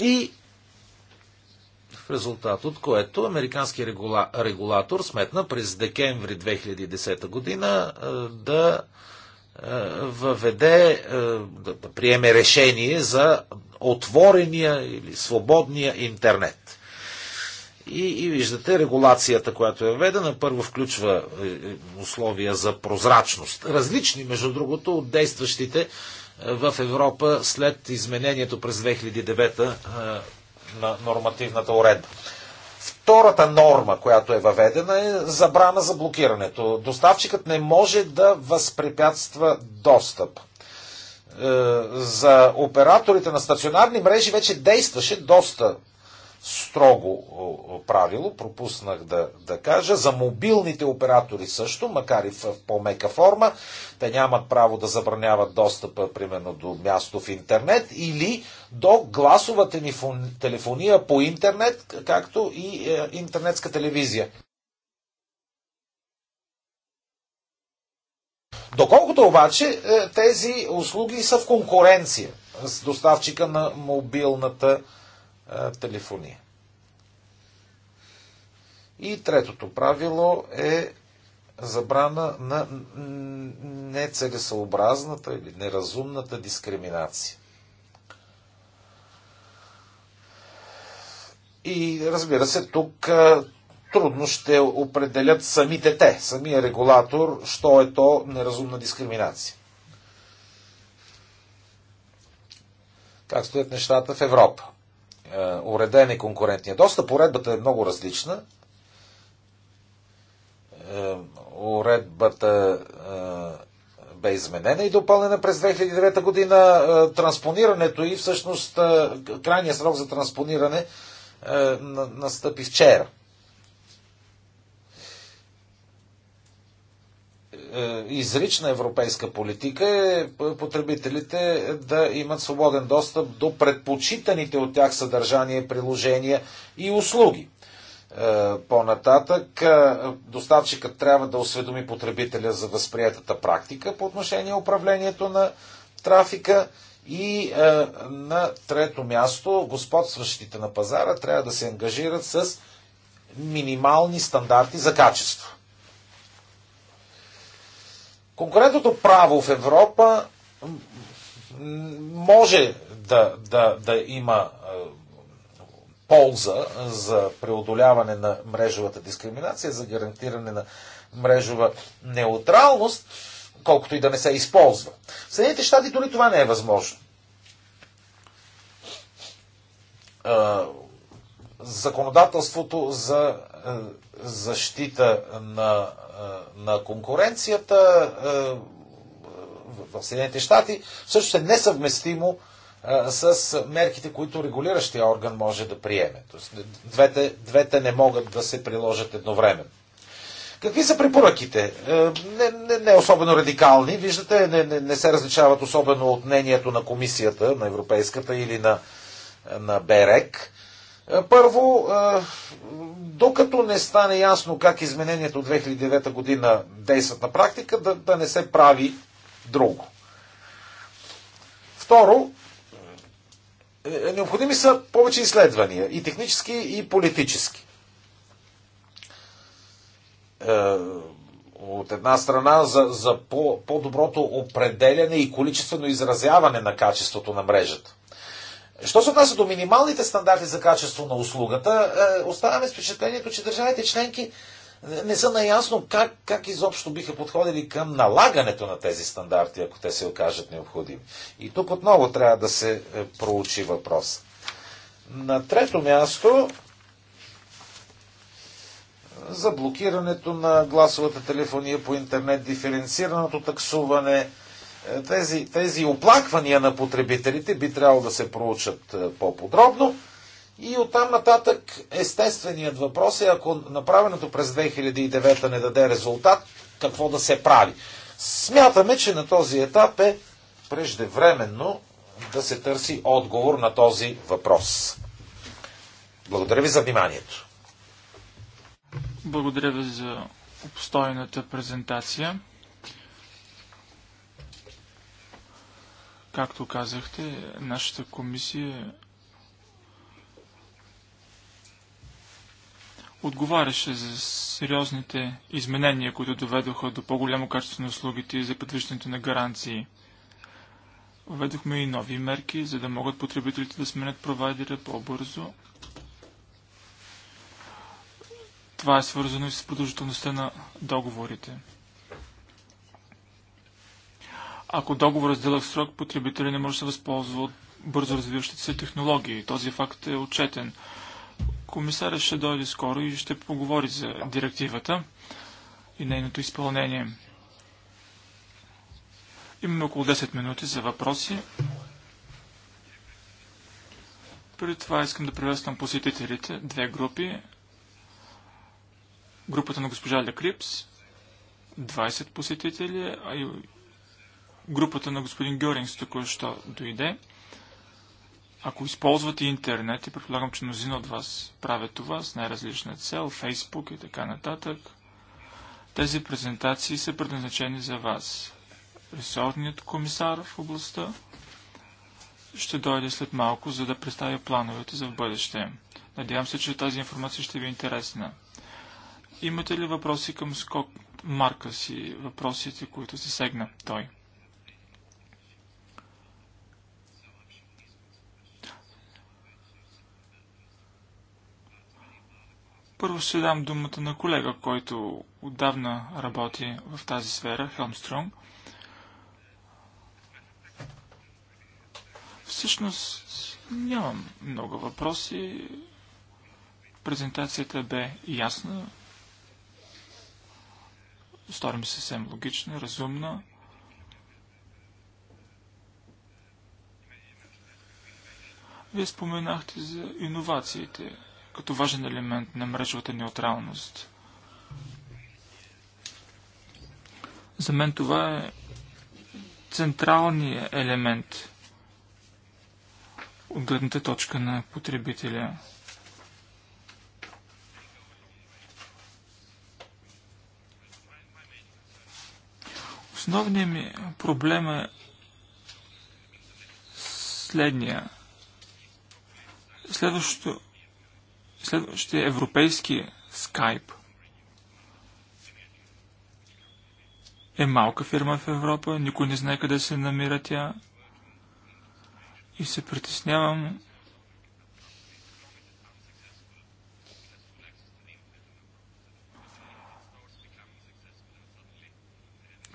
И в резултат от което американски регула... регулатор сметна през декември 2010 година е, да е, въведе, да приеме решение за отворения или свободния интернет. И, и виждате, регулацията, която е введена, първо включва е, е, условия за прозрачност. Различни, между другото, от действащите е, в Европа след изменението през 2009 на нормативната уредба. Втората норма, която е въведена, е забрана за блокирането. Доставчикът не може да възпрепятства достъп. За операторите на стационарни мрежи вече действаше доста строго правило, пропуснах да, да кажа. За мобилните оператори също, макар и в, по-мека форма, те нямат право да забраняват достъпа, примерно, до място в интернет или до гласова телефония по интернет, както и е, интернетска телевизия. Доколкото обаче е, тези услуги са в конкуренция с доставчика на мобилната телефония. И третото правило е забрана на нецелесообразната или неразумната дискриминация. И разбира се, тук трудно ще определят самите те, самия регулатор, що е то неразумна дискриминация. Как стоят нещата в Европа? Е, уреден е конкурентния достъп. Уредбата е много различна. Е, уредбата е, бе изменена и допълнена през 2009 година. Транспонирането и всъщност крайният срок за транспониране настъпи вчера. Е, изрична европейска политика е потребителите да имат свободен достъп до предпочитаните от тях съдържание, приложения и услуги. Е, по-нататък е, доставчикът трябва да осведоми потребителя за възприятата практика по отношение управлението на трафика и на трето място господстващите на пазара трябва да се ангажират с минимални стандарти за качество Конкурентното право в Европа може да, да, да има е, полза за преодоляване на мрежовата дискриминация, за гарантиране на мрежова неутралност, колкото и да не се използва. В Съединените щати дори това не е възможно. Е, законодателството за защита на, на конкуренцията в Съединените щати всъщност е несъвместимо с мерките, които регулиращия орган може да приеме. Тоест, двете, двете не могат да се приложат едновременно. Какви са препоръките? Е, не, не, не особено радикални. Виждате, не, не, не се различават особено от мнението на комисията, на Европейската или на, на БЕРЕК. Е, първо, е, докато не стане ясно как изменението от 2009 година действат на практика, да, да не се прави друго. Второ, е, необходими са повече изследвания, и технически, и политически. От една страна за, за по, по-доброто определяне и количествено изразяване на качеството на мрежата Що се отнася до минималните стандарти за качество на услугата, е, оставаме с впечатлението, че държавите членки не са наясно как, как изобщо биха подходили към налагането на тези стандарти, ако те се окажат необходими. И тук отново трябва да се е, проучи въпрос. На трето място за блокирането на гласовата телефония по интернет, диференцираното таксуване – е, тези, тези оплаквания на потребителите би трябвало да се проучат е, по-подробно. И оттам нататък естественият въпрос е, ако направеното през 2009 не даде резултат, какво да се прави. Смятаме, че на този етап е преждевременно да се търси отговор на този въпрос. Благодаря ви за вниманието. Благодаря ви за обстойната презентация. Както казахте, нашата комисия отговаряше за сериозните изменения, които доведоха до по-голямо качество на услугите и за предвиждането на гаранции. Введохме и нови мерки, за да могат потребителите да сменят провайдера по-бързо. Това е свързано и с продължителността на договорите. Ако договорът е с дълъг срок, потребители не може да се възползва от бързо развиващите се технологии. Този факт е отчетен. Комисарът ще дойде скоро и ще поговори за директивата и нейното изпълнение. Имаме около 10 минути за въпроси. Преди това искам да приветствам посетителите, две групи. Групата на госпожа Лекрипс, 20 посетители, а и групата на господин Гьоринс току-що дойде. Ако използвате интернет, и предполагам, че мнозина от вас правят това с най-различна цел, Фейсбук и така нататък, тези презентации са предназначени за вас. Ресорният комисар в областта ще дойде след малко, за да представя плановете за в бъдеще. Надявам се, че тази информация ще ви е интересна. Имате ли въпроси към Скок Марка си, въпросите, които се сегна той? Първо ще дам думата на колега, който отдавна работи в тази сфера, Хелмстрюм. Всъщност нямам много въпроси. Презентацията бе ясна. Стори ми съвсем логична, разумна. Вие споменахте за иновациите като важен елемент на мрежовата неутралност. За мен това е централният елемент от гледната точка на потребителя. Основният ми проблем е следния. Следващото следващия е европейски скайп е малка фирма в Европа, никой не знае къде се намира тя и се притеснявам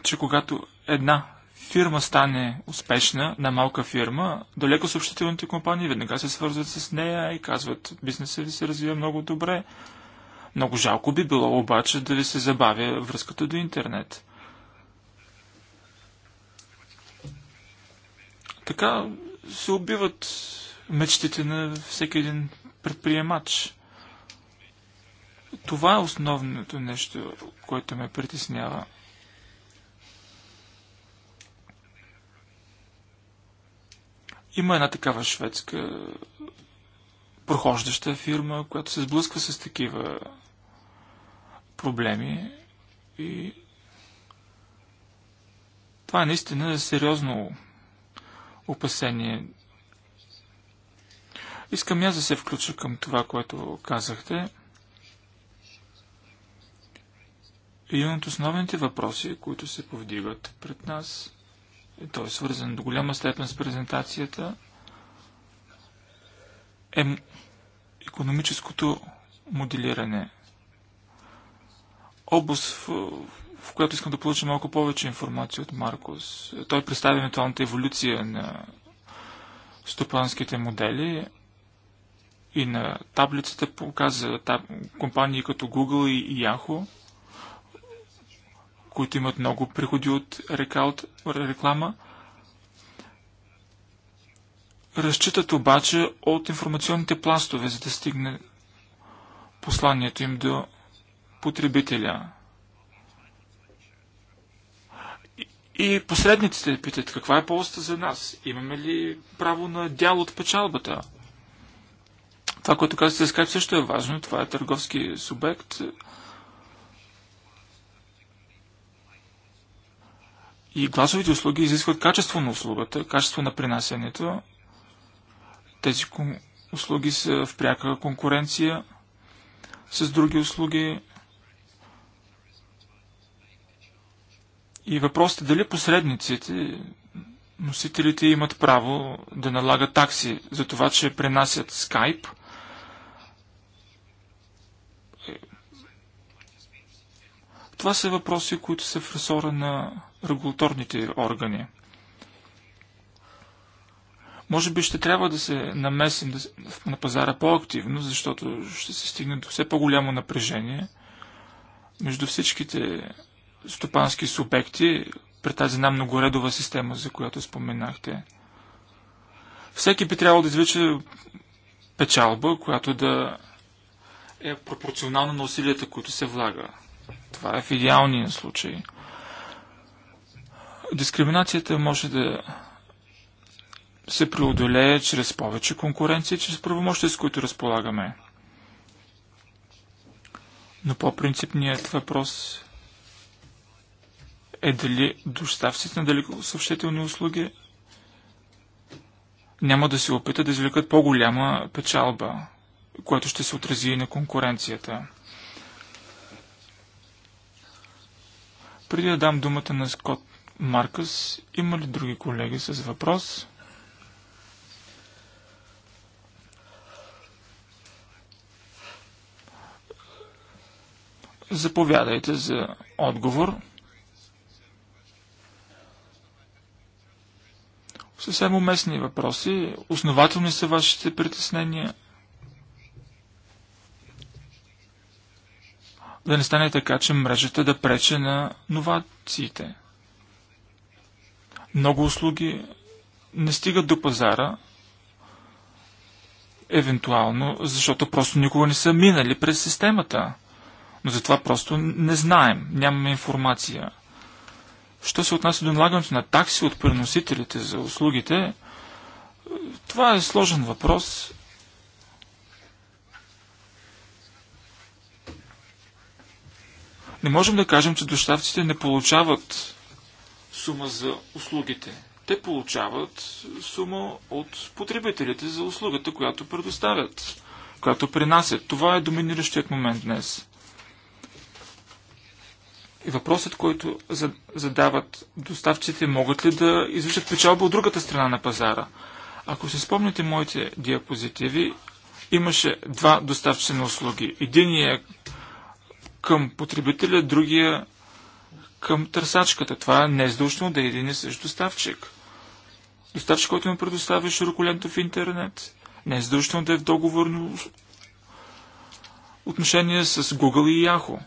че когато една фирма стане успешна, на малка фирма, далеко съобщителните компании веднага се свързват с нея и казват, бизнесът ви се развива много добре. Много жалко би било обаче да ви се забавя връзката до интернет. Така се убиват мечтите на всеки един предприемач. Това е основното нещо, което ме притеснява. Има една такава шведска прохождаща фирма, която се сблъсква с такива проблеми и това е наистина сериозно опасение. Искам аз да се включа към това, което казахте. Един от основните въпроси, които се повдигат пред нас, той е свързан до голяма степен с презентацията, е економическото моделиране. Област, в, в която искам да получа малко повече информация от Маркос. Той представя евентуалната еволюция на стопанските модели и на таблицата показа таб... компании като Google и Yahoo – които имат много приходи от реклама, разчитат обаче от информационните пластове, за да стигне посланието им до потребителя. И посредниците питат, каква е ползата за нас? Имаме ли право на дял от печалбата? Това, което казвате за Skype също е важно. Това е търговски субект. И гласовите услуги изискват качество на услугата, качество на принасянето. Тези услуги са в пряка конкуренция с други услуги. И въпросът е дали посредниците, носителите имат право да налагат такси за това, че пренасят скайп. Е, това са въпроси, които са в ресора на регулаторните органи. Може би ще трябва да се намесим на пазара по-активно, защото ще се стигне до все по-голямо напрежение между всичките стопански субекти при тази нам многоредова система, за която споменахте. Всеки би трябвало да извлича печалба, която да е пропорционална на усилията, които се влага. Това е в идеалния случай – Дискриминацията може да се преодолее чрез повече конкуренция, чрез правомощите, с които разполагаме. Но по-принципният въпрос е дали доставците на далеко съобщителни услуги няма да се опитат да извлекат по-голяма печалба, което ще се отрази и на конкуренцията. Преди да дам думата на Скот Маркъс, има ли други колеги с въпрос? Заповядайте за отговор. Съвсем уместни въпроси. Основателни са вашите притеснения. Да не стане така, че мрежата да прече на новациите. Много услуги не стигат до пазара, евентуално, защото просто никога не са минали през системата. Но за това просто не знаем, нямаме информация. Що се отнася до налагането на такси от преносителите за услугите, това е сложен въпрос. Не можем да кажем, че доставците не получават сума за услугите. Те получават сума от потребителите за услугата, която предоставят, която принасят. Това е доминиращият момент днес. И въпросът, който задават доставчиците, могат ли да извършат печалба от другата страна на пазара? Ако се спомните моите диапозитиви, имаше два доставчици на услуги. Единият е към потребителя, другия към търсачката. Това не е задължително да е един и същ доставчик. Доставчик, който ми предоставя широколентов интернет, не е задължително да е в договорно отношение с Google и Yahoo.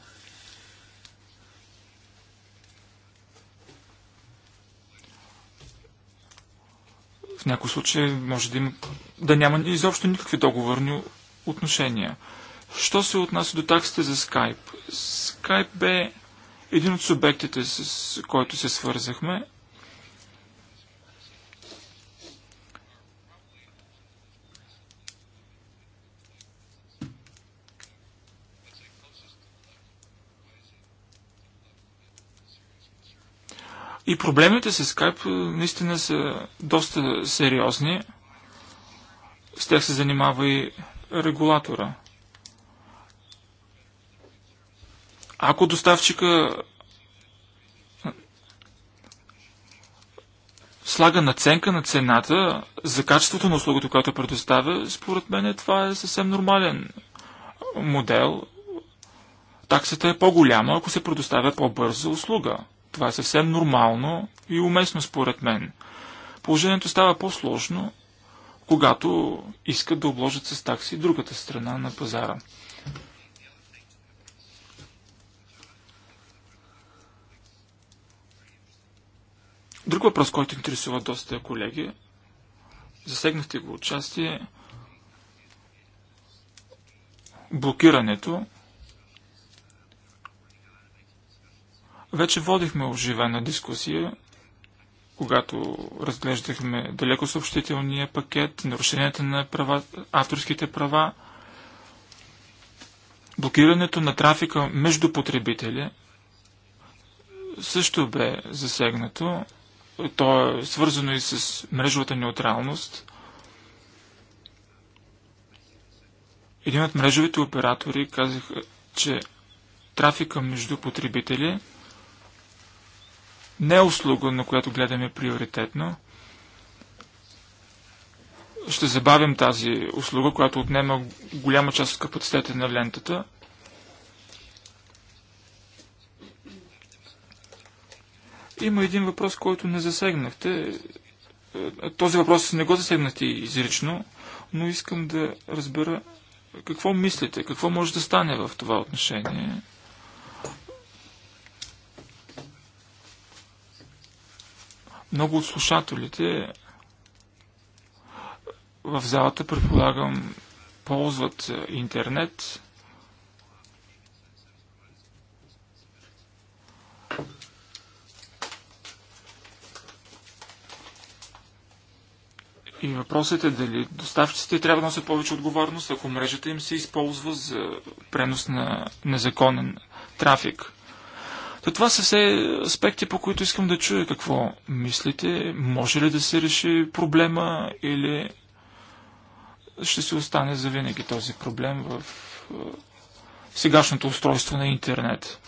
В някои случаи може да, има, да няма изобщо никакви договорни отношения. Що се отнася до таксите за Skype? Skype бе един от субектите, с който се свързахме, И проблемите с Skype наистина са доста сериозни. С тях се занимава и регулатора – Ако доставчика слага наценка на цената за качеството на услугата, която предоставя, според мен това е съвсем нормален модел. Таксата е по-голяма, ако се предоставя по-бърза услуга. Това е съвсем нормално и уместно според мен. Положението става по-сложно, когато искат да обложат с такси другата страна на пазара. Друг въпрос, който интересува доста колеги, засегнахте го отчасти, блокирането. Вече водихме оживена дискусия, когато разглеждахме далеко съобщителния пакет, нарушенията на права, авторските права, блокирането на трафика между потребители също бе засегнато. То е свързано и с мрежовата неутралност. Един от мрежовите оператори казаха, че трафика между потребители не е услуга, на която гледаме приоритетно. Ще забавим тази услуга, която отнема голяма част от капацитета на лентата, Има един въпрос, който не засегнахте. Е, този въпрос не го засегнахте изрично, но искам да разбера какво мислите, какво може да стане в това отношение. Много от слушателите в залата, предполагам, ползват е, интернет. И въпросът е дали доставчиците трябва да носят повече отговорност, ако мрежата им се използва за пренос на незаконен трафик. То това са все аспекти, по които искам да чуя какво мислите. Може ли да се реши проблема или ще се остане за винаги този проблем в сегашното устройство на интернет?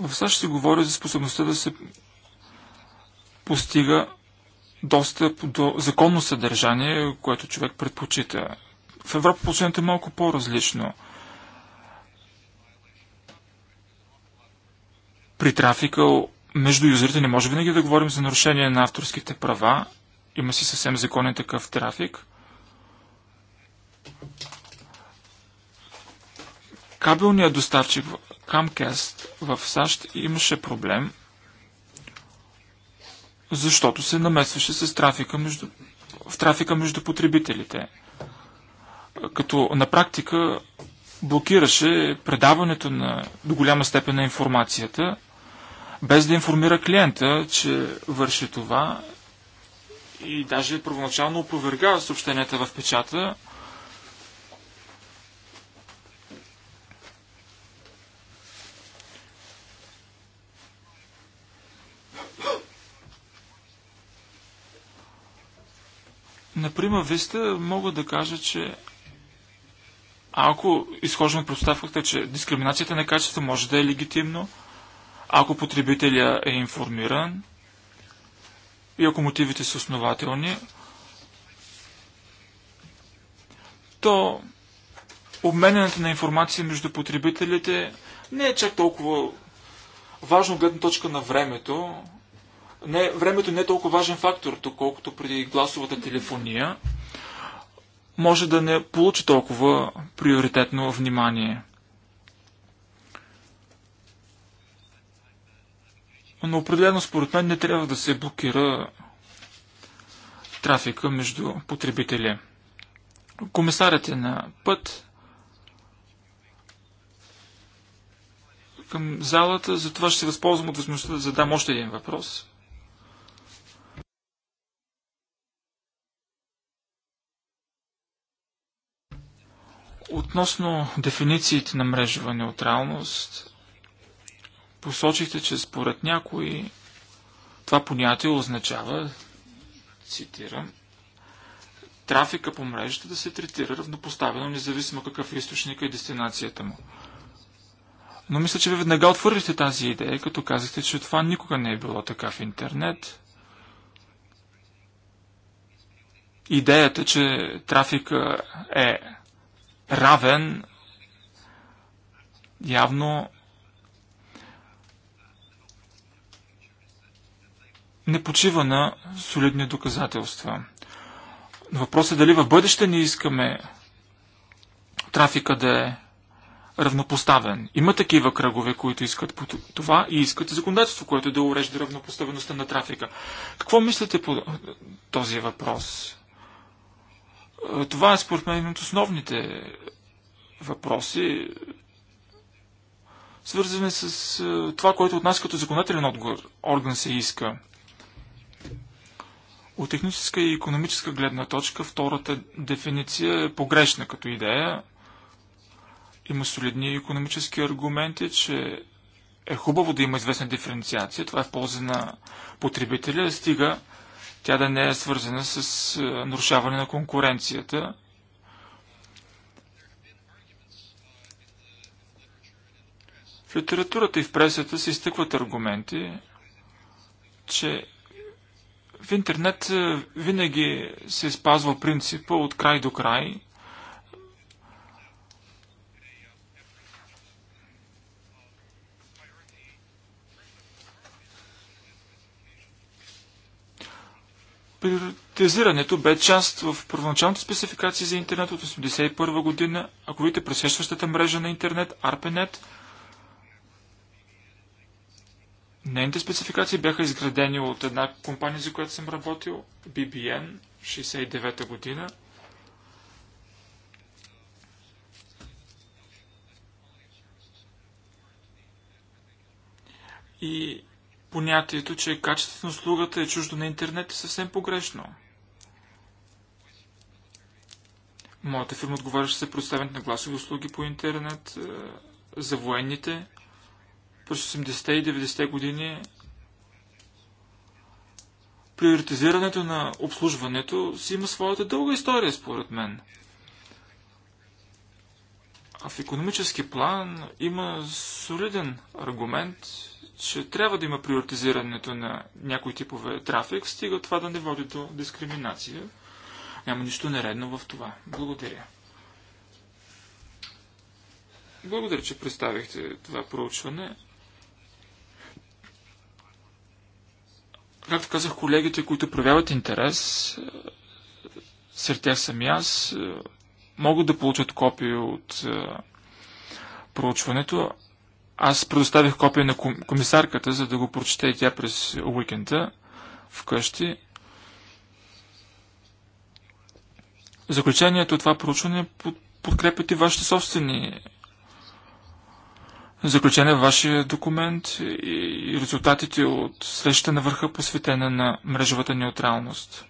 В САЩ се говори за способността да се постига достъп до законно съдържание, което човек предпочита. В Европа положението е малко по-различно. При трафика между юзерите не може винаги да говорим за нарушение на авторските права. Има си съвсем законен такъв трафик. Кабелният доставчик КамКест в САЩ имаше проблем, защото се намесваше с трафика между, в трафика между потребителите. Като на практика блокираше предаването на, до голяма степен на информацията, без да информира клиента, че върши това и даже първоначално опроверга съобщенията в печата, Например, Виста мога да кажа, че ако изхождаме представката, че дискриминацията на качество може да е легитимно, ако потребителя е информиран и ако мотивите са основателни, то обменянето на информация между потребителите не е чак толкова важно гледна точка на времето, не, времето не е толкова важен фактор, колкото преди гласовата телефония може да не получи толкова приоритетно внимание. Но определено според мен не трябва да се блокира трафика между потребители. Комисарят е на път към залата, затова ще се възползвам от възможността да задам още един въпрос. Относно дефинициите на мрежова неутралност, посочихте, че според някои това понятие означава, цитирам, трафика по мрежата да се третира равнопоставено, независимо какъв е източника и дестинацията му. Но мисля, че ви веднага отвърлихте тази идея, като казахте, че това никога не е било така в интернет. Идеята, че трафика е равен, явно не почива на солидни доказателства. Въпросът е дали в бъдеще не искаме трафика да е равнопоставен. Има такива кръгове, които искат по това и искат законодателство, което да урежда равнопоставеността на трафика. Какво мислите по този въпрос? Е, това е според мен от основните въпроси, свързани с е, това, което от нас като законодателен орган се иска. От техническа и економическа гледна точка втората дефиниция е погрешна като идея. Има солидни економически аргументи, че е хубаво да има известна диференциация. Това е в полза на потребителя, стига тя да не е свързана с е, нарушаване на конкуренцията. В литературата и в пресата се изтъкват аргументи, че в интернет е, винаги се е спазва принципа от край до край – Приоритизирането бе част в първоначалните спецификации за интернет от 1981 година, ако видите пресещащата мрежа на интернет, ARPANET, Нейните спецификации бяха изградени от една компания, за която съм работил, BBN, 69-та година. И понятието, че качеството на услугата е чуждо на интернет е съвсем погрешно. Моята фирма отговаряше за представянето на гласови услуги по интернет е, за военните. През 80-те и 90-те години приоритизирането на обслужването си има своята дълга история, според мен. А в економически план има солиден аргумент че трябва да има приоритизирането на някои типове трафик, стига това да не води до дискриминация. Няма нищо нередно в това. Благодаря. Благодаря, че представихте това проучване. Както казах, колегите, които проявяват интерес, сред тях съм и аз, могат да получат копия от проучването. Аз предоставих копия на комисарката, за да го прочете и тя през уикенда вкъщи. Заключението от това проучване подкрепят и вашите собствени заключения в вашия документ и резултатите от срещата на върха, посветена на мрежовата неутралност.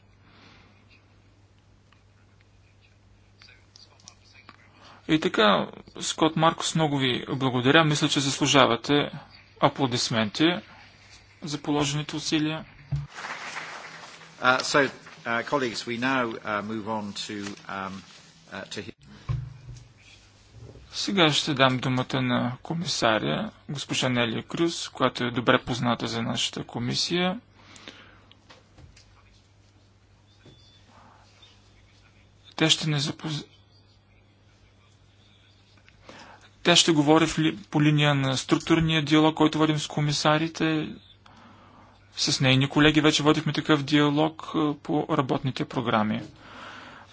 И така, Скот Маркос, много ви благодаря. Мисля, че заслужавате аплодисменти за положените усилия. Uh, so, uh, colleagues, we now uh, move on to, um, uh, to... Сега ще дам думата на комисаря, госпожа Нелия Крюс, която е добре позната за нашата комисия. Те ще не запознат Тя ще говори в, по линия на структурния диалог, който водим с комисарите. С нейни колеги вече водихме такъв диалог по работните програми.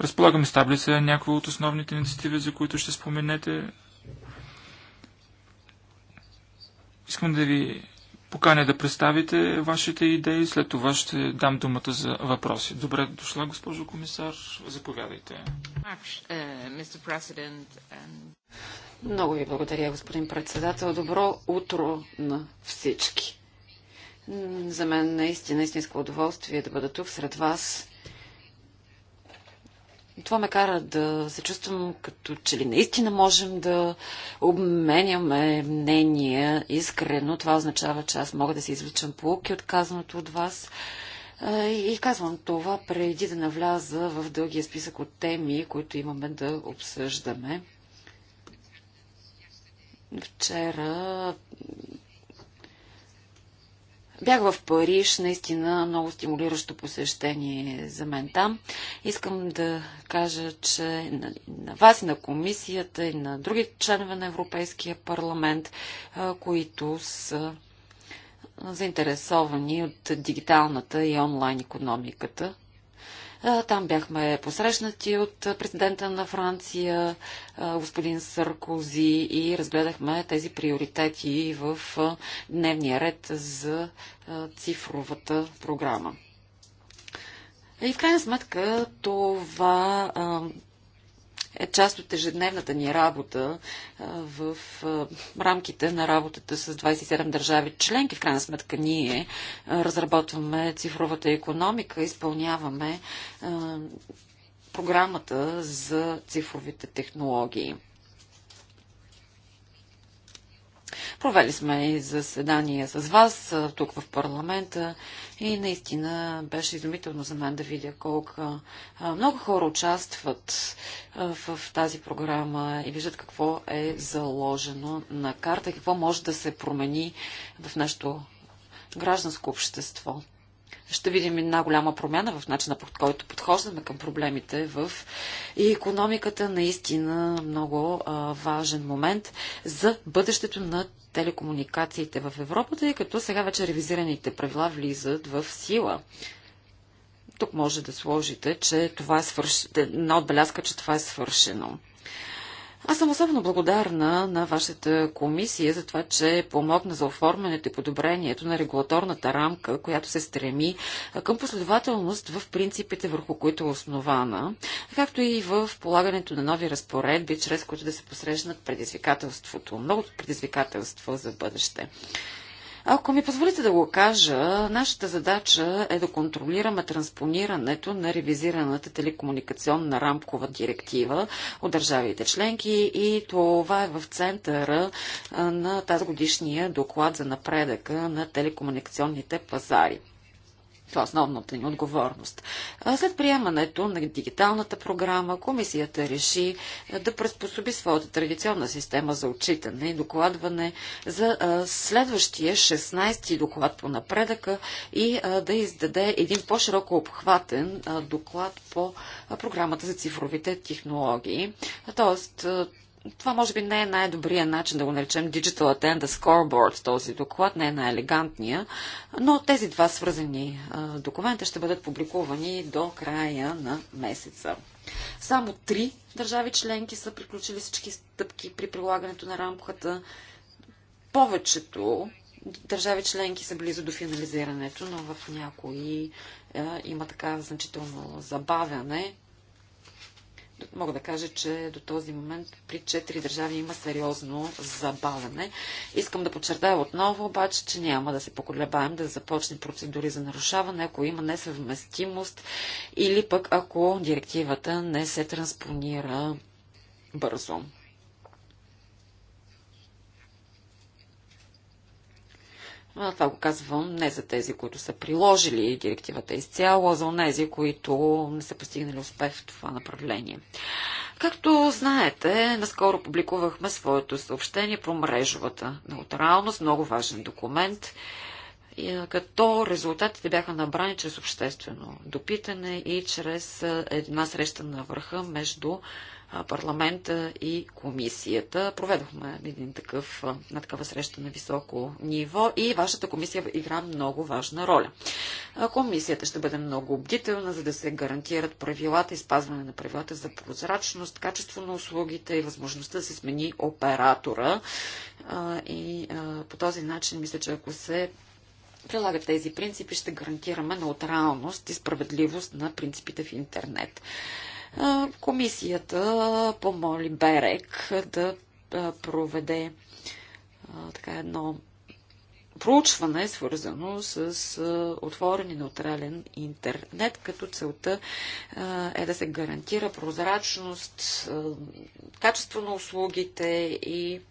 Разполагаме с таблица някои от основните инициативи, за които ще споменете. Искам да ви поканя да представите вашите идеи. След това ще дам думата за въпроси. Добре дошла, госпожо комисар. Заповядайте. Много ви благодаря, господин председател. Добро утро на всички. За мен наистина истинско е удоволствие да бъда тук сред вас и това ме кара да се чувствам като че ли наистина можем да обменяме мнения искрено. Това означава, че аз мога да се извличам полуки от казаното от вас. И казвам това преди да навляза в дългия списък от теми, които имаме да обсъждаме. Вчера Бях в Париж, наистина много стимулиращо посещение за мен там. Искам да кажа, че на, на вас, на комисията и на други членове на Европейския парламент, които са заинтересовани от дигиталната и онлайн економиката, там бяхме посрещнати от президента на Франция, господин Саркози и разгледахме тези приоритети в дневния ред за цифровата програма. И в крайна сметка това е част от ежедневната ни работа в рамките на работата с 27 държави членки. В крайна сметка ние разработваме цифровата економика, изпълняваме програмата за цифровите технологии. Провели сме и заседания с вас тук в парламента и наистина беше изумително за мен да видя колко много хора участват в тази програма и виждат какво е заложено на карта и какво може да се промени в нашето гражданско общество ще видим една голяма промяна в начина, под който подхождаме към проблемите в и економиката. Наистина много а, важен момент за бъдещето на телекомуникациите в Европа, тъй като сега вече ревизираните правила влизат в сила. Тук може да сложите, че това е свършено. Една отбелязка, че това е свършено. Аз съм особено благодарна на вашата комисия за това, че помогна за оформянето и подобрението на регулаторната рамка, която се стреми към последователност в принципите, върху които е основана, както и в полагането на нови разпоредби, чрез които да се посрещнат предизвикателството, многото предизвикателство за бъдеще. Ако ми позволите да го кажа, нашата задача е да контролираме транспонирането на ревизираната телекомуникационна рамкова директива от държавите членки и това е в центъра на тази годишния доклад за напредъка на телекомуникационните пазари. Това е основната ни отговорност. След приемането на дигиталната програма, комисията реши да приспособи своята традиционна система за отчитане и докладване за следващия 16-ти доклад по напредъка и да издаде един по-широко обхватен доклад по програмата за цифровите технологии. Тоест, това може би не е най-добрият начин да го наречем Digital Attenda Scoreboard, този доклад не е най-елегантния, но тези два свързани документа ще бъдат публикувани до края на месеца. Само три държави членки са приключили всички стъпки при прилагането на рамката. Повечето държави членки са близо до финализирането, но в някои има така значително забавяне мога да кажа, че до този момент при четири държави има сериозно забавяне. Искам да подчертая отново обаче, че няма да се поколебаем да започне процедури за нарушаване, ако има несъвместимост или пък ако директивата не се транспонира бързо. Това го казвам не за тези, които са приложили директивата изцяло, а за тези, които не са постигнали успех в това направление. Както знаете, наскоро публикувахме своето съобщение про мрежовата неутралност, много важен документ, като резултатите бяха набрани чрез обществено допитане и чрез една среща на върха между парламента и комисията. Проведохме един такъв, на такава среща на високо ниво и вашата комисия игра много важна роля. Комисията ще бъде много обдителна, за да се гарантират правилата и спазване на правилата за прозрачност, качество на услугите и възможността да се смени оператора. И по този начин мисля, че ако се прилагат тези принципи, ще гарантираме неутралност и справедливост на принципите в интернет. Комисията помоли Берек да проведе така едно проучване, свързано с отворен и неутрален интернет, като целта е да се гарантира прозрачност, качество на услугите и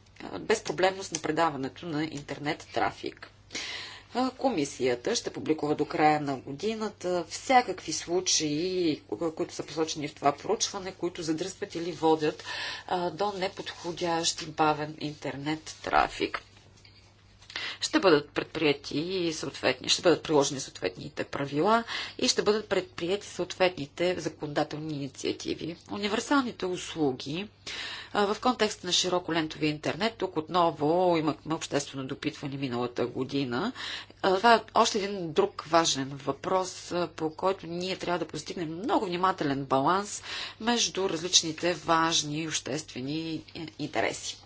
безпроблемност на предаването на интернет трафик. Комисията ще публикува до края на годината всякакви случаи, които са посочени в това проучване, които задръстват или водят до неподходящ бавен интернет трафик ще бъдат предприяти и съответни, ще бъдат приложени съответните правила и ще бъдат предприяти съответните законодателни инициативи. Универсалните услуги в контекста на широко лентови интернет, тук отново имахме обществено допитване миналата година. Това е още един друг важен въпрос, по който ние трябва да постигнем много внимателен баланс между различните важни обществени е, интереси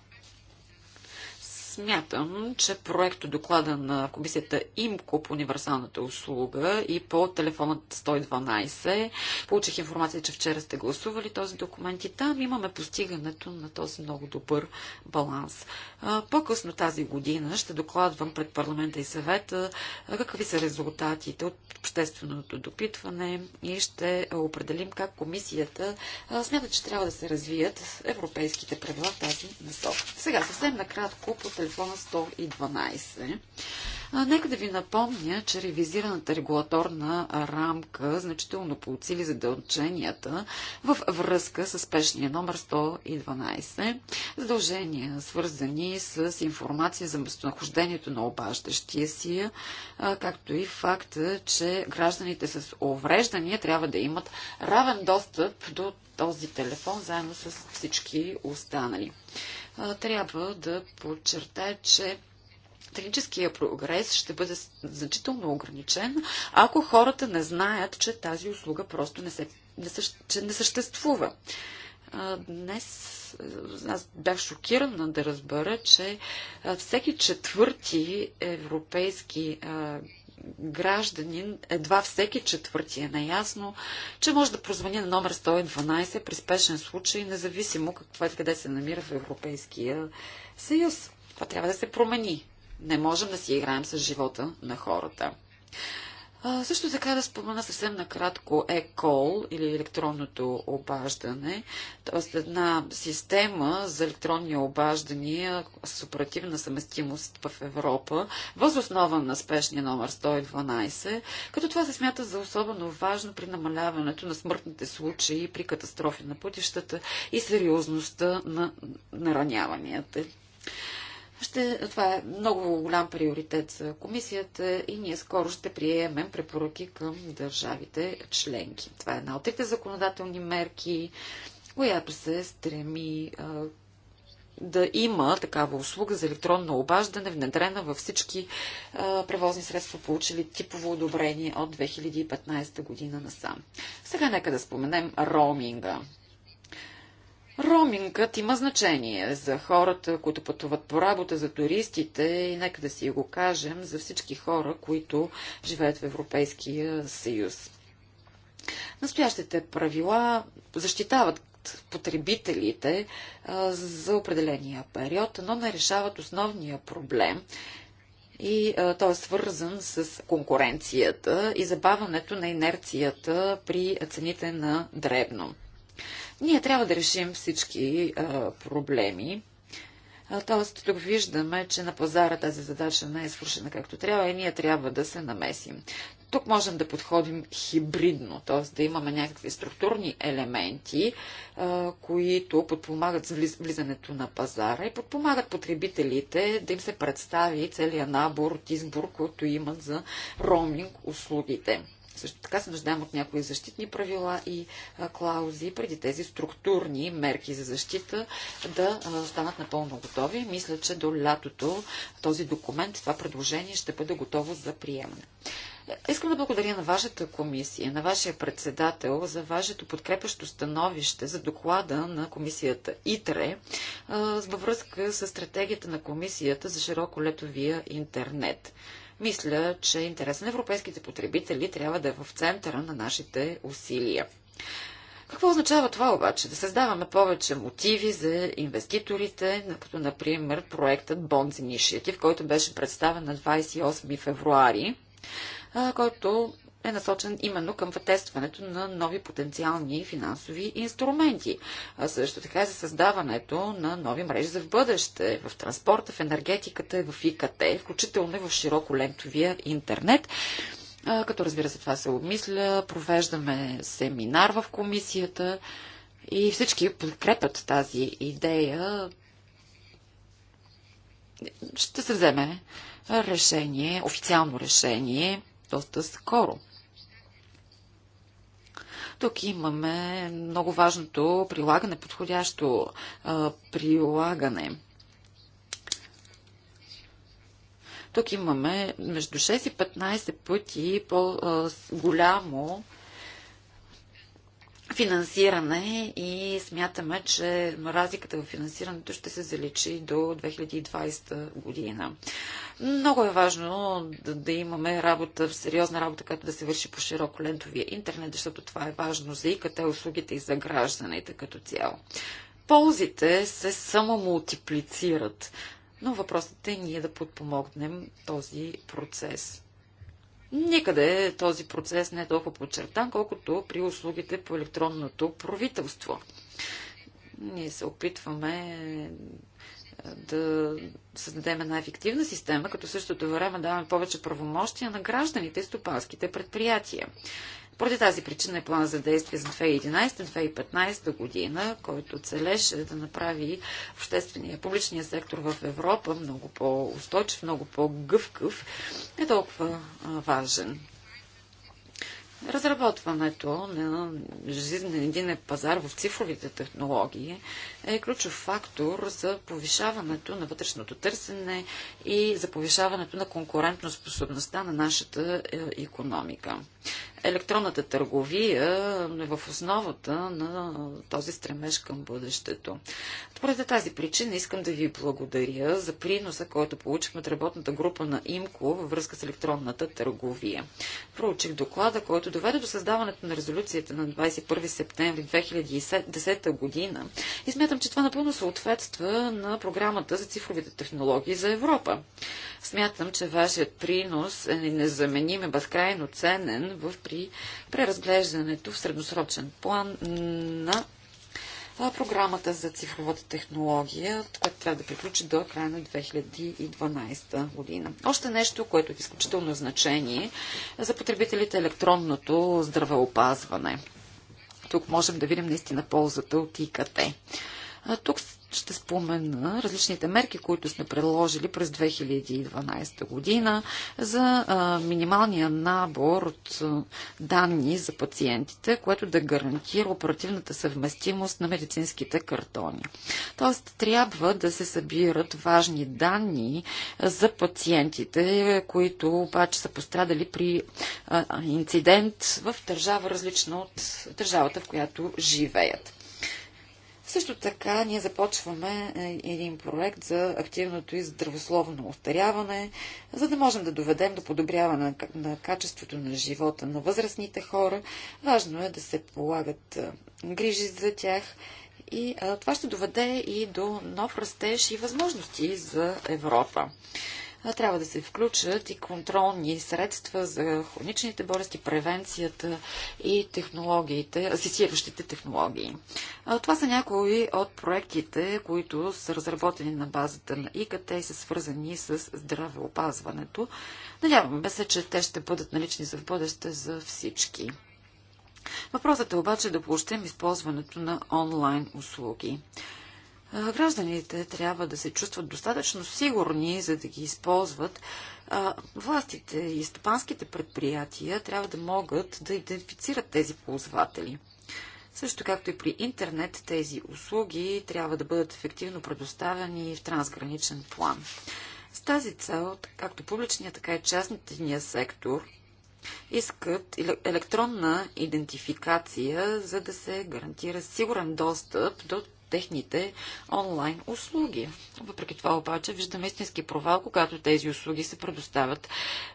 смятам, че проекто доклада на комисията ИМКО по универсалната услуга и по телефонът 112 получих информация, че вчера сте гласували този документ и там имаме постигането на този много добър баланс. По-късно тази година ще докладвам пред парламента и съвета какви са резултатите от общественото допитване и ще определим как комисията смята, че трябва да се развият европейските правила в тази насока. Сега съвсем накратко по телефона телефона 112. Нека да ви напомня, че ревизираната регулаторна рамка значително поуцили задълженията в връзка с спешния номер 112. Задължения, свързани с информация за местонахождението на обаждащия си, както и факта, че гражданите с увреждания трябва да имат равен достъп до този телефон, заедно с всички останали трябва да подчертая, че техническия прогрес ще бъде значително ограничен, ако хората не знаят, че тази услуга просто не, се, не, съ, че не съществува. Днес аз бях шокирана да разбера, че всеки четвърти европейски гражданин, едва всеки четвърти е наясно, че може да прозвани на номер 112 при спешен случай, независимо какво е къде се намира в Европейския съюз. Това трябва да се промени. Не можем да си играем с живота на хората. А, също така да спомена съвсем накратко Е-кол или електронното обаждане, т.е. една система за електронни обаждания с оперативна съместимост в Европа, въз основа на спешния номер 112, като това се смята за особено важно при намаляването на смъртните случаи при катастрофи на пътищата и сериозността на нараняванията. Ще, това е много голям приоритет за комисията и ние скоро ще приемем препоръки към държавите членки. Това е една от трите законодателни мерки, която се стреми а, да има такава услуга за електронно обаждане, внедрена във всички а, превозни средства, получили типово одобрение от 2015 година насам. Сега нека да споменем роуминга. Ромингът има значение за хората, които пътуват по работа, за туристите и нека да си го кажем за всички хора, които живеят в Европейския съюз. Настоящите правила защитават потребителите а, за определения период, но не решават основния проблем. И а, той е свързан с конкуренцията и забаването на инерцията при цените на дребно. Ние трябва да решим всички а, проблеми. Тоест, тук виждаме, че на пазара тази задача не е свършена както трябва и ние трябва да се намесим. Тук можем да подходим хибридно, т.е. да имаме някакви структурни елементи, които подпомагат влизането на пазара и подпомагат потребителите да им се представи целият набор от избор, който имат за роуминг услугите. Също така се нуждаем от някои защитни правила и клаузи преди тези структурни мерки за защита да станат напълно готови. Мисля, че до лятото този документ, това предложение ще бъде готово за приемане. Искам да благодаря на вашата комисия, на вашия председател за вашето подкрепящо становище за доклада на комисията ИТРЕ във връзка с стратегията на комисията за широко летовия интернет. Мисля, че интересът на европейските потребители трябва да е в центъра на нашите усилия. Какво означава това обаче? Да създаваме повече мотиви за инвеститорите, като например проектът Bonds Initiative, който беше представен на 28 февруари, който е насочен именно към тестването на нови потенциални финансови инструменти. А също така и за създаването на нови мрежи за в бъдеще, в транспорта, в енергетиката, в ИКТ, включително и в широко лентовия интернет като разбира се това се обмисля, провеждаме семинар в комисията и всички подкрепят тази идея. Ще се вземе решение, официално решение, доста скоро. Тук имаме много важното прилагане, подходящо а, прилагане. Тук имаме между 6 и 15 пъти по-голямо финансиране и смятаме, че разликата в финансирането ще се заличи до 2020 година. Много е важно да, да имаме работа, сериозна работа, която да се върши по широко лентовия интернет, защото това е важно за ИКТ услугите и за гражданите като цяло. Ползите се само мултиплицират, но въпросът е ние да подпомогнем този процес. Никъде този процес не е толкова подчертан, колкото при услугите по електронното правителство. Ние се опитваме да създадем една ефективна система, като същото време даваме повече правомощия на гражданите и стопанските предприятия. Поради тази причина е план за действие за 2011-2015 година, който целеше да направи обществения, публичния сектор в Европа много по-устойчив, много по гъвкъв е толкова важен. Разработването на един пазар в цифровите технологии е ключов фактор за повишаването на вътрешното търсене и за повишаването на конкурентоспособността на нашата економика. Електронната търговия е в основата на този стремеж към бъдещето. Поради тази причина искам да ви благодаря за приноса, който получихме от работната група на ИМКО във връзка с електронната търговия. Проучих доклада, който доведе до създаването на резолюцията на 21 септември 2010 година и смятам, че това напълно съответства на програмата за цифровите технологии за Европа. Смятам, че вашият принос е незаменим и е безкрайно ценен в при преразглеждането в средносрочен план на програмата за цифровата технология, която трябва да приключи до края на 2012 година. Още нещо, което е изключително значение за потребителите е електронното здравеопазване. Тук можем да видим наистина ползата от ИКТ. Тук ще спомена различните мерки, които сме предложили през 2012 година за минималния набор от данни за пациентите, което да гарантира оперативната съвместимост на медицинските картони. Тоест, трябва да се събират важни данни за пациентите, които обаче са пострадали при инцидент в държава различна от държавата, в която живеят. Също така ние започваме е, един проект за активното и здравословно остаряване, за да можем да доведем до подобряване на качеството на живота на възрастните хора. Важно е да се полагат е, грижи за тях и е, това ще доведе и до нов растеж и възможности за Европа трябва да се включат и контролни средства за хроничните болести, превенцията и технологиите, асистиращите технологии. Това са някои от проектите, които са разработени на базата на ИКТ и са свързани с здравеопазването. Надяваме се, че те ще бъдат налични за в бъдеще за всички. Въпросът е обаче да получим използването на онлайн услуги. Гражданите трябва да се чувстват достатъчно сигурни, за да ги използват. Властите и стопанските предприятия трябва да могат да идентифицират тези ползватели. Също както и при интернет, тези услуги трябва да бъдат ефективно предоставени в трансграничен план. С тази цел, както публичният, така и частния сектор искат електронна идентификация, за да се гарантира сигурен достъп до техните онлайн услуги. Въпреки това обаче виждаме истински провал, когато тези услуги се предоставят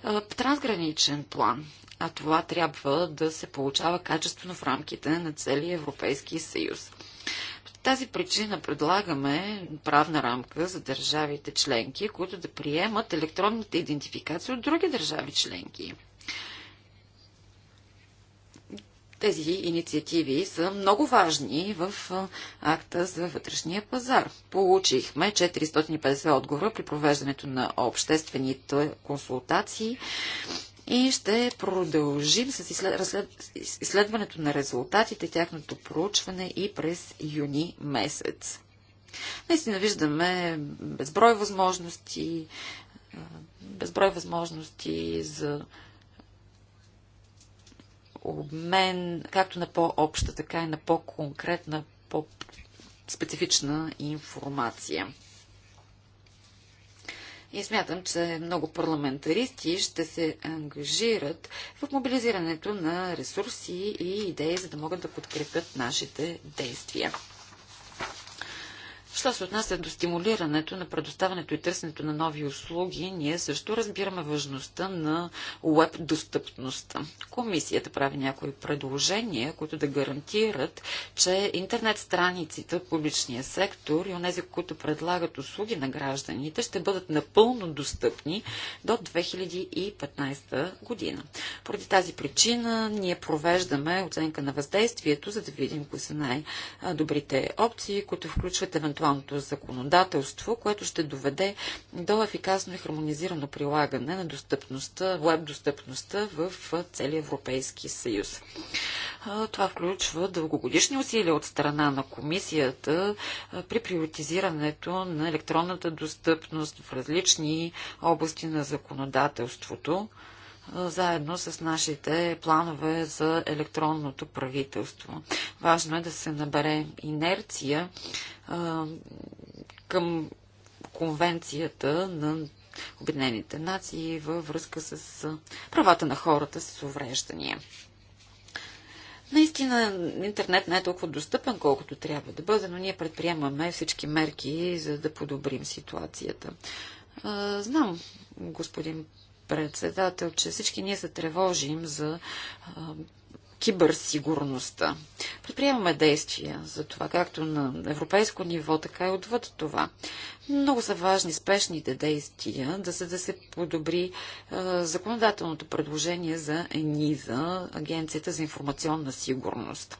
в трансграничен план. А това трябва да се получава качествено в рамките на целия Европейски съюз тази причина предлагаме правна рамка за държавите членки, които да приемат електронните идентификации от други държави членки. Тези инициативи са много важни в акта за вътрешния пазар. Получихме 450 отговора при провеждането на обществените консултации и ще продължим с изследването на резултатите, тяхното проучване и през юни месец. Наистина виждаме безброй възможности, безброй възможности за обмен както на по-обща, така и на по-конкретна, по-специфична информация. И смятам, че много парламентаристи ще се ангажират в мобилизирането на ресурси и идеи, за да могат да подкрепят нашите действия. Що се отнася до стимулирането на предоставянето и търсенето на нови услуги, ние също разбираме важността на веб достъпността. Комисията прави някои предложения, които да гарантират, че интернет страниците от публичния сектор и онези, които предлагат услуги на гражданите, ще бъдат напълно достъпни до 2015 година. Поради тази причина ние провеждаме оценка на въздействието, за да видим кои са най-добрите опции, които включват евентуално националното законодателство, което ще доведе до ефикасно и хармонизирано прилагане на достъпността, веб достъпността в целия Европейски съюз. Това включва дългогодишни усилия от страна на комисията при приоритизирането на електронната достъпност в различни области на законодателството, заедно с нашите планове за електронното правителство. Важно е да се набере инерция към конвенцията на Обединените нации във връзка с правата на хората с увреждания. Наистина интернет не е толкова достъпен, колкото трябва да бъде, но ние предприемаме всички мерки, за да подобрим ситуацията. Знам, господин председател, че всички ние се тревожим за а, киберсигурността. Предприемаме действия за това, както на европейско ниво, така и отвъд това. Много са важни спешните действия, да се, да се подобри а, законодателното предложение за ЕНИЗА, Агенцията за информационна сигурност.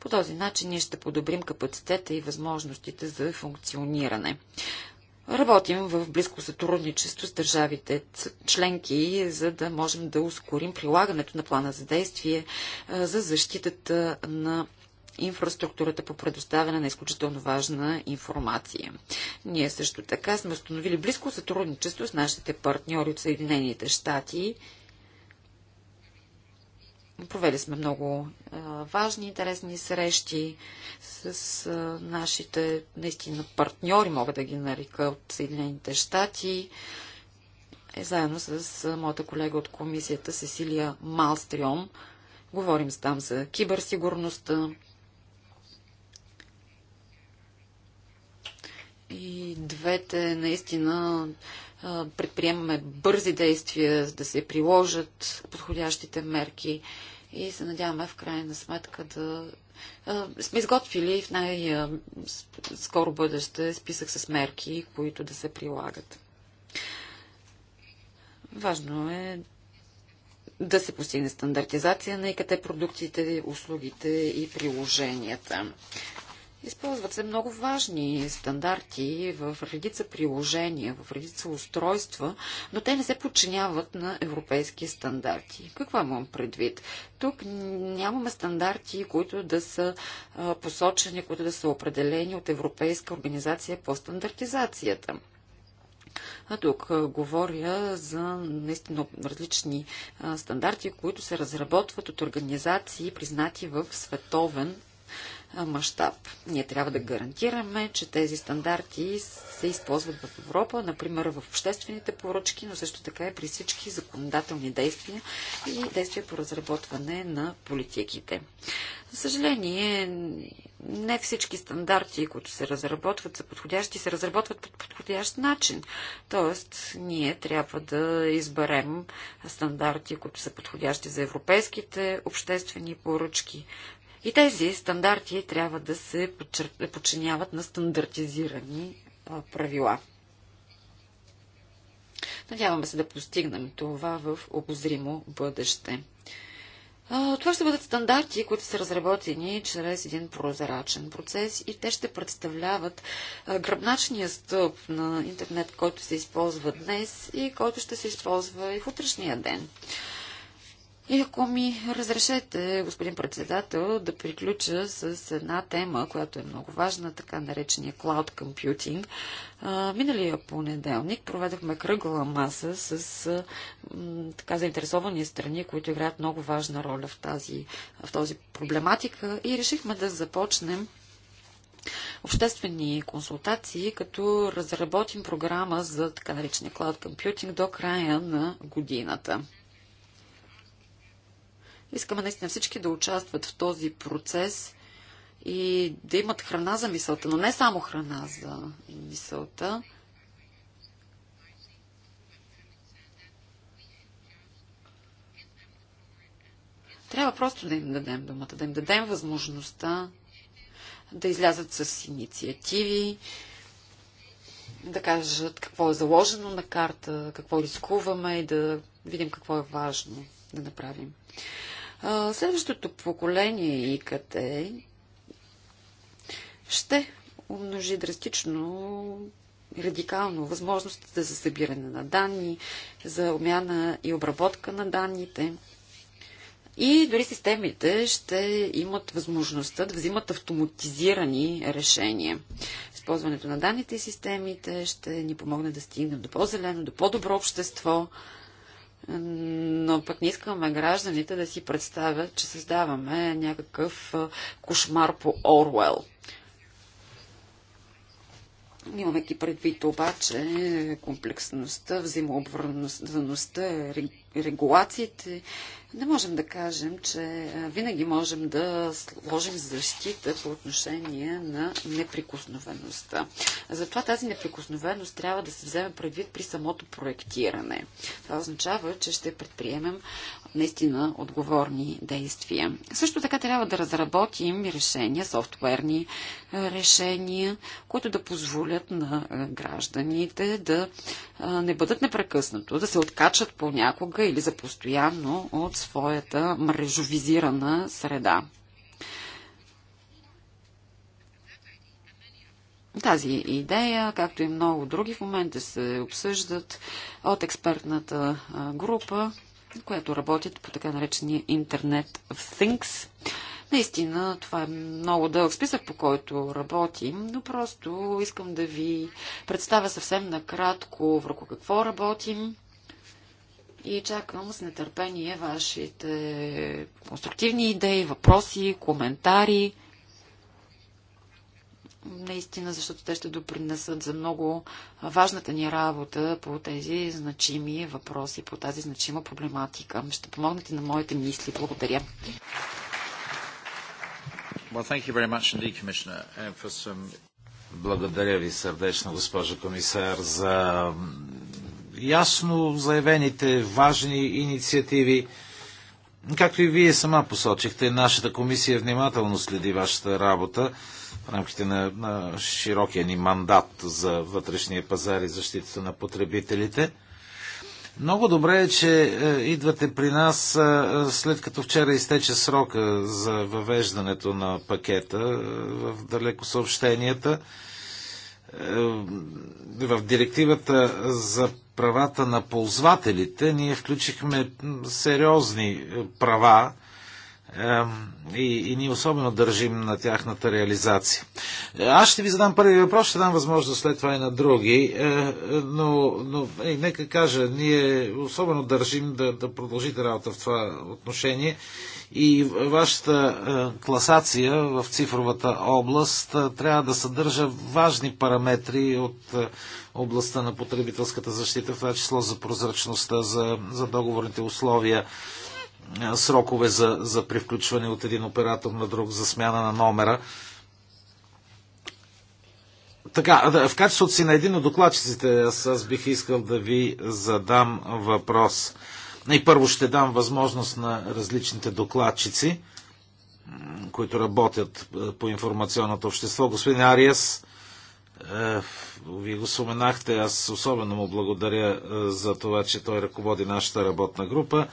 По този начин ние ще подобрим капацитета и възможностите за функциониране. Работим в близко сътрудничество с държавите членки, за да можем да ускорим прилагането на плана за действие за защитата на инфраструктурата по предоставяне на изключително важна информация. Ние също така сме установили близко сътрудничество с нашите партньори от Съединените щати Провели сме много а, важни, интересни срещи с а, нашите наистина партньори, мога да ги нарека, от Съединените щати. Е, заедно с а, моята колега от комисията Сесилия Малстрион. Говорим там за киберсигурността. И двете наистина предприемаме бързи действия, да се приложат подходящите мерки и се надяваме в крайна сметка да сме изготвили в най-скоро бъдеще списък с мерки, които да се прилагат. Важно е да се постигне стандартизация на ИКТ продуктите, услугите и приложенията. Използват се много важни стандарти в редица приложения, в редица устройства, но те не се подчиняват на европейски стандарти. Какво имам предвид? Тук нямаме стандарти, които да са посочени, които да са определени от Европейска организация по стандартизацията. А тук говоря за наистина различни стандарти, които се разработват от организации, признати в световен мащаб. Ние трябва да гарантираме, че тези стандарти се използват в Европа, например в обществените поръчки, но също така и при всички законодателни действия и действия по разработване на политиките. За съжаление, не всички стандарти, които се разработват, са подходящи, се разработват по подходящ начин. Тоест, ние трябва да изберем стандарти, които са подходящи за европейските обществени поръчки, и тези стандарти трябва да се подчиняват на стандартизирани правила. Надяваме се да постигнем това в обозримо бъдеще. Това ще бъдат стандарти, които са разработени чрез един прозрачен процес и те ще представляват гръбначния стълб на интернет, който се използва днес и който ще се използва и в утрешния ден. И ако ми разрешете, господин председател, да приключа с една тема, която е много важна, така наречения Cloud Computing. Миналия понеделник проведохме кръгла маса с така заинтересовани страни, които играят много важна роля в тази, в тази проблематика и решихме да започнем обществени консултации, като разработим програма за така наречения Cloud Computing до края на годината. Искаме наистина всички да участват в този процес и да имат храна за мисълта, но не само храна за мисълта. Трябва просто да им дадем думата, да им дадем възможността да излязат с инициативи, да кажат какво е заложено на карта, какво рискуваме и да видим какво е важно да направим. Следващото поколение ИКТ ще умножи драстично, радикално възможностите за събиране на данни, за умяна и обработка на данните. И дори системите ще имат възможността да взимат автоматизирани решения. Използването на данните и системите ще ни помогне да стигнем до по-зелено, до по-добро общество, но пък не искаме гражданите да си представят, че създаваме някакъв кошмар по Орвел. Имайки предвид обаче комплексността, взаимообвързаността, регулациите, не можем да кажем, че винаги можем да сложим защита по отношение на неприкосновеността. Затова тази неприкосновеност трябва да се вземе предвид при самото проектиране. Това означава, че ще предприемем наистина отговорни действия. Също така трябва да разработим решения, софтуерни решения, които да позволят на гражданите да не бъдат непрекъснато, да се откачат понякога или за постоянно от своята мрежовизирана среда. Тази идея, както и много други в момента се обсъждат от експертната група която работят по така наречения Internet of Things. Наистина, това е много дълъг списък, по който работим, но просто искам да ви представя съвсем накратко върху какво работим и чакам с нетърпение вашите конструктивни идеи, въпроси, коментари наистина, защото те ще допринесат за много важната ни работа по тези значими въпроси, по тази значима проблематика. Ще помогнете на моите мисли. Благодаря. Well, indeed, uh, some... Благодаря ви сърдечно, госпожо комисар, за ясно заявените важни инициативи. Както и вие сама посочихте, нашата комисия внимателно следи вашата работа в рамките на, на широкия ни мандат за вътрешния пазар и защитата на потребителите. Много добре е, че е, идвате при нас е, след като вчера изтече срока за въвеждането на пакета е, в далеко съобщенията. В директивата за правата на ползвателите ние включихме сериозни права, и, и ние особено държим на тяхната реализация. Е, аз ще ви задам първи въпрос, ще дам възможност след това и на други, е, е, но, но е, нека кажа, ние особено държим да, да продължите работа в това отношение и вашата класация в цифровата област трябва да съдържа важни параметри от областта на потребителската защита, в това число за прозрачността, за, за договорните условия е, срокове за, за привключване от един оператор на друг, за смяна на номера. Така, в качеството си на един от докладчиците, аз, аз бих искал да ви задам въпрос. И първо ще дам възможност на различните докладчици, които работят е, по информационното общество. Господин Ариас, е, ви вие го споменахте, аз особено му благодаря за това, че той ръководи нашата работна група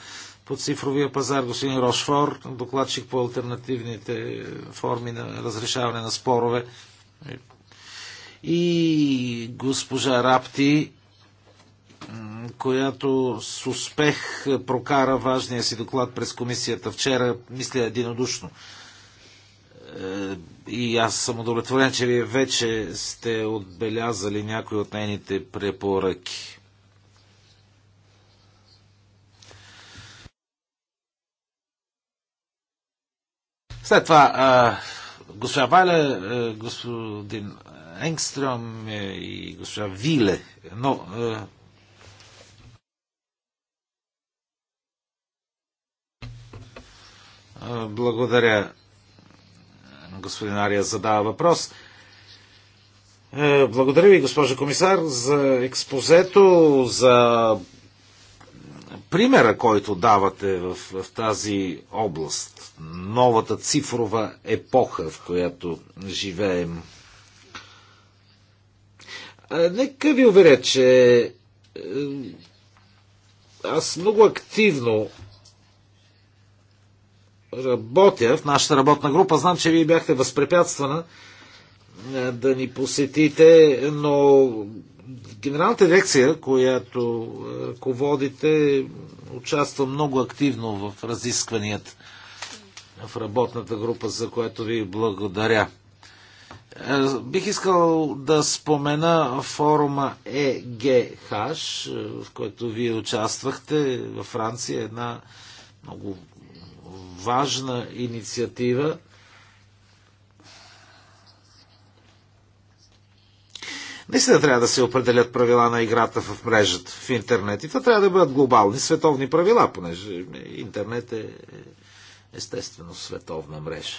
по цифровия пазар, господин Рошфор, докладчик по альтернативните форми на разрешаване на спорове. И госпожа Рапти, която с успех прокара важния си доклад през комисията вчера, мисля единодушно. Е, и аз съм удовлетворен, че вие вече сте отбелязали някои от нейните препоръки. След това госпожа Вайле, господин Енгстром е и госпожа Виле. Но Благодаря. Господин Ария задава въпрос. Благодаря ви, госпожа комисар, за експозето, за примера, който давате в, в тази област, новата цифрова епоха, в която живеем. Нека ви уверя, че е, аз много активно работя в нашата работна група. Знам, че вие бяхте възпрепятствана е, да ни посетите, но Генералната дирекция, която ръководите, е, участва много активно в разискванията в работната група, за което ви благодаря. Е, бих искал да спомена форума ЕГХ, е, в който вие участвахте във Франция, една много важна инициатива Наистина трябва да се определят правила на играта в мрежата, в интернет. И това трябва да бъдат глобални, световни правила, понеже интернет е, е естествено световна мрежа.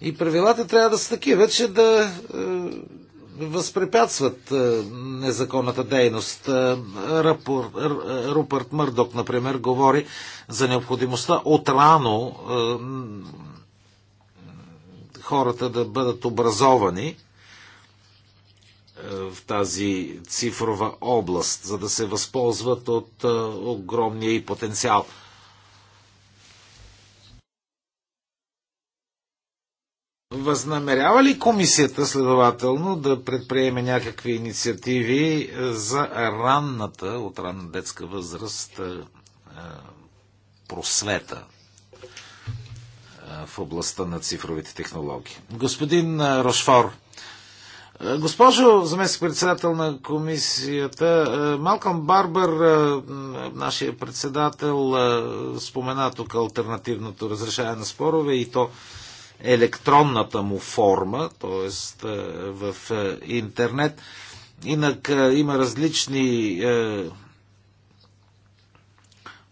И правилата трябва да са такива, че да е, възпрепятстват е, незаконната дейност. Е, Рапор, Рупърт Мърдок, например, говори за необходимостта рано. е, хората да бъдат образовани е, в тази цифрова област, за да се възползват от е, огромния и потенциал. Възнамерява ли комисията следователно да предприеме някакви инициативи е, за ранната, от ранна детска възраст, просвета в областта на цифровите технологии. Господин Рошфор, Госпожо заместник председател на комисията, Малкам Барбър, нашия председател, спомена тук альтернативното разрешаване на спорове и то електронната му форма, т.е. в интернет. Инак има различни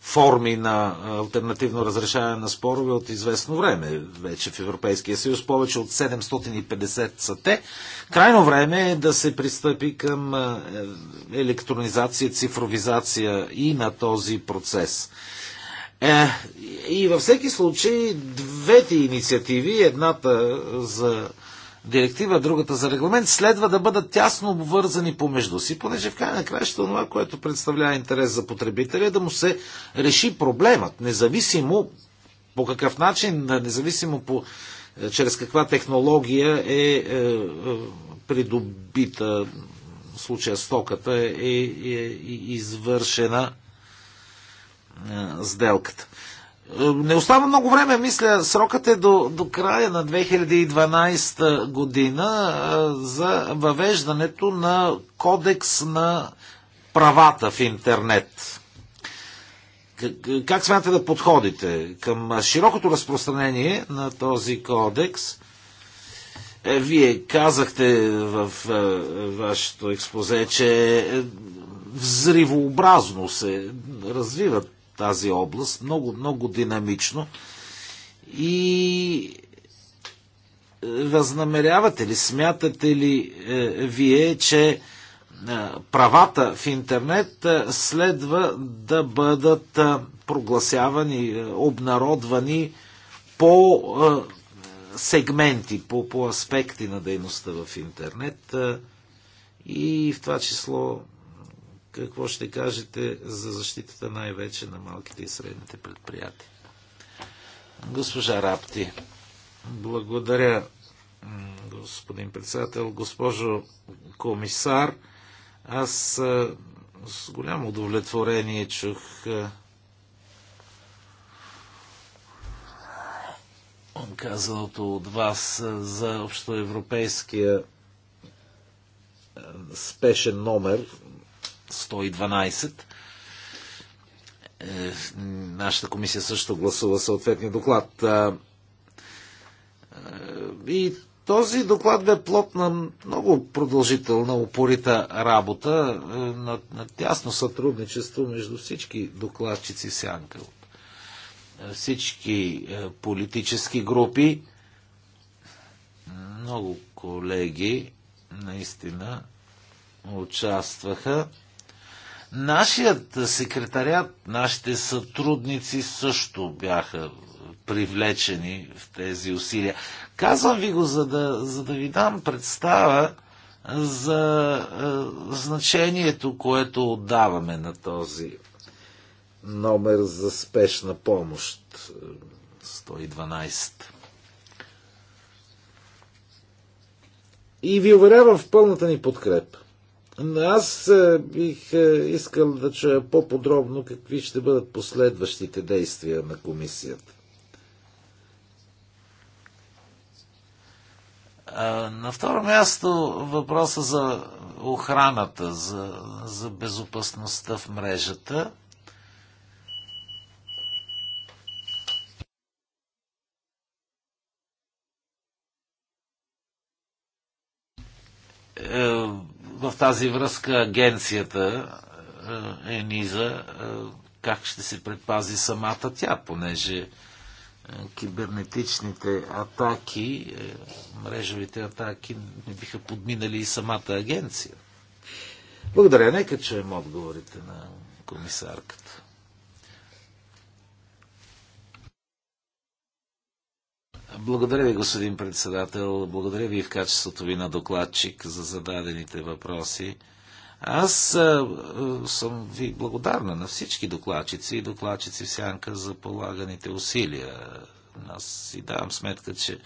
форми на альтернативно разрешаване на спорове от известно време вече в Европейския съюз. Повече от 750 са те. Крайно време е да се пристъпи към е, електронизация, цифровизация и на този процес. Е, и във всеки случай двете инициативи, едната за директива, другата за регламент, следва да бъдат тясно обвързани помежду си, понеже в крайна краща това, което представлява интерес за потребителя, е да му се реши проблемът, независимо по какъв начин, независимо по, е, чрез каква технология е, е, е придобита в случая стоката е, е, е извършена е, сделката. Е, не остава много време, мисля. Срокът е до, до края на 2012 година е, за въвеждането на кодекс на правата в интернет. Как смятате да подходите към широкото разпространение на този кодекс? Е, вие казахте в вашето експозе, че взривообразно се развиват тази област много, много динамично и е, възнамерявате ли, смятате ли е, вие, че е, правата в интернет е, следва да бъдат е, прогласявани, е, обнародвани по е, сегменти, по, по аспекти на дейността в интернет е, и в това число какво ще кажете за защитата най-вече на малките и средните предприятия? Госпожа Рапти, благодаря, господин председател, госпожо комисар. Аз с голямо удовлетворение чух казаното от вас за общоевропейския спешен номер 112. Е, нашата комисия също гласува съответния доклад. Е, е, и този доклад бе плод на много продължителна, упорита работа, е, на, на тясно сътрудничество между всички докладчици в Сянка. Е, всички политически групи, много колеги наистина участваха. Нашият секретарят, нашите сътрудници също бяха привлечени в тези усилия. Казвам ви го, за да, за да ви дам представа за е, значението, което отдаваме на този номер за спешна помощ 112. Е, и ви уверявам в пълната ни подкрепа. Аз е, бих е, искал да чуя по-подробно какви ще бъдат последващите действия на комисията. На второ място въпроса за охраната, за, за безопасността в мрежата. Е, в тази връзка агенцията е, е, ЕНИЗА е, как ще се предпази самата тя, понеже кибернетичните атаки, мрежовите атаки не биха подминали и самата агенция. Благодаря. Нека чуем отговорите на комисарката. Благодаря ви, господин председател. Благодаря ви в качеството ви на докладчик за зададените въпроси. Аз а, съм ви благодарна на всички докладчици и докладчици в сянка за полаганите усилия. Аз си давам сметка, че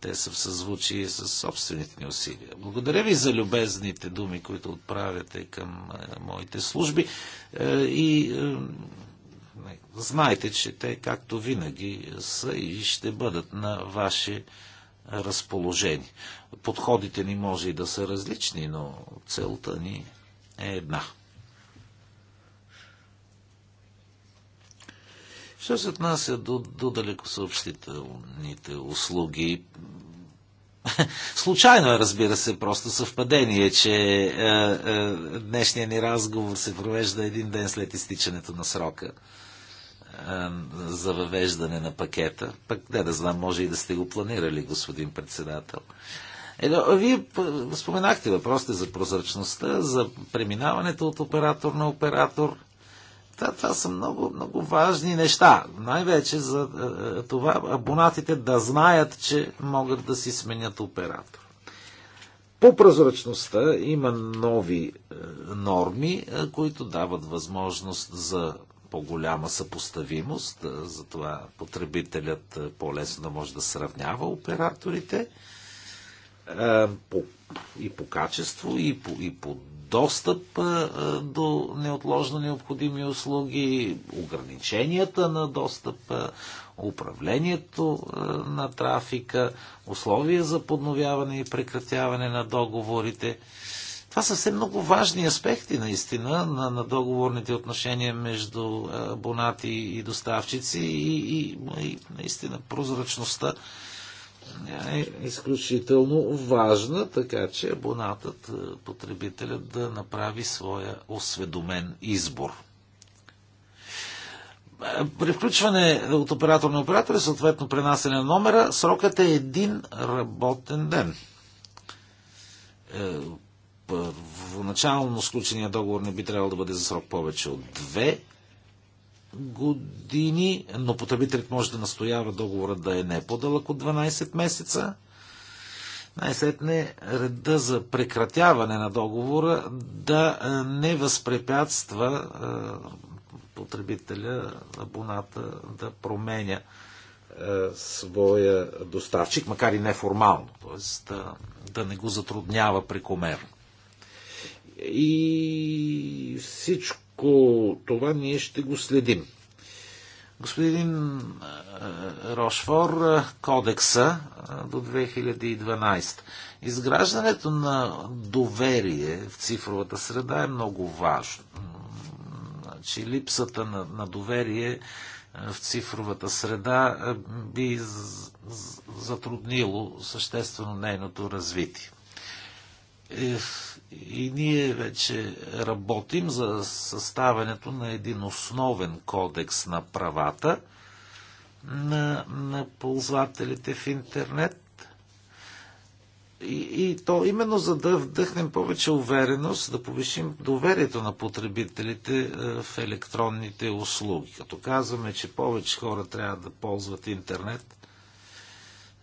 те са в съзвучие с собствените ни усилия. Благодаря ви за любезните думи, които отправяте към моите служби и знаете, че те, както винаги, са и ще бъдат на ваше разположение. Подходите ни може и да са различни, но целта ни е една. Що се отнася до, до далекосъобщителните услуги, Случайно е, разбира се, просто съвпадение, че е, е, днешният ни разговор се провежда един ден след изтичането на срока за въвеждане на пакета. Пък да, да знам, може и да сте го планирали, господин председател. Едно, вие споменахте въпросите за прозрачността, за преминаването от оператор на оператор. Това, това са много, много важни неща. Най-вече за е, е, това абонатите да знаят, че могат да си сменят оператор. По прозрачността има нови е, норми, които дават възможност за по-голяма съпоставимост, затова потребителят по-лесно да може да сравнява операторите и по качество, и по, и по достъп до неотложно необходими услуги, ограниченията на достъп, управлението на трафика, условия за подновяване и прекратяване на договорите – това са все много важни аспекти наистина на, на договорните отношения между абонати и доставчици и, и, и наистина прозрачността е изключително важна, така че абонатът, потребителят да направи своя осведомен избор. При включване от оператор на оператора, е съответно пренасене на номера, срокът е един работен ден е, първоначално сключения договор не би трябвало да бъде за срок повече от две години, но потребителят може да настоява договора да е не по-дълъг от 12 месеца. Най-сетне реда за прекратяване на договора да не възпрепятства потребителя, абоната да променя своя доставчик, макар и неформално, т.е. Да, да не го затруднява прекомерно. И всичко това ние ще го следим. Господин Рошфор, кодекса до 2012. Изграждането на доверие в цифровата среда е много важно. Значи, липсата на, на доверие в цифровата среда би затруднило съществено нейното развитие. И ние вече работим за съставянето на един основен кодекс на правата на, на ползвателите в интернет. И, и то именно за да вдъхнем повече увереност, да повишим доверието на потребителите е, в електронните услуги. Като казваме, че повече хора трябва да ползват интернет,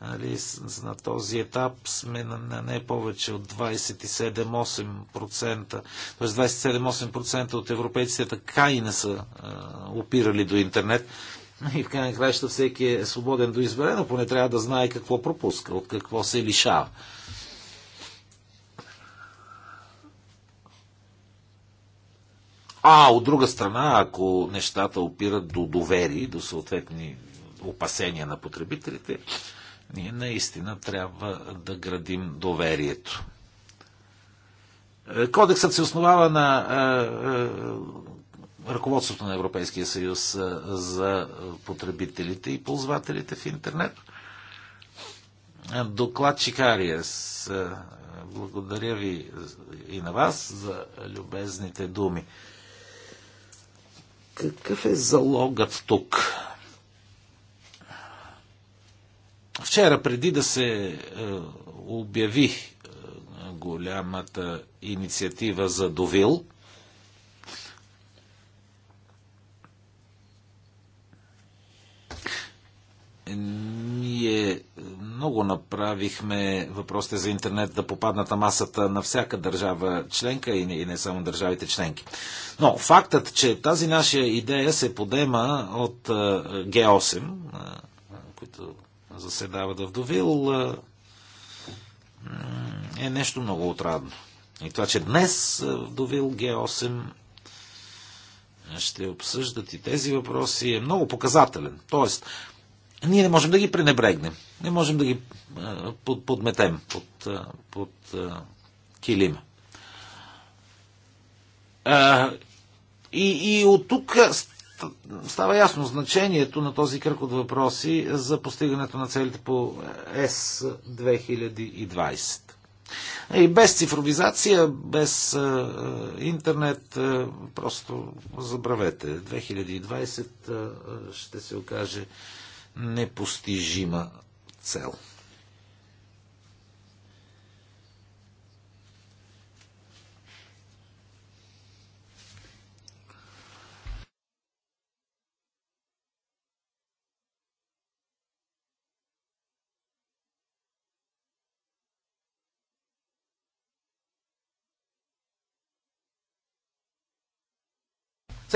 Нали, на този етап сме на, на не повече от 27-8%. Тоест 27-8% от европейците така и не са а, опирали до интернет. И в крайна краща всеки е свободен до избере, но поне трябва да знае какво пропуска, от какво се лишава. А от друга страна, ако нещата опират до довери, до съответни опасения на потребителите, ние наистина трябва да градим доверието. Е, кодексът се основава на е, е, ръководството на Европейския съюз за потребителите и ползвателите в интернет. Доклад Чикариес, благодаря ви и на вас за любезните думи. Какъв е залогът тук? Вчера, преди да се е, обяви е, голямата инициатива за Довил, ние много направихме въпросите за интернет да попаднат на масата на всяка държава членка и не, и не само държавите членки. Но фактът, че тази наша идея се подема от е, Г8, които заседава вдовил, е нещо много отрадно. И това, че днес Вдовил Г8 ще обсъждат и тези въпроси, е много показателен. Тоест, ние не можем да ги пренебрегнем, не можем да ги подметем под, под килима. И, и от тук става ясно значението на този кръг от въпроси за постигането на целите по С 2020. И без цифровизация, без а, интернет, а, просто забравете. 2020 а, ще се окаже непостижима цел.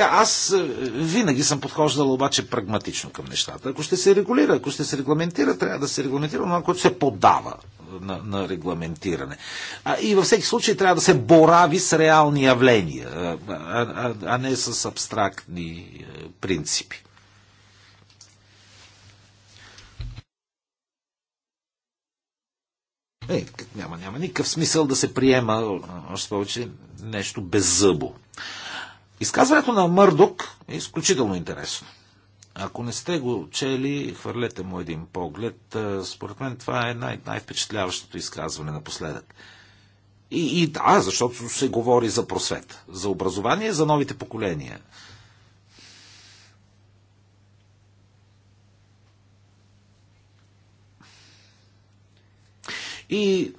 Аз е, винаги съм подхождал обаче прагматично към нещата. Ако ще се регулира, ако ще се регламентира, трябва да се регламентира но което се подава на, на регламентиране. А, и във всеки случай трябва да се борави с реални явления, а, а, а не с абстрактни е, принципи. Е, няма, няма никакъв смисъл да се приема, още повече, нещо беззъбо. зъбо. Изказването на Мърдок е изключително интересно. Ако не сте го чели, хвърлете му един поглед. Е, според мен това е най- най-впечатляващото изказване напоследък. И, и да, защото се говори за просвет, за образование, за новите поколения. И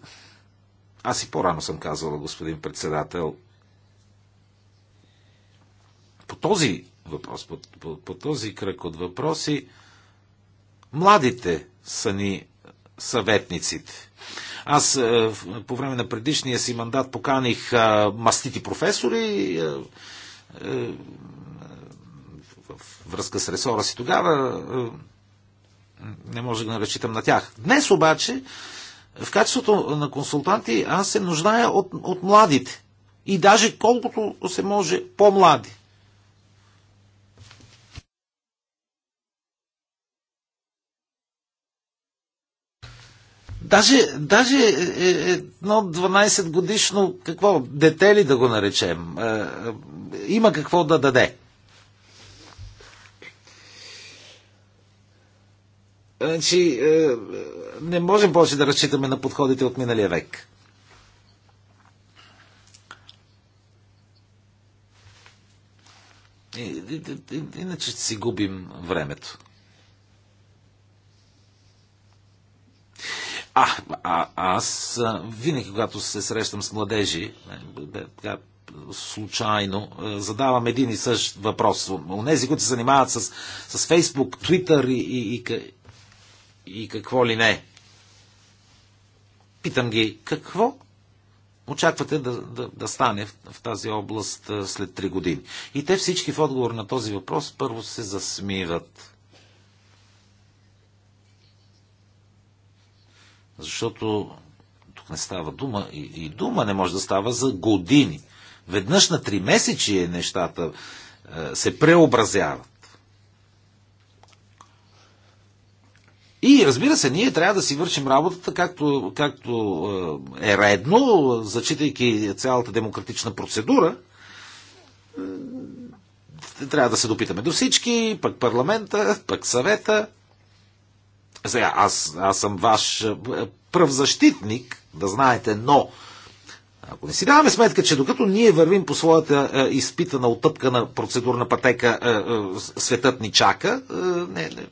аз и по-рано съм казвала, господин председател, по този въпрос, по, по, по този кръг от въпроси, младите са ни съветниците. Аз е, по време на предишния си мандат поканих е, мастити професори е, в връзка с ресора си тогава. Не може да разчитам на тях. Днес обаче, в качеството на консултанти, аз се нуждая от, от младите. И даже колкото се може по-млади. Даже, даже е, е, едно 12 годишно, какво, дете ли да го наречем, е, има какво да даде. Значи, не можем повече да разчитаме на подходите от миналия век. Иначе си губим времето. А, а, аз винаги, когато се срещам с младежи, е, така, случайно, е, задавам един и същ въпрос. Онези, които се занимават с, с Фейсбук, Твитър и, и, и, и какво ли не. Питам ги, какво очаквате да, да, да стане в, в тази област е, след 3 години? И те всички в отговор на този въпрос първо се засмиват. Защото тук не става дума и, и дума не може да става за години. Веднъж на три месечи е нещата е, се преобразяват. И разбира се, ние трябва да си вършим работата както, както е, е редно, зачитайки цялата демократична процедура. Е, трябва да се допитаме до всички, пък парламента, пък съвета. Сега, аз, аз съм ваш е, пръв защитник, да знаете, но ако не си даваме сметка, че докато ние вървим по своята е, изпитана, отъпкана процедурна пътека, е, е, светът ни чака, е, не, не,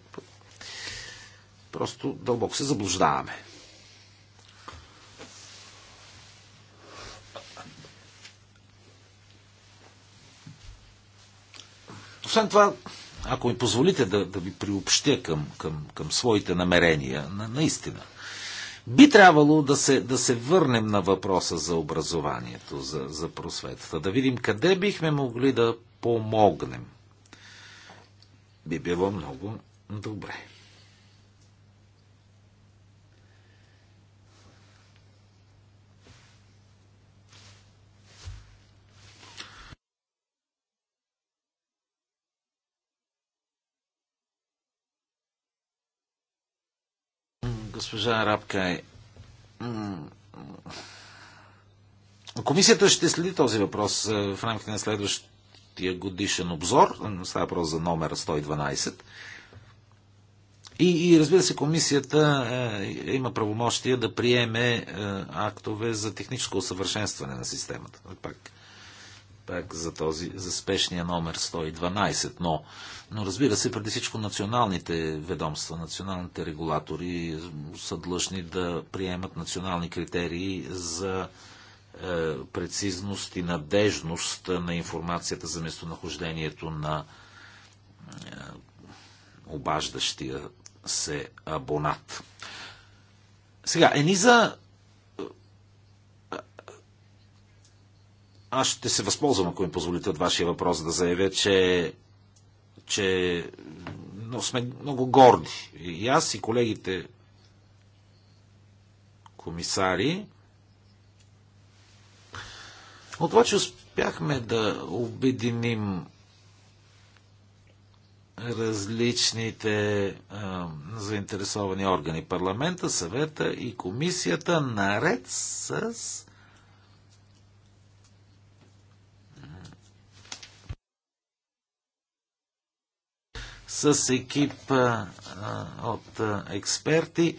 просто дълбоко се заблуждаваме. Освен това, ако ми позволите да, да ви приобщя към, към, към своите намерения, на, наистина, би трябвало да се, да се върнем на въпроса за образованието, за, за просветата, да видим къде бихме могли да помогнем. Би било много добре. Госпожа Рапкай, е, комисията ще следи този въпрос е, в рамките на следващия годишен обзор. Става въпрос за номер 112. И, и разбира се, комисията е, има правомощия да приеме е, актове за техническо усъвършенстване на системата. Пак пак за, този, за спешния номер 112, но, но разбира се, преди всичко националните ведомства, националните регулатори са длъжни да приемат национални критерии за е, прецизност и надежност на информацията за местонахождението на е, обаждащия се абонат. Сега, Ениза Аз ще се възползвам, ако ми позволите от вашия въпрос да заявя, че, че но сме много горди. И аз и колегите комисари от това, че успяхме да обединим различните а, заинтересовани органи парламента, съвета и комисията, наред с с екип а, от а, експерти,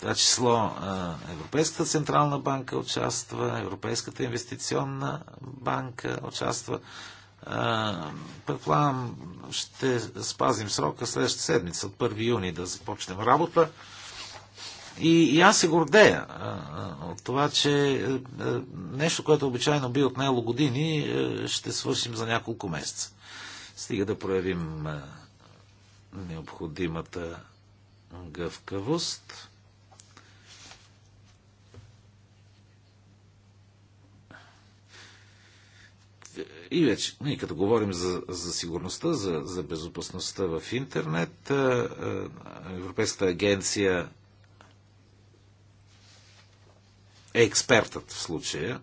това число а, Европейската централна банка участва, Европейската инвестиционна банка участва. Предполагам, ще спазим срока следващата седмица, от 1 юни да започнем работа. И, и аз се гордея от това, че нещо, което обичайно би отнело години, ще свършим за няколко месеца. Стига да проявим необходимата гъвкавост. И вече, ние като говорим за, за сигурността, за, за безопасността в интернет, Европейската агенция е експертът в случая.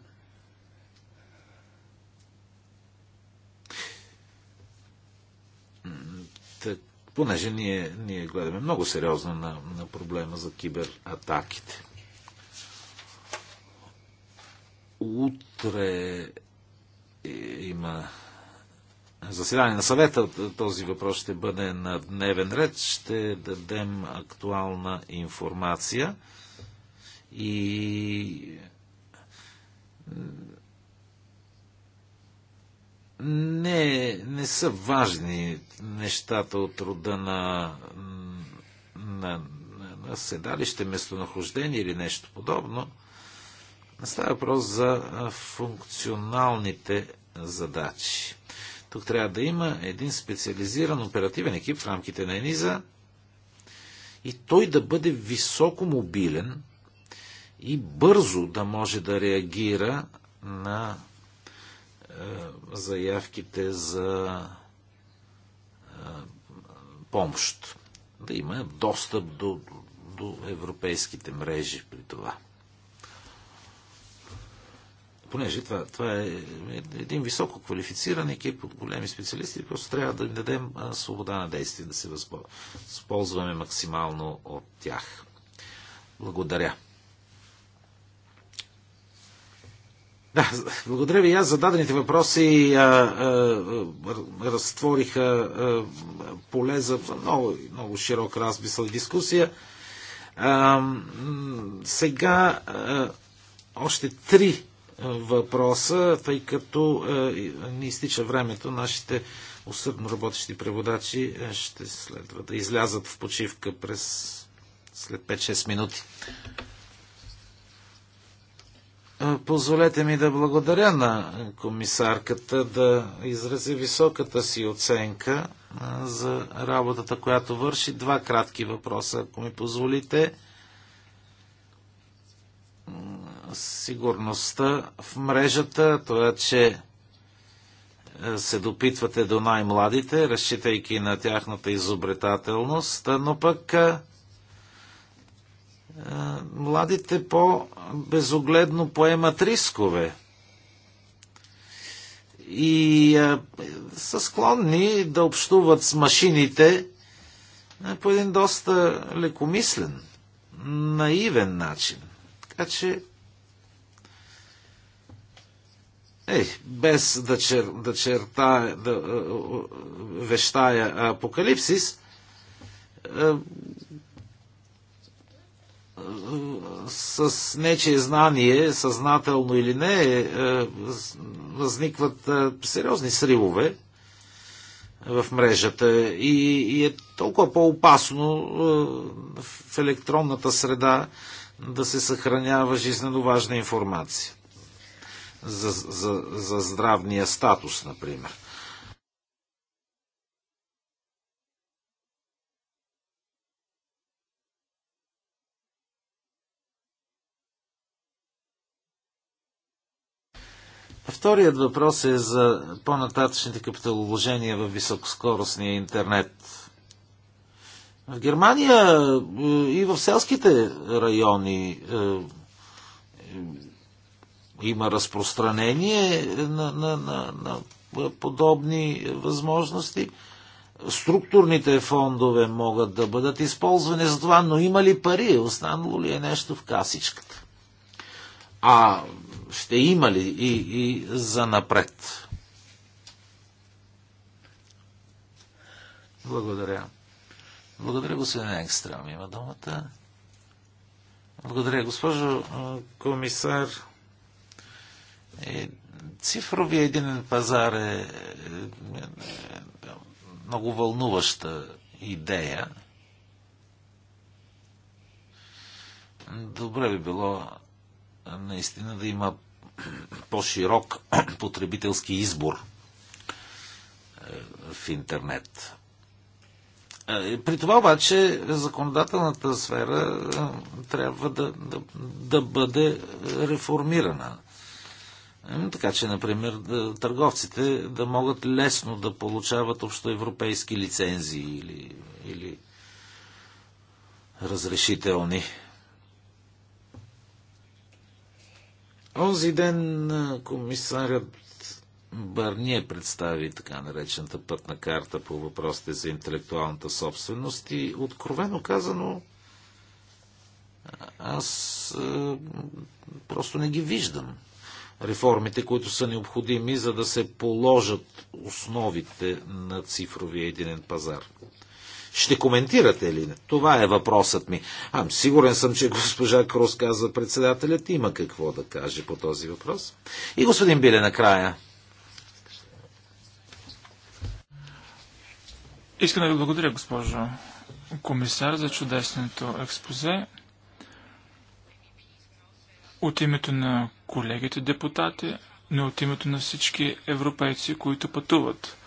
Така понеже ние, ние гледаме много сериозно на, на проблема за кибератаките. Утре е, има заседание на съвета. Този въпрос ще бъде на дневен ред. Ще дадем актуална информация и не, не са важни нещата от рода на, на, на седалище, местонахождение или нещо подобно. Става въпрос за функционалните задачи. Тук трябва да има един специализиран оперативен екип в рамките на ЕНИЗА и той да бъде високо мобилен и бързо да може да реагира на заявките за помощ. Да има достъп до, до европейските мрежи при това. Понеже това, това е един високо квалифициран екип от големи специалисти, просто трябва да им дадем свобода на действие, да се възползваме максимално от тях. Благодаря. Да, благодаря ви. Аз зададените въпроси а, а, разтвориха а, поле за много, много широк размисъл и дискусия. А, сега а, още три въпроса, тъй като а, ни изтича времето. Нашите усърдно работещи преводачи ще следва да излязат в почивка през след 5-6 минути. Позволете ми да благодаря на комисарката да изрази високата си оценка за работата, която върши. Два кратки въпроса, ако ми позволите. Сигурността в мрежата, това, че е, се допитвате до най-младите, разчитайки на тяхната изобретателност, но пък е, младите по-безогледно поемат рискове и а, са склонни да общуват с машините по един доста лекомислен, наивен начин. Така че, ей, без да, чер, да черта, да вещая апокалипсис, с нечие знание, съзнателно или не, е, възникват е, сериозни сривове в мрежата и, и е толкова по-опасно е, в електронната среда да се съхранява жизненно важна информация за, за, за здравния статус, например. Вторият въпрос е за по-нататъчните капиталовложения в високоскоростния интернет. В Германия е, и в селските райони е, е, има разпространение на, на, на, на подобни възможности. Структурните фондове могат да бъдат използвани за това, но има ли пари? Останало ли е нещо в касичката? А ще има ли и, и за напред? Благодаря. Благодаря, господин Екстрам. Има думата. Благодаря, госпожо комисар. Е, цифровия един пазар е, е, е много вълнуваща идея. Добре би било наистина да има по-широк потребителски избор е, в интернет. Е, при това обаче законодателната сфера е, трябва да, да, да бъде реформирана. Така че, например, търговците да могат лесно да получават общоевропейски лицензии или, или разрешителни. Онзи ден комисарят Барние представи така наречената пътна карта по въпросите за интелектуалната собственост и откровено казано аз а, просто не ги виждам. Реформите, които са необходими, за да се положат основите на цифровия единен пазар. Ще коментирате ли? Това е въпросът ми. Ам, сигурен съм, че госпожа Крус казва председателят има какво да каже по този въпрос. И господин Биле накрая. Искам да ви благодаря, госпожо комисар, за чудесното експозе. От името на колегите депутати, но от името на всички европейци, които пътуват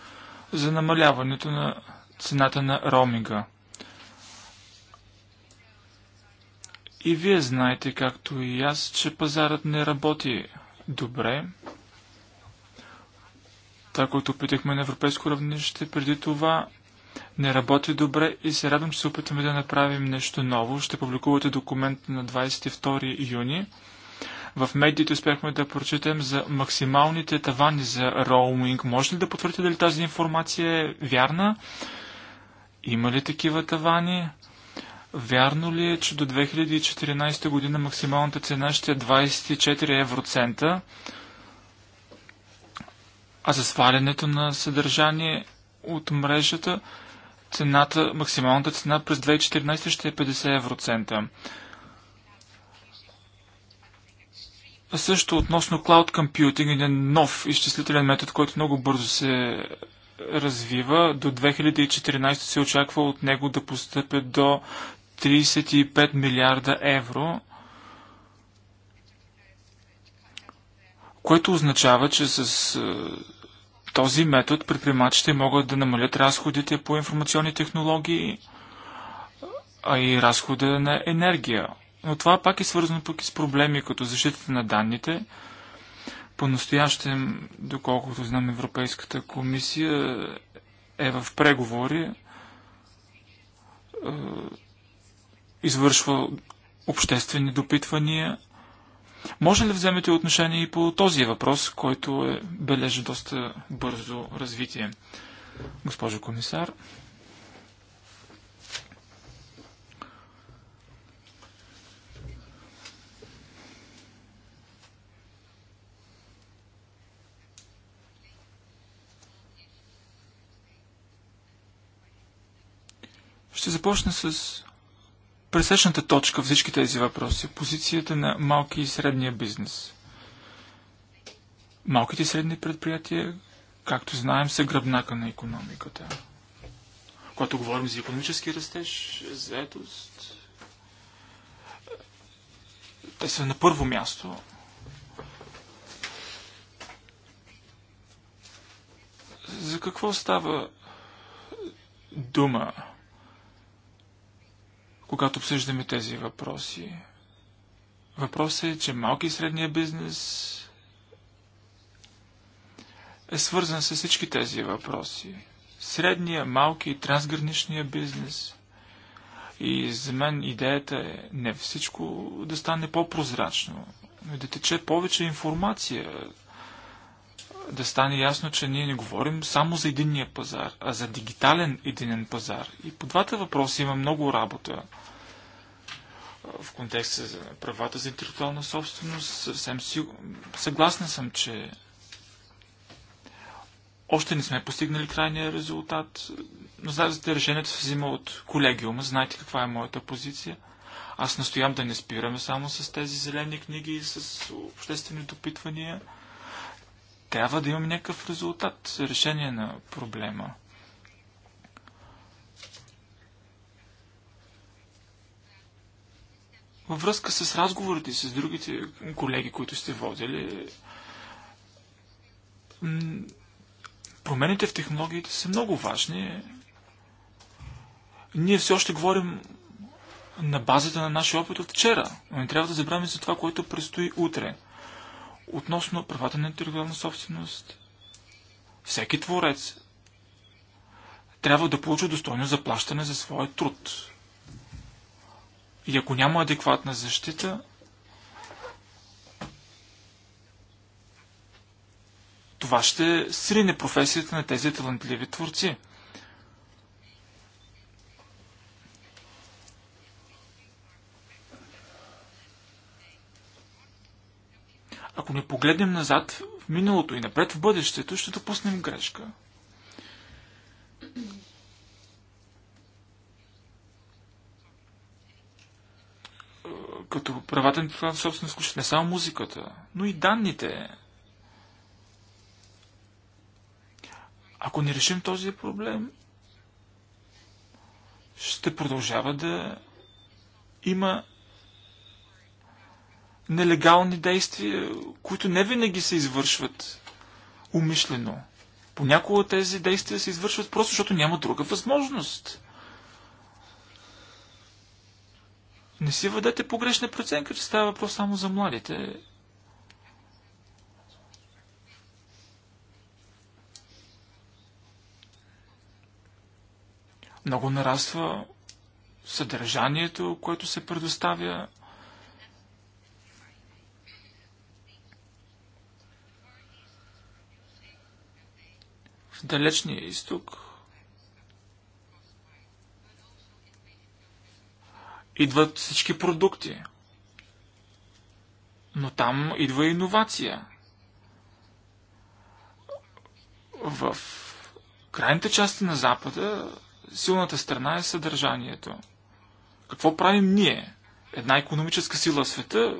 за намаляването на цената на роуминга. И вие знаете, както и аз, че пазарът не работи добре. Това, което опитахме на европейско равнище преди това, не работи добре и се радвам, че се опитаме да направим нещо ново. Ще публикувате документ на 22 юни. В медиите успяхме да прочетем за максималните тавани за роуминг. Може ли да потвърдите дали тази информация е вярна? Има ли такива тавани? Вярно ли е, че до 2014 година максималната цена ще е 24 евроцента, а за свалянето на съдържание от мрежата цената, максималната цена през 2014 ще е 50 евроцента? Също относно Cloud Computing, един нов изчислителен метод, който много бързо се развива. До 2014 се очаква от него да постъпят до 35 милиарда евро, което означава, че с е, този метод предприемачите могат да намалят разходите по информационни технологии, а и разхода на енергия. Но това пак е свързано пък и с проблеми като защитата на данните – по-настоящем, доколкото знам, Европейската комисия е в преговори, е, извършва обществени допитвания. Може ли вземете отношение и по този въпрос, който е бележи доста бързо развитие? Госпожо комисар. Ще започна с пресечната точка в всички тези въпроси. Позицията на малки и средния бизнес. Малките и средни предприятия, както знаем, са гръбнака на економиката. Когато говорим за економически растеж, заедост, те са на първо място. За какво става дума? когато обсъждаме тези въпроси. Въпросът е, че малки и средния бизнес е свързан с всички тези въпроси. Средния, малки и трансграничния бизнес. И за мен идеята е не всичко да стане по-прозрачно, но да тече повече информация да стане ясно, че ние не говорим само за единния пазар, а за дигитален единен пазар. И по двата въпроса има много работа в контекста за правата за интелектуална собственост. Съвсем сигур... съгласна съм, че още не сме постигнали крайния резултат, но знаете, решението се взима от колегиума, знаете каква е моята позиция. Аз настоям да не спираме само с тези зелени книги и с обществени допитвания. Трябва да имаме някакъв резултат решение на проблема. Във връзка с разговорите с другите колеги, които сте водили, промените в технологиите са много важни. Ние все още говорим на базата на нашия опит от вчера, но не трябва да забравяме за това, което предстои утре. Относно правата на интелектуална собственост, всеки творец трябва да получи достойно заплащане за своя труд. И ако няма адекватна защита, това ще срине професията на тези талантливи творци. Ако не погледнем назад в миналото и напред в бъдещето, ще допуснем грешка. Като правата на това собствено собственост не само музиката, но и данните. Ако не решим този проблем, ще продължава да има нелегални действия, които не винаги се извършват умишлено. Понякога тези действия се извършват просто защото няма друга възможност. Не си въдете погрешна преценка, че става въпрос само за младите. Много нараства съдържанието, което се предоставя Далечния изток идват всички продукти. Но там идва иновация. В крайните части на Запада силната страна е съдържанието. Какво правим ние? Една економическа сила в света,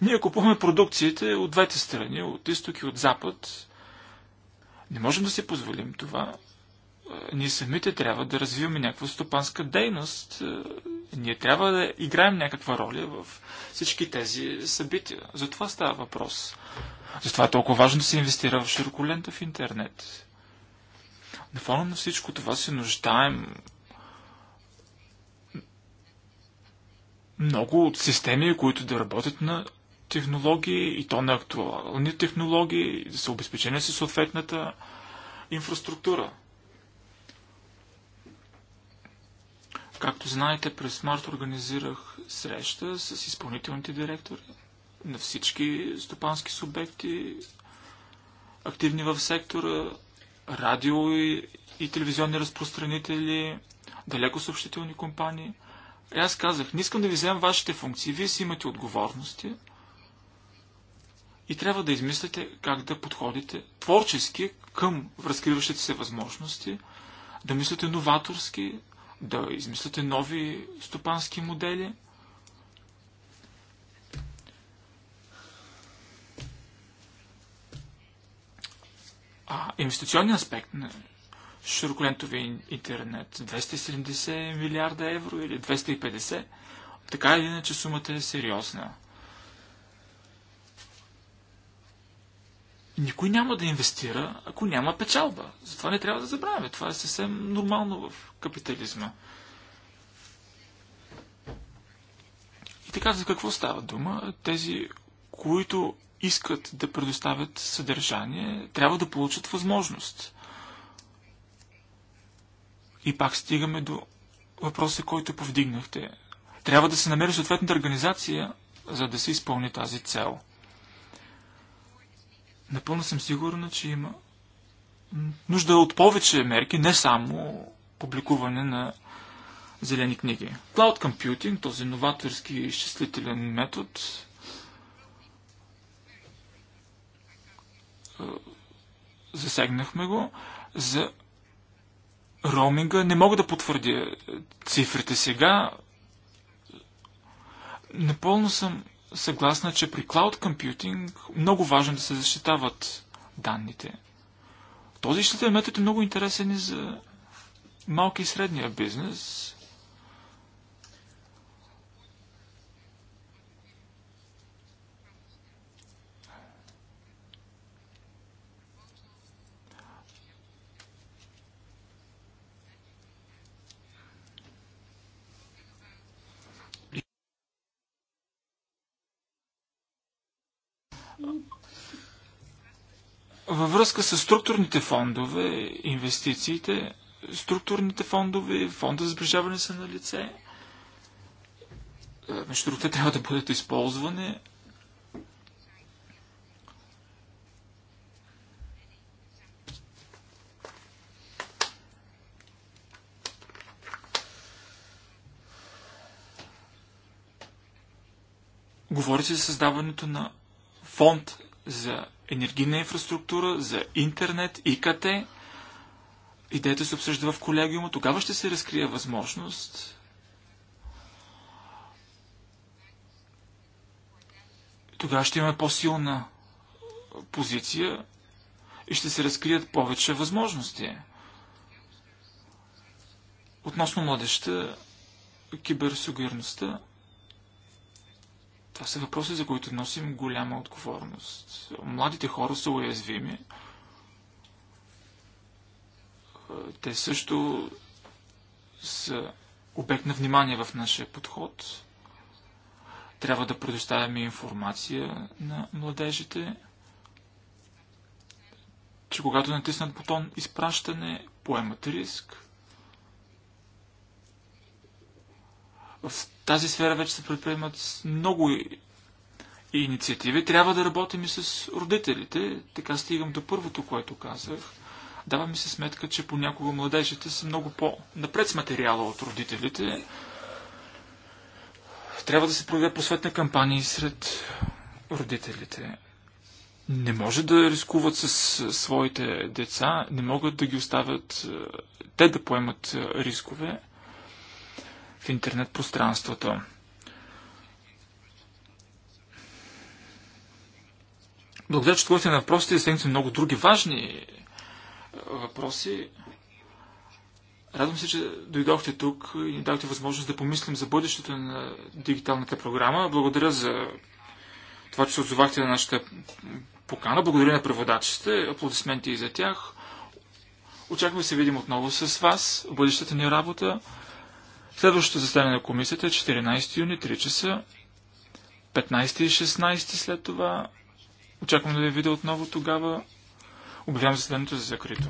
ние купуваме продукциите от двете страни, от изток и от запад, не можем да си позволим това. Е, ние самите трябва да развиваме някаква стопанска дейност. Е, ние трябва да играем някаква роля в всички тези събития. За това става въпрос. Затова е толкова важно да се инвестира в широколента в интернет. На фона на всичко това се нуждаем много от системи, които да работят на технологии и то на актуални технологии, да са обезпечени с съответната инфраструктура. Както знаете, през март организирах среща с изпълнителните директори на всички стопански субекти, активни в сектора, радио и, и телевизионни разпространители, далеко съобщителни компании. И аз казах, не искам да ви вземам вашите функции, вие си имате отговорности – и трябва да измислите как да подходите творчески към разкриващите се възможности, да мислите новаторски, да измислите нови стопански модели. А инвестиционният аспект на широколентовия интернет 270 милиарда евро или 250, така или иначе сумата е сериозна. никой няма да инвестира, ако няма печалба. Затова не трябва да забравяме. Това е съвсем нормално в капитализма. И така, за какво става дума? Тези, които искат да предоставят съдържание, трябва да получат възможност. И пак стигаме до въпроса, който повдигнахте. Трябва да се намери съответната организация, за да се изпълни тази цел – Напълно съм сигурна, че има нужда от повече мерки, не само публикуване на зелени книги. Cloud Computing, този новаторски изчислителен метод, засегнахме го, за роуминга. Не мога да потвърдя цифрите сега. Напълно съм съгласна, че при Cloud Computing много важно е да се защитават данните. Този защитен метод е много интересен и за малки и средния бизнес. Във връзка с структурните фондове, инвестициите, структурните фондове, фонда за сближаване са на лице. Е, между другото, трябва да бъдат използвани. Говори се за създаването на фонд за енергийна инфраструктура, за интернет, ИКТ. Идеята се обсъжда в колегиума. Тогава ще се разкрие възможност тогава ще имаме по-силна позиция и ще се разкрият повече възможности. Относно младеща, киберсигурността, това са въпроси, за които носим голяма отговорност. Младите хора са уязвими. Те също са обект на внимание в нашия подход. Трябва да предоставяме информация на младежите, че когато натиснат бутон изпращане, поемат риск, В тази сфера вече се предприемат много инициативи. Трябва да работим и с родителите. Така стигам до първото, което казах. Дава ми се сметка, че понякога младежите са много по-напред с материала от родителите. Трябва да се проведе просветна кампания сред родителите. Не може да рискуват с своите деца, не могат да ги оставят е, те да поемат е, рискове в интернет пространството. Благодаря, че отговорите на въпросите и следните много други важни е, въпроси. Радвам се, че дойдохте тук и ни дадохте възможност да помислим за бъдещето на дигиталната програма. Благодаря за това, че се отзовахте на нашата покана. Благодаря на преводачите. Аплодисменти и за тях. Очакваме се видим отново с вас в бъдещата ни работа. Следващото заседание на комисията е 14 юни, 3 часа. 15 и 16 след това. Очаквам да ви видя отново тогава. Обявявам заседанието за закрито.